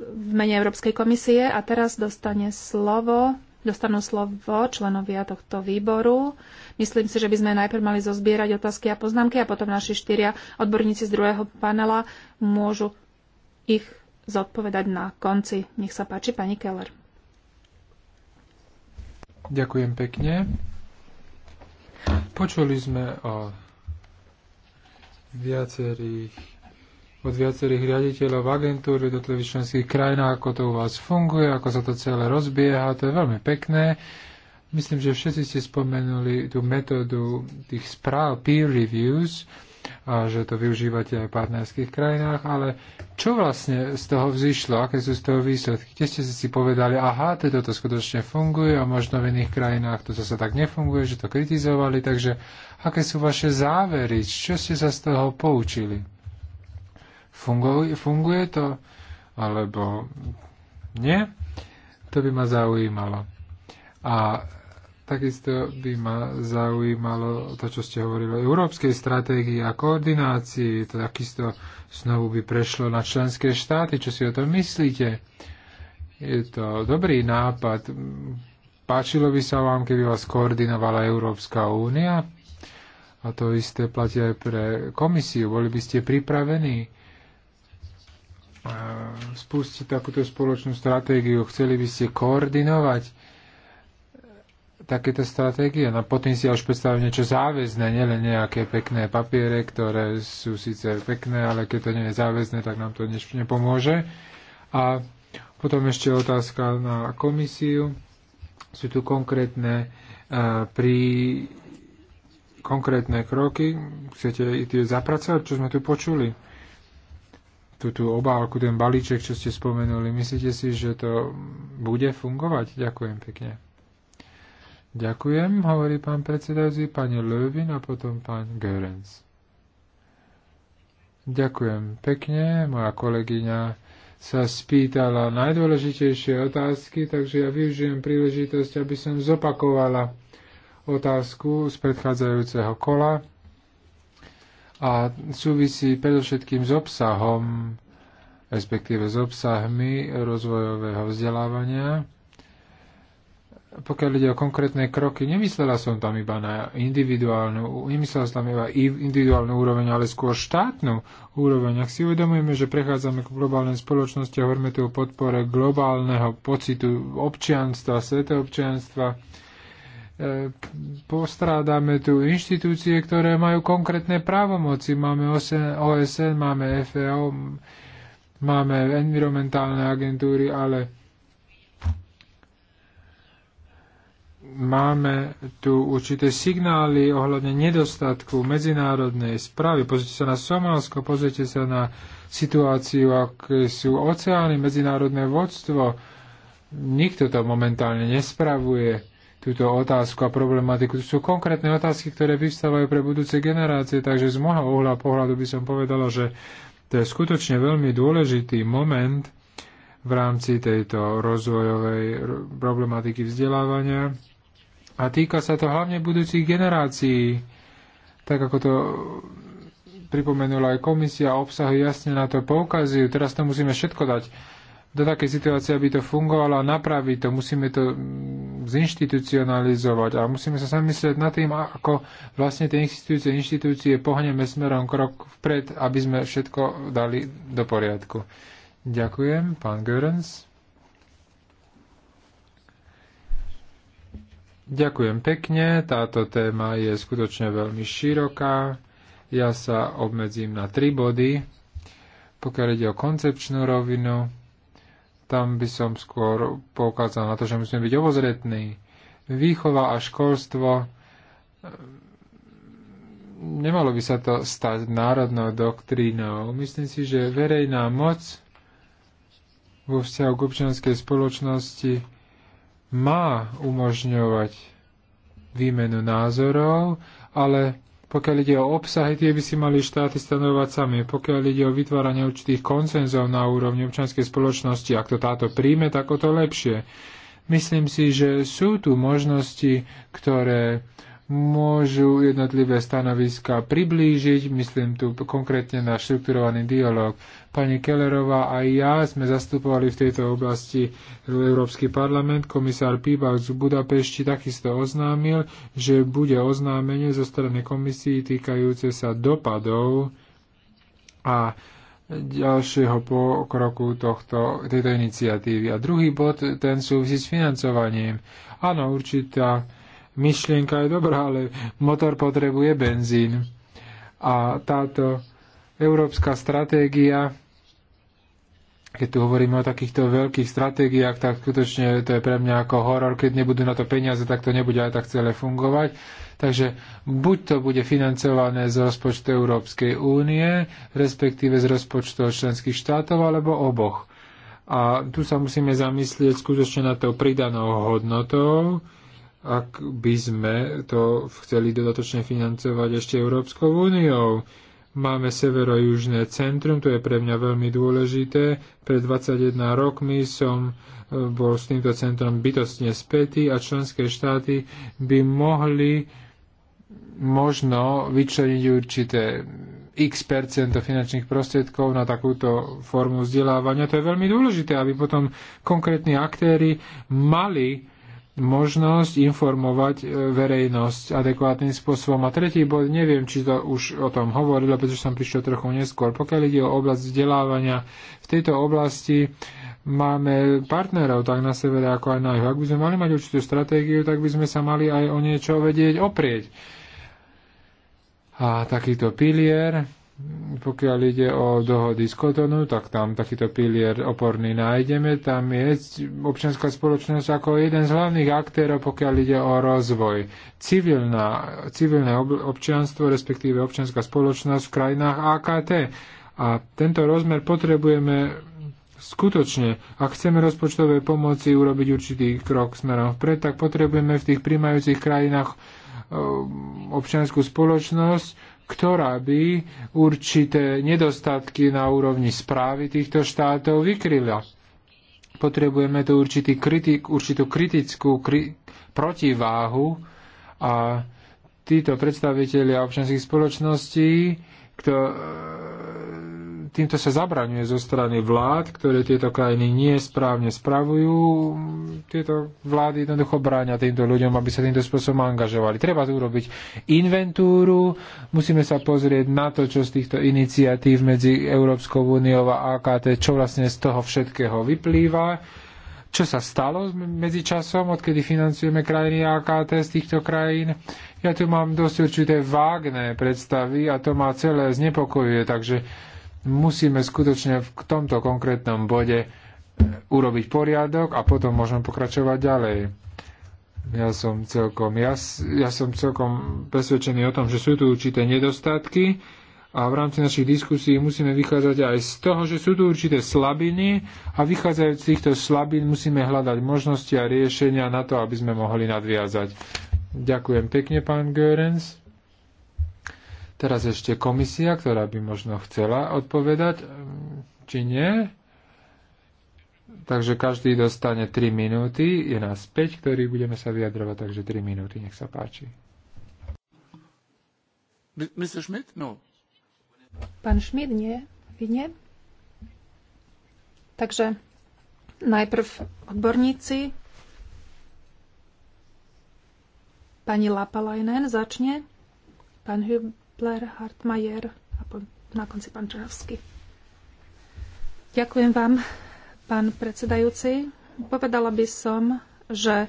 v mene Európskej komisie a teraz dostane slovo dostanú slovo členovia tohto výboru. Myslím si, že by sme najprv mali zozbierať otázky a poznámky a potom naši štyria odborníci z druhého panela môžu ich zodpovedať na konci. Nech sa páči, pani Keller. Ďakujem pekne. Počuli sme o viacerých od viacerých riaditeľov agentúr v jednotlivých členských krajinách, ako to u vás funguje, ako sa to celé rozbieha. To je veľmi pekné. Myslím, že všetci ste spomenuli tú metódu tých správ, peer reviews, a že to využívate aj v partnerských krajinách, ale čo vlastne z toho vzýšlo, aké sú z toho výsledky? Kde ste si povedali, aha, teda to skutočne funguje a možno v iných krajinách to zase tak nefunguje, že to kritizovali, takže aké sú vaše závery, čo ste sa z toho poučili? Funguje, funguje to? Alebo nie? To by ma zaujímalo. A takisto by ma zaujímalo to, čo ste hovorili o európskej stratégii a koordinácii. To takisto znovu by prešlo na členské štáty. Čo si o tom myslíte? Je to dobrý nápad. Páčilo by sa vám, keby vás koordinovala Európska únia? A to isté platí aj pre komisiu. Boli by ste pripravení? spustiť takúto spoločnú stratégiu? Chceli by ste koordinovať takéto stratégie? No potom si ja už predstavujem niečo záväzné, nielen nejaké pekné papiere, ktoré sú síce pekné, ale keď to nie je záväzné, tak nám to nič nepomôže. A potom ešte otázka na komisiu. Sú tu konkrétne uh, pri konkrétne kroky? Chcete tie zapracovať, čo sme tu počuli? tú, tú obálku, ten balíček, čo ste spomenuli. Myslíte si, že to bude fungovať? Ďakujem pekne. Ďakujem, hovorí pán predsedajúci, pani Lövin a potom pán Görens. Ďakujem pekne, moja kolegyňa sa spýtala najdôležitejšie otázky, takže ja využijem príležitosť, aby som zopakovala otázku z predchádzajúceho kola a súvisí predovšetkým s obsahom, respektíve s obsahmi rozvojového vzdelávania. Pokiaľ ide o konkrétne kroky, nemyslela som tam iba na individuálnu, nemyslela som tam iba individuálnu úroveň, ale skôr štátnu úroveň. Ak si uvedomujeme, že prechádzame k globálnej spoločnosti a hovoríme tu o podpore globálneho pocitu občianstva, svetoobčianstva, občianstva, E, postrádame tu inštitúcie, ktoré majú konkrétne právomoci. Máme OSN, máme FAO, e máme environmentálne agentúry, ale máme tu určité signály ohľadne nedostatku medzinárodnej správy. Pozrite sa na Somálsko, pozrite sa na situáciu, aké sú oceány, medzinárodné vodstvo. Nikto to momentálne nespravuje túto otázku a problematiku. To sú konkrétne otázky, ktoré vystávajú pre budúce generácie, takže z môjho uhla pohľadu by som povedala, že to je skutočne veľmi dôležitý moment v rámci tejto rozvojovej problematiky vzdelávania a týka sa to hlavne budúcich generácií, tak ako to pripomenula aj komisia, obsahy jasne na to poukazujú. Teraz to musíme všetko dať do takej situácie, aby to fungovalo a napraviť to. Musíme to mm, zinstitucionalizovať a musíme sa zamyslieť nad tým, ako vlastne tie inštitúcie, inštitúcie pohneme smerom krok vpred, aby sme všetko dali do poriadku. Ďakujem, pán Görens. Ďakujem pekne, táto téma je skutočne veľmi široká. Ja sa obmedzím na tri body. Pokiaľ ide o koncepčnú rovinu, tam by som skôr poukázal na to, že musíme byť obozretní. Výchova a školstvo eh, nemalo by sa to stať národnou doktrínou. Myslím si, že verejná moc vo vzťahu k občianskej spoločnosti má umožňovať výmenu názorov, ale pokiaľ ide o obsahy, tie by si mali štáty stanovať sami. Pokiaľ ide o vytváranie určitých koncenzov na úrovni občianskej spoločnosti, ak to táto príjme, tak o to lepšie. Myslím si, že sú tu možnosti, ktoré môžu jednotlivé stanoviska priblížiť, myslím tu konkrétne na štrukturovaný dialog. Pani Kellerová a ja sme zastupovali v tejto oblasti Európsky parlament. Komisár Píbax z Budapešti takisto oznámil, že bude oznámenie zo strany komisii týkajúce sa dopadov a ďalšieho pokroku tohto, tejto iniciatívy. A druhý bod, ten súvisí s financovaním. Áno, určitá myšlienka je dobrá, ale motor potrebuje benzín. A táto európska stratégia, keď tu hovoríme o takýchto veľkých stratégiách, tak skutočne to je pre mňa ako horor, keď nebudú na to peniaze, tak to nebude aj tak celé fungovať. Takže buď to bude financované z rozpočtu Európskej únie, respektíve z rozpočtu členských štátov, alebo oboch. A tu sa musíme zamyslieť skutočne na tou pridanou hodnotou, ak by sme to chceli dodatočne financovať ešte Európskou úniou. Máme severo-južné centrum, to je pre mňa veľmi dôležité. Pred 21 rokmi som e, bol s týmto centrom bytostne spätý a členské štáty by mohli možno vyčleniť určité x percento finančných prostriedkov na takúto formu vzdelávania. To je veľmi dôležité, aby potom konkrétni aktéry mali možnosť informovať e, verejnosť adekvátnym spôsobom. A tretí bod, neviem, či to už o tom hovorilo, pretože som prišiel trochu neskôr. Pokiaľ ide o oblasť vzdelávania, v tejto oblasti máme partnerov tak na severe ako aj na juhu. Ak by sme mali mať určitú stratégiu, tak by sme sa mali aj o niečo vedieť oprieť. A takýto pilier pokiaľ ide o dohody z Kotonu, tak tam takýto pilier oporný nájdeme. Tam je občianská spoločnosť ako jeden z hlavných aktérov, pokiaľ ide o rozvoj. Civilná, civilné občianstvo, respektíve občianská spoločnosť v krajinách AKT. A tento rozmer potrebujeme skutočne, ak chceme rozpočtové pomoci urobiť určitý krok smerom vpred, tak potrebujeme v tých príjmajúcich krajinách e, občianskú spoločnosť, ktorá by určité nedostatky na úrovni správy týchto štátov vykryla. Potrebujeme tu určitý kritik, určitú kritickú kri- protiváhu a títo predstavitelia občanských spoločností, týmto sa zabraňuje zo strany vlád, ktoré tieto krajiny nie správne spravujú. Tieto vlády jednoducho bráňa týmto ľuďom, aby sa týmto spôsobom angažovali. Treba tu urobiť inventúru, musíme sa pozrieť na to, čo z týchto iniciatív medzi Európskou úniou a AKT, čo vlastne z toho všetkého vyplýva čo sa stalo medzi časom, odkedy financujeme krajiny AKT z týchto krajín. Ja tu mám dosť určité vágne predstavy a to ma celé znepokojuje, takže musíme skutočne v tomto konkrétnom bode e, urobiť poriadok a potom môžeme pokračovať ďalej. Ja som celkom, ja, ja som celkom presvedčený o tom, že sú tu určité nedostatky a v rámci našich diskusí musíme vychádzať aj z toho, že sú tu určité slabiny a vychádzajúc z týchto slabín musíme hľadať možnosti a riešenia na to, aby sme mohli nadviazať. Ďakujem pekne, pán Görens. Teraz ešte komisia, ktorá by možno chcela odpovedať, mm, či nie. Takže každý dostane 3 minúty, je nás 5, ktorí budeme sa vyjadrovať, takže 3 minúty, nech sa páči. Mr. Schmidt? No. Pán Schmidt, nie. Vy nie? Takže najprv odborníci. Pani Lapalajnen začne. Pán Hüb Pler, Hartmajer a na konci pán Čahovský. Ďakujem vám, pán predsedajúci. Povedala by som, že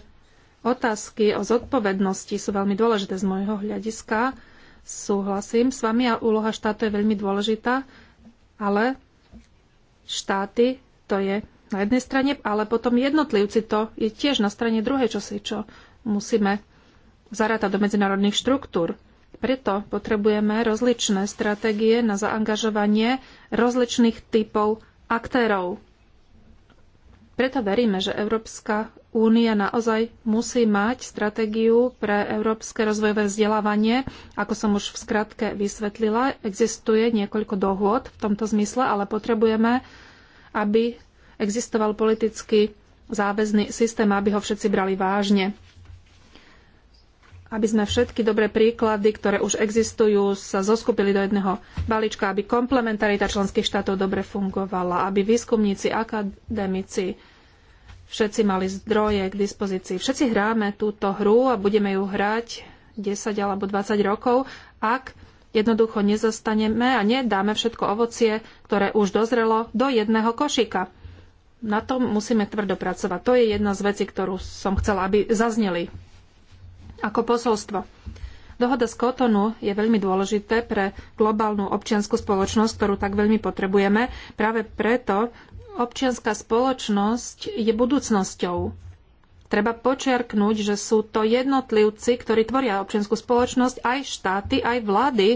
otázky o zodpovednosti sú veľmi dôležité z môjho hľadiska. Súhlasím s vami a úloha štátu je veľmi dôležitá, ale štáty to je na jednej strane, ale potom jednotlivci to je tiež na strane druhej čosi, čo musíme zarátať do medzinárodných štruktúr. Preto potrebujeme rozličné stratégie na zaangažovanie rozličných typov aktérov. Preto veríme, že Európska únia naozaj musí mať stratégiu pre európske rozvojové vzdelávanie. Ako som už v skratke vysvetlila, existuje niekoľko dohôd v tomto zmysle, ale potrebujeme, aby existoval politicky záväzný systém, aby ho všetci brali vážne aby sme všetky dobré príklady, ktoré už existujú, sa zoskupili do jedného balíčka, aby komplementarita členských štátov dobre fungovala, aby výskumníci, akademici, všetci mali zdroje k dispozícii. Všetci hráme túto hru a budeme ju hrať 10 alebo 20 rokov, ak jednoducho nezastaneme a nedáme všetko ovocie, ktoré už dozrelo, do jedného košíka. Na tom musíme tvrdo pracovať. To je jedna z vecí, ktorú som chcela, aby zazneli ako posolstvo. Dohoda z Kotonu je veľmi dôležité pre globálnu občiansku spoločnosť, ktorú tak veľmi potrebujeme. Práve preto občianská spoločnosť je budúcnosťou. Treba počiarknúť, že sú to jednotlivci, ktorí tvoria občianskú spoločnosť, aj štáty, aj vlády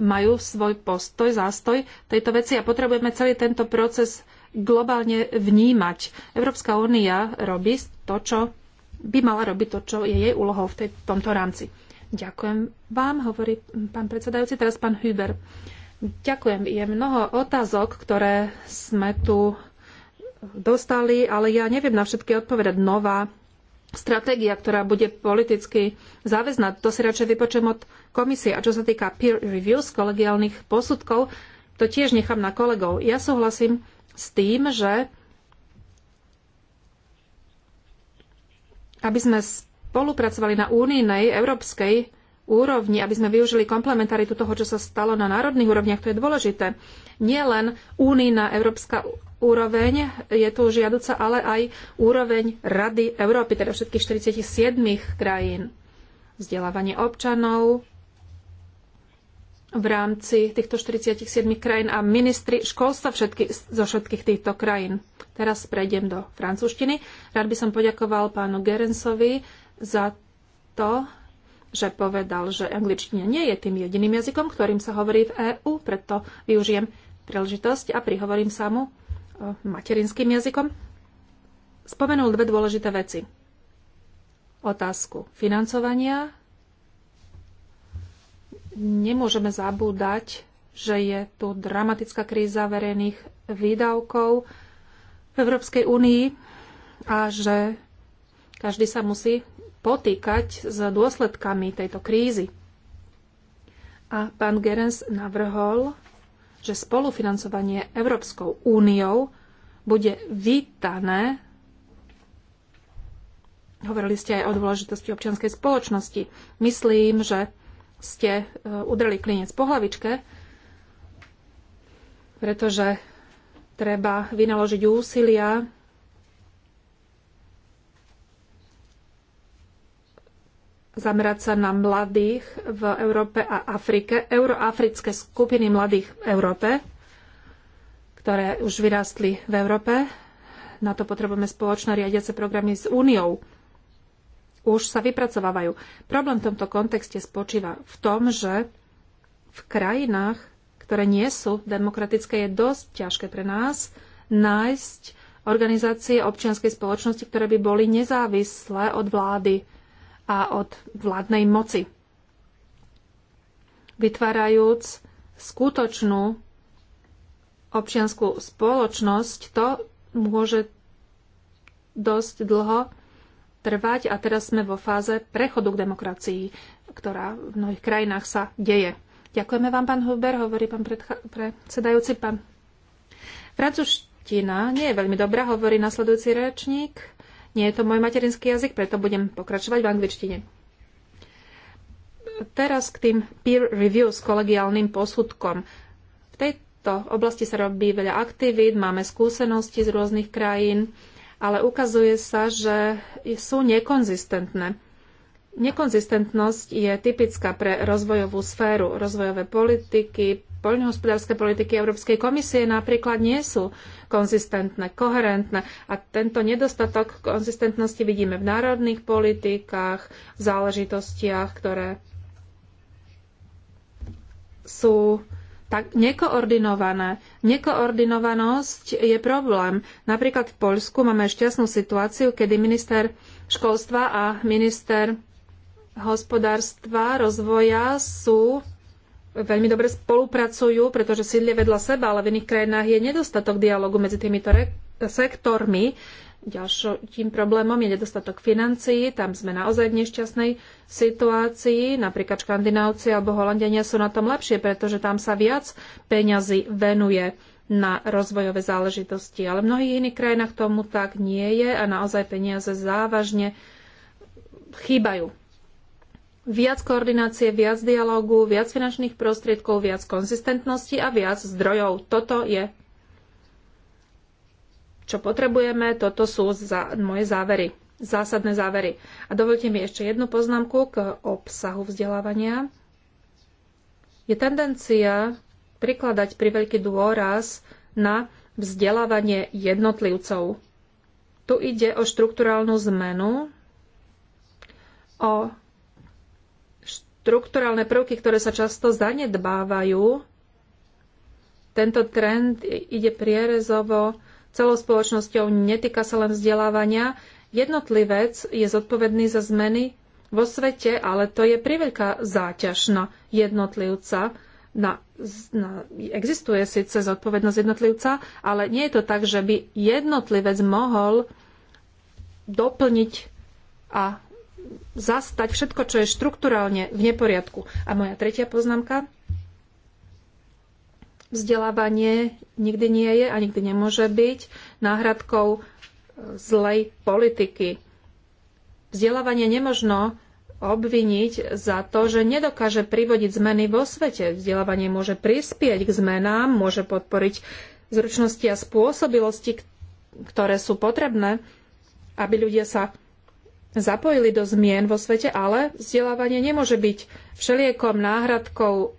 majú svoj postoj, zástoj tejto veci a potrebujeme celý tento proces globálne vnímať. Európska únia robí to, čo by mala robiť to, čo je jej úlohou v tej, tomto rámci. Ďakujem vám, hovorí pán predsedajúci, teraz pán Huber. Ďakujem. Je mnoho otázok, ktoré sme tu dostali, ale ja neviem na všetky odpovedať. Nová stratégia, ktorá bude politicky záväzná, to si radšej vypočujem od komisie. A čo sa týka peer reviews, kolegiálnych posudkov, to tiež nechám na kolegov. Ja súhlasím s tým, že aby sme spolupracovali na únijnej, európskej úrovni, aby sme využili komplementaritu toho, čo sa stalo na národných úrovniach. To je dôležité. Nie len únijná európska úroveň je tu žiaduca, ale aj úroveň Rady Európy, teda všetkých 47 krajín. Vzdelávanie občanov, v rámci týchto 47 krajín a ministri školstva všetky, zo všetkých týchto krajín. Teraz prejdem do francúzštiny. Rád by som poďakoval pánu Gerensovi za to, že povedal, že angličtina nie je tým jediným jazykom, ktorým sa hovorí v EÚ, preto využijem príležitosť a prihovorím sa mu e, materinským jazykom. Spomenul dve dôležité veci. Otázku financovania nemôžeme zabúdať, že je tu dramatická kríza verejných výdavkov v Európskej únii a že každý sa musí potýkať s dôsledkami tejto krízy. A pán Gerens navrhol, že spolufinancovanie Európskou úniou bude vítané. Hovorili ste aj o dôležitosti občianskej spoločnosti. Myslím, že ste e, udreli klinec po hlavičke, pretože treba vynaložiť úsilia zamerať sa na mladých v Európe a Afrike, euroafrické skupiny mladých v Európe, ktoré už vyrástli v Európe. Na to potrebujeme spoločné riadiace programy s Úniou už sa vypracovávajú. Problém v tomto kontexte spočíva v tom, že v krajinách, ktoré nie sú demokratické, je dosť ťažké pre nás nájsť organizácie občianskej spoločnosti, ktoré by boli nezávislé od vlády a od vládnej moci. Vytvárajúc skutočnú občianskú spoločnosť, to môže dosť dlho trvať a teraz sme vo fáze prechodu k demokracii, ktorá v mnohých krajinách sa deje. Ďakujeme vám, pán Huber, hovorí pán predsedajúci. Pán. Francúzština nie je veľmi dobrá, hovorí nasledujúci rečník. Nie je to môj materinský jazyk, preto budem pokračovať v angličtine. Teraz k tým peer review s kolegiálnym posudkom. V tejto oblasti sa robí veľa aktivít, máme skúsenosti z rôznych krajín ale ukazuje sa, že sú nekonzistentné. Nekonzistentnosť je typická pre rozvojovú sféru. Rozvojové politiky, poľnohospodárske politiky Európskej komisie napríklad nie sú konzistentné, koherentné a tento nedostatok konzistentnosti vidíme v národných politikách, v záležitostiach, ktoré sú tak nekoordinované. Nekoordinovanosť je problém. Napríklad v Poľsku máme šťastnú situáciu, kedy minister školstva a minister hospodárstva, rozvoja sú veľmi dobre spolupracujú, pretože sídlie vedľa seba, ale v iných krajinách je nedostatok dialogu medzi týmito sektormi Ďalším problémom je nedostatok financií. Tam sme naozaj v nešťastnej situácii. Napríklad Škandinávci alebo Holandiania sú na tom lepšie, pretože tam sa viac peňazí venuje na rozvojové záležitosti. Ale v mnohých iných krajinách tomu tak nie je a naozaj peniaze závažne chýbajú. Viac koordinácie, viac dialogu, viac finančných prostriedkov, viac konzistentnosti a viac zdrojov. Toto je čo potrebujeme. Toto sú za, moje závery, zásadné závery. A dovolte mi ešte jednu poznámku k obsahu vzdelávania. Je tendencia prikladať veľký dôraz na vzdelávanie jednotlivcov. Tu ide o štrukturálnu zmenu, o štrukturálne prvky, ktoré sa často zanedbávajú. Tento trend ide prierezovo celou spoločnosťou, netýka sa len vzdelávania. Jednotlivec je zodpovedný za zmeny vo svete, ale to je priveľká záťaž na jednotlivca. Na, na, existuje síce zodpovednosť jednotlivca, ale nie je to tak, že by jednotlivec mohol doplniť a zastať všetko, čo je štruktúralne v neporiadku. A moja tretia poznámka Vzdelávanie nikdy nie je a nikdy nemôže byť náhradkou e, zlej politiky. Vzdelávanie nemožno obviniť za to, že nedokáže privodiť zmeny vo svete. Vzdelávanie môže prispieť k zmenám, môže podporiť zručnosti a spôsobilosti, ktoré sú potrebné, aby ľudia sa zapojili do zmien vo svete, ale vzdelávanie nemôže byť všeliekom náhradkou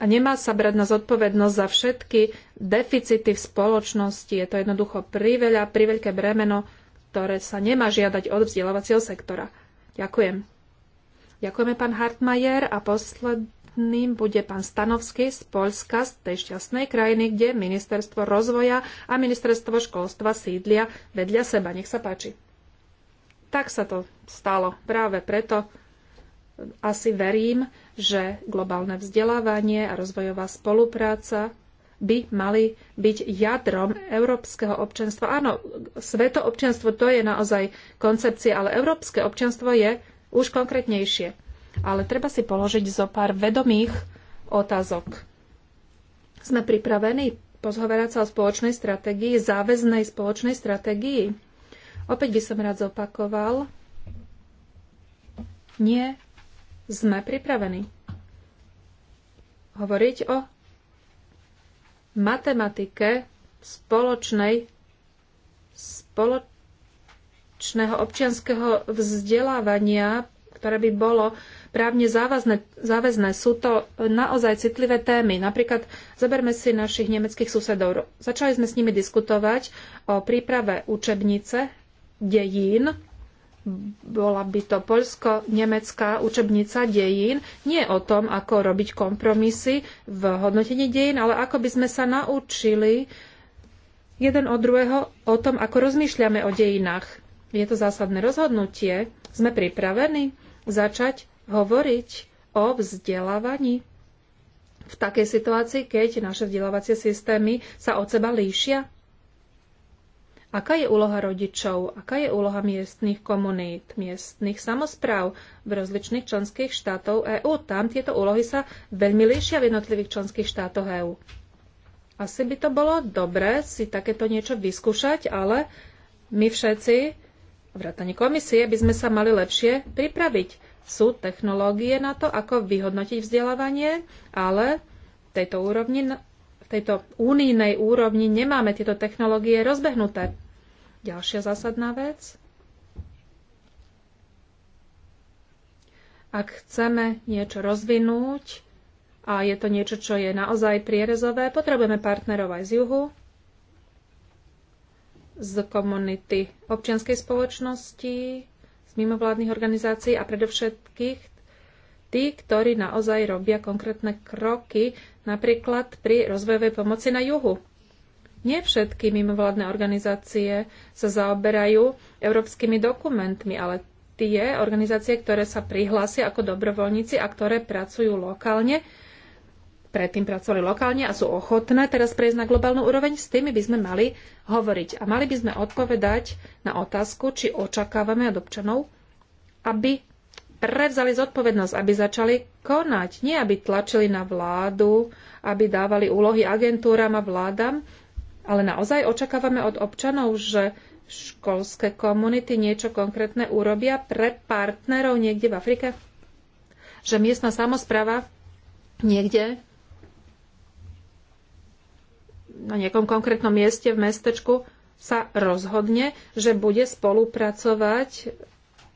a nemá sa brať na zodpovednosť za všetky deficity v spoločnosti. Je to jednoducho priveľa, priveľké bremeno, ktoré sa nemá žiadať od vzdelávacieho sektora. Ďakujem. Ďakujeme pán Hartmajer a posledným bude pán Stanovský z Polska, z tej šťastnej krajiny, kde ministerstvo rozvoja a ministerstvo školstva sídlia vedľa seba. Nech sa páči. Tak sa to stalo práve preto, asi verím, že globálne vzdelávanie a rozvojová spolupráca by mali byť jadrom európskeho občanstva. Áno, sveto občanstvo to je naozaj koncepcia, ale európske občanstvo je už konkrétnejšie. Ale treba si položiť zo pár vedomých otázok. Sme pripravení pozhoverať sa o spoločnej stratégii, záväznej spoločnej stratégii? Opäť by som rád zopakoval. Nie sme pripravení hovoriť o matematike spoločnej spoločného občianského vzdelávania, ktoré by bolo právne závazné, záväzné. Sú to naozaj citlivé témy. Napríklad zoberme si našich nemeckých susedov. Začali sme s nimi diskutovať o príprave učebnice dejín bola by to poľsko-nemecká učebnica dejín, nie o tom, ako robiť kompromisy v hodnotení dejín, ale ako by sme sa naučili jeden od druhého o tom, ako rozmýšľame o dejinách. Je to zásadné rozhodnutie. Sme pripravení začať hovoriť o vzdelávaní v takej situácii, keď naše vzdelávacie systémy sa od seba líšia? Aká je úloha rodičov? Aká je úloha miestnych komunít, miestnych samozpráv v rozličných členských štátoch EÚ? Tam tieto úlohy sa veľmi líšia v jednotlivých členských štátoch EÚ. Asi by to bolo dobré si takéto niečo vyskúšať, ale my všetci, vrátane komisie, by sme sa mali lepšie pripraviť. Sú technológie na to, ako vyhodnotiť vzdelávanie, ale tejto úrovni tejto unijnej úrovni nemáme tieto technológie rozbehnuté. Ďalšia zásadná vec. Ak chceme niečo rozvinúť a je to niečo, čo je naozaj prierezové, potrebujeme partnerov aj z juhu, z komunity občianskej spoločnosti, z mimovládnych organizácií a predovšetkých tí, ktorí naozaj robia konkrétne kroky, napríklad pri rozvojovej pomoci na juhu. Nie všetky mimovládne organizácie sa zaoberajú európskymi dokumentmi, ale tie organizácie, ktoré sa prihlásia ako dobrovoľníci a ktoré pracujú lokálne, predtým pracovali lokálne a sú ochotné teraz prejsť na globálnu úroveň, s tými by sme mali hovoriť. A mali by sme odpovedať na otázku, či očakávame od občanov, aby prevzali zodpovednosť, aby začali konať, nie aby tlačili na vládu, aby dávali úlohy agentúram a vládam, ale naozaj očakávame od občanov, že školské komunity niečo konkrétne urobia pre partnerov niekde v Afrike? Že miestna samozpráva niekde na nejakom konkrétnom mieste v mestečku sa rozhodne, že bude spolupracovať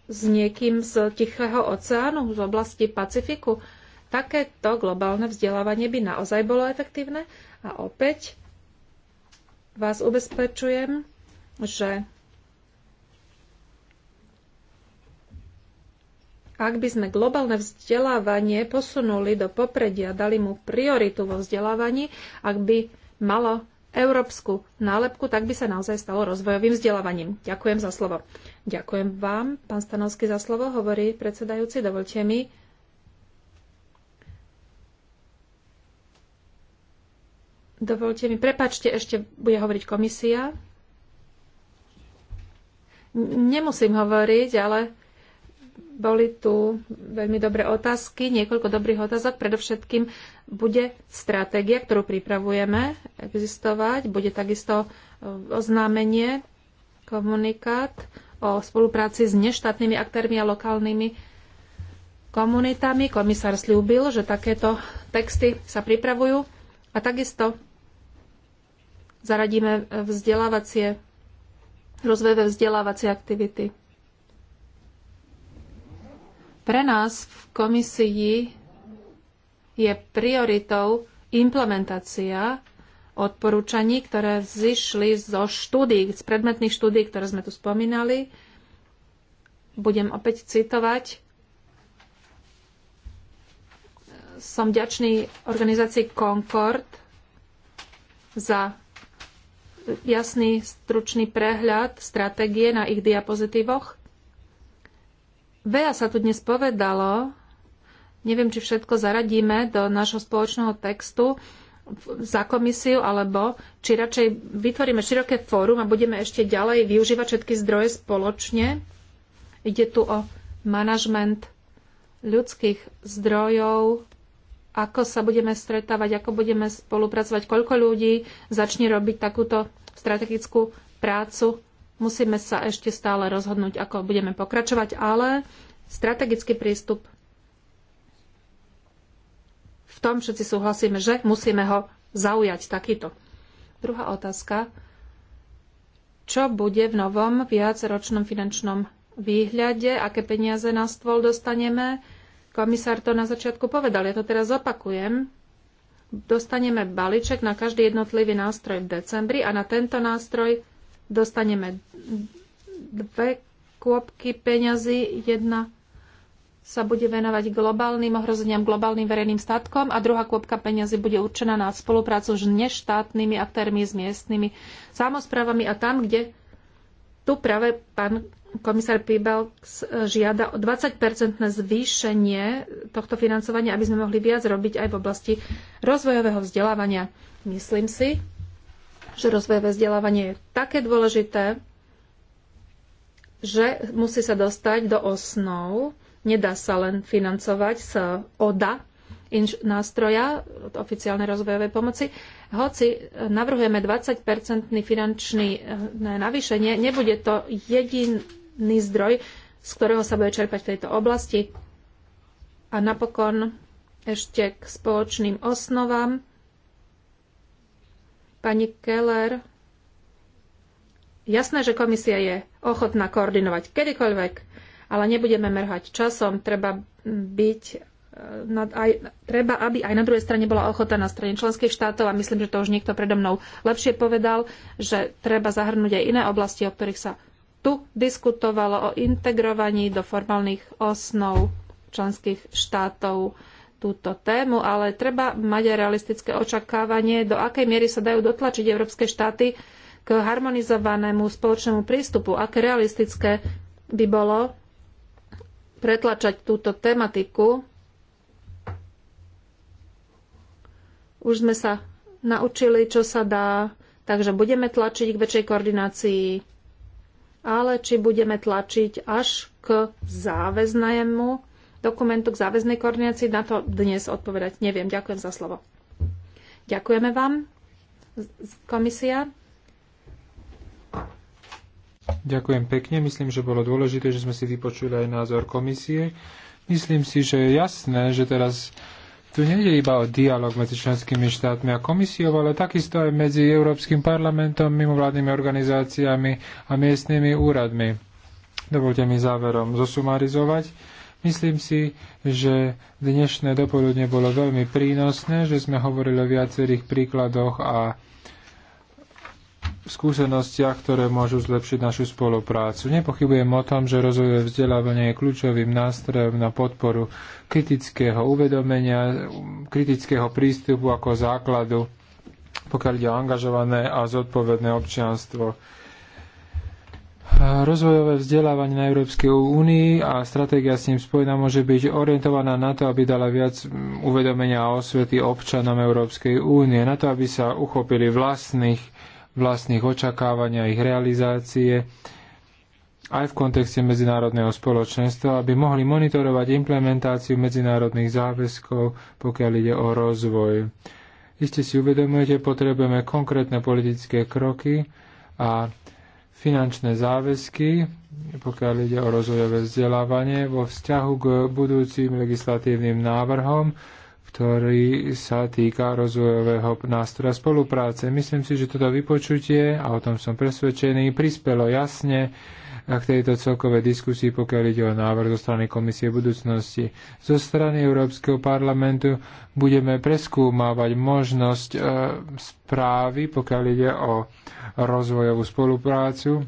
s niekým z Tichého oceánu, z oblasti Pacifiku. Takéto globálne vzdelávanie by naozaj bolo efektívne. A opäť vás ubezpečujem, že ak by sme globálne vzdelávanie posunuli do popredia, dali mu prioritu vo vzdelávaní, ak by malo európsku nálepku, tak by sa naozaj stalo rozvojovým vzdelávaním. Ďakujem za slovo. Ďakujem vám, pán Stanovský, za slovo. Hovorí predsedajúci, dovolte mi Dovolte mi, prepačte, ešte bude hovoriť komisia. Nemusím hovoriť, ale boli tu veľmi dobré otázky, niekoľko dobrých otázok. Predovšetkým bude stratégia, ktorú pripravujeme existovať, bude takisto e, oznámenie, komunikát o spolupráci s neštátnymi aktérmi a lokálnymi komunitami. Komisár slúbil, že takéto texty sa pripravujú a takisto zaradíme vzdelávacie, rozvojové vzdelávacie aktivity. Pre nás v komisii je prioritou implementácia odporúčaní, ktoré zišli zo štúdí, z predmetných štúdí, ktoré sme tu spomínali. Budem opäť citovať. Som ďačný organizácii Concord za jasný, stručný prehľad stratégie na ich diapozitívoch. Veľa sa tu dnes povedalo, neviem, či všetko zaradíme do nášho spoločného textu, za komisiu, alebo či radšej vytvoríme široké fórum a budeme ešte ďalej využívať všetky zdroje spoločne. Ide tu o manažment ľudských zdrojov, ako sa budeme stretávať, ako budeme spolupracovať, koľko ľudí začne robiť takúto strategickú prácu. Musíme sa ešte stále rozhodnúť, ako budeme pokračovať, ale strategický prístup v tom všetci súhlasíme, že musíme ho zaujať takýto. Druhá otázka. Čo bude v novom viacročnom finančnom výhľade? Aké peniaze na stôl dostaneme? Komisár to na začiatku povedal, ja to teraz opakujem. Dostaneme balíček na každý jednotlivý nástroj v decembri a na tento nástroj dostaneme dve kôpky peňazí, jedna sa bude venovať globálnym ohrozeniam, globálnym verejným statkom a druhá kôpka peniazy bude určená na spoluprácu s neštátnymi aktérmi, s miestnymi samozprávami a tam, kde tu práve pán komisár Pibalks žiada o 20-percentné zvýšenie tohto financovania, aby sme mohli viac robiť aj v oblasti rozvojového vzdelávania. Myslím si, že rozvojové vzdelávanie je také dôležité, že musí sa dostať do osnov Nedá sa len financovať z ODA nástroja oficiálnej rozvojovej pomoci. Hoci navrhujeme 20-percentný finančný eh, navýšenie, nebude to jediný zdroj, z ktorého sa bude čerpať v tejto oblasti. A napokon ešte k spoločným osnovám. Pani Keller, jasné, že komisia je ochotná koordinovať kedykoľvek ale nebudeme mrhať časom, treba byť e, na, aj, treba, aby aj na druhej strane bola ochota na strane členských štátov a myslím, že to už niekto predo mnou lepšie povedal, že treba zahrnúť aj iné oblasti, o ktorých sa tu diskutovalo o integrovaní do formálnych osnov členských štátov túto tému, ale treba mať aj realistické očakávanie, do akej miery sa dajú dotlačiť európske štáty k harmonizovanému spoločnému prístupu, aké realistické by bolo pretlačať túto tematiku. Už sme sa naučili, čo sa dá, takže budeme tlačiť k väčšej koordinácii, ale či budeme tlačiť až k záväznému dokumentu, k záväznej koordinácii, na to dnes odpovedať neviem. Ďakujem za slovo. Ďakujeme vám, komisia. Ďakujem pekne. Myslím, že bolo dôležité, že sme si vypočuli aj názor komisie. Myslím si, že je jasné, že teraz tu nejde iba o dialog medzi členskými štátmi a komisiou, ale takisto aj medzi Európskym parlamentom, mimovládnymi organizáciami a miestnymi úradmi. Dovolte mi záverom zosumarizovať. Myslím si, že dnešné dopoludne bolo veľmi prínosné, že sme hovorili o viacerých príkladoch a skúsenostiach, ktoré môžu zlepšiť našu spoluprácu. Nepochybujem o tom, že rozvojové vzdelávanie je kľúčovým nástrojom na podporu kritického uvedomenia, kritického prístupu ako základu, pokiaľ ide o angažované a zodpovedné občianstvo. Rozvojové vzdelávanie na Európskej únii a stratégia s ním spojená môže byť orientovaná na to, aby dala viac uvedomenia a osvety občanom Európskej únie, na to, aby sa uchopili vlastných vlastných očakávania a ich realizácie aj v kontexte medzinárodného spoločenstva, aby mohli monitorovať implementáciu medzinárodných záväzkov, pokiaľ ide o rozvoj. Iste si uvedomujete, potrebujeme konkrétne politické kroky a finančné záväzky, pokiaľ ide o rozvojové vzdelávanie, vo vzťahu k budúcim legislatívnym návrhom, ktorý sa týka rozvojového nástroja spolupráce. Myslím si, že toto vypočutie, a o tom som presvedčený, prispelo jasne a k tejto celkovej diskusii, pokiaľ ide o návrh zo strany Komisie budúcnosti. Zo strany Európskeho parlamentu budeme preskúmavať možnosť e, správy, pokiaľ ide o rozvojovú spoluprácu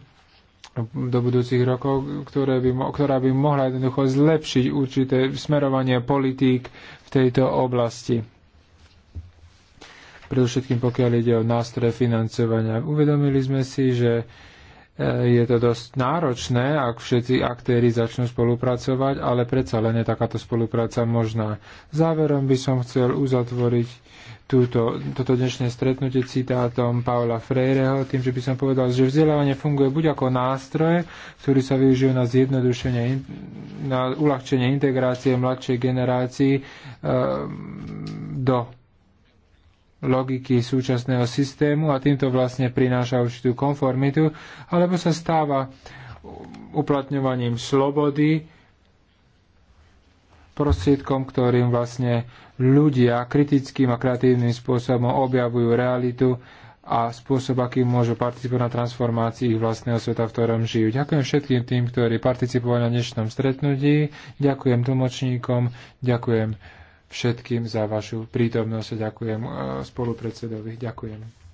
do budúcich rokov, ktoré by, ktorá by mohla jednoducho zlepšiť určité smerovanie politík v tejto oblasti. Predovšetkým pokiaľ ide o nástroje financovania. Uvedomili sme si, že eh, je to dosť náročné, ak všetci aktéry začnú spolupracovať, ale predsa len je takáto spolupráca možná. Záverom by som chcel uzatvoriť túto, toto dnešné stretnutie citátom Paula Freireho, tým, že by som povedal, že vzdelávanie funguje buď ako nástroje, ktorý sa využijú na zjednodušenie, na uľahčenie integrácie mladšej generácii e, do logiky súčasného systému a týmto vlastne prináša určitú konformitu, alebo sa stáva uplatňovaním slobody prostriedkom, ktorým vlastne ľudia kritickým a kreatívnym spôsobom objavujú realitu a spôsob, akým môžu participovať na transformácii ich vlastného sveta, v ktorom žijú. Ďakujem všetkým tým, ktorí participovali na dnešnom stretnutí, ďakujem tlmočníkom, ďakujem všetkým za vašu prítomnosť a ďakujem e, spolupredsedovi. Ďakujem.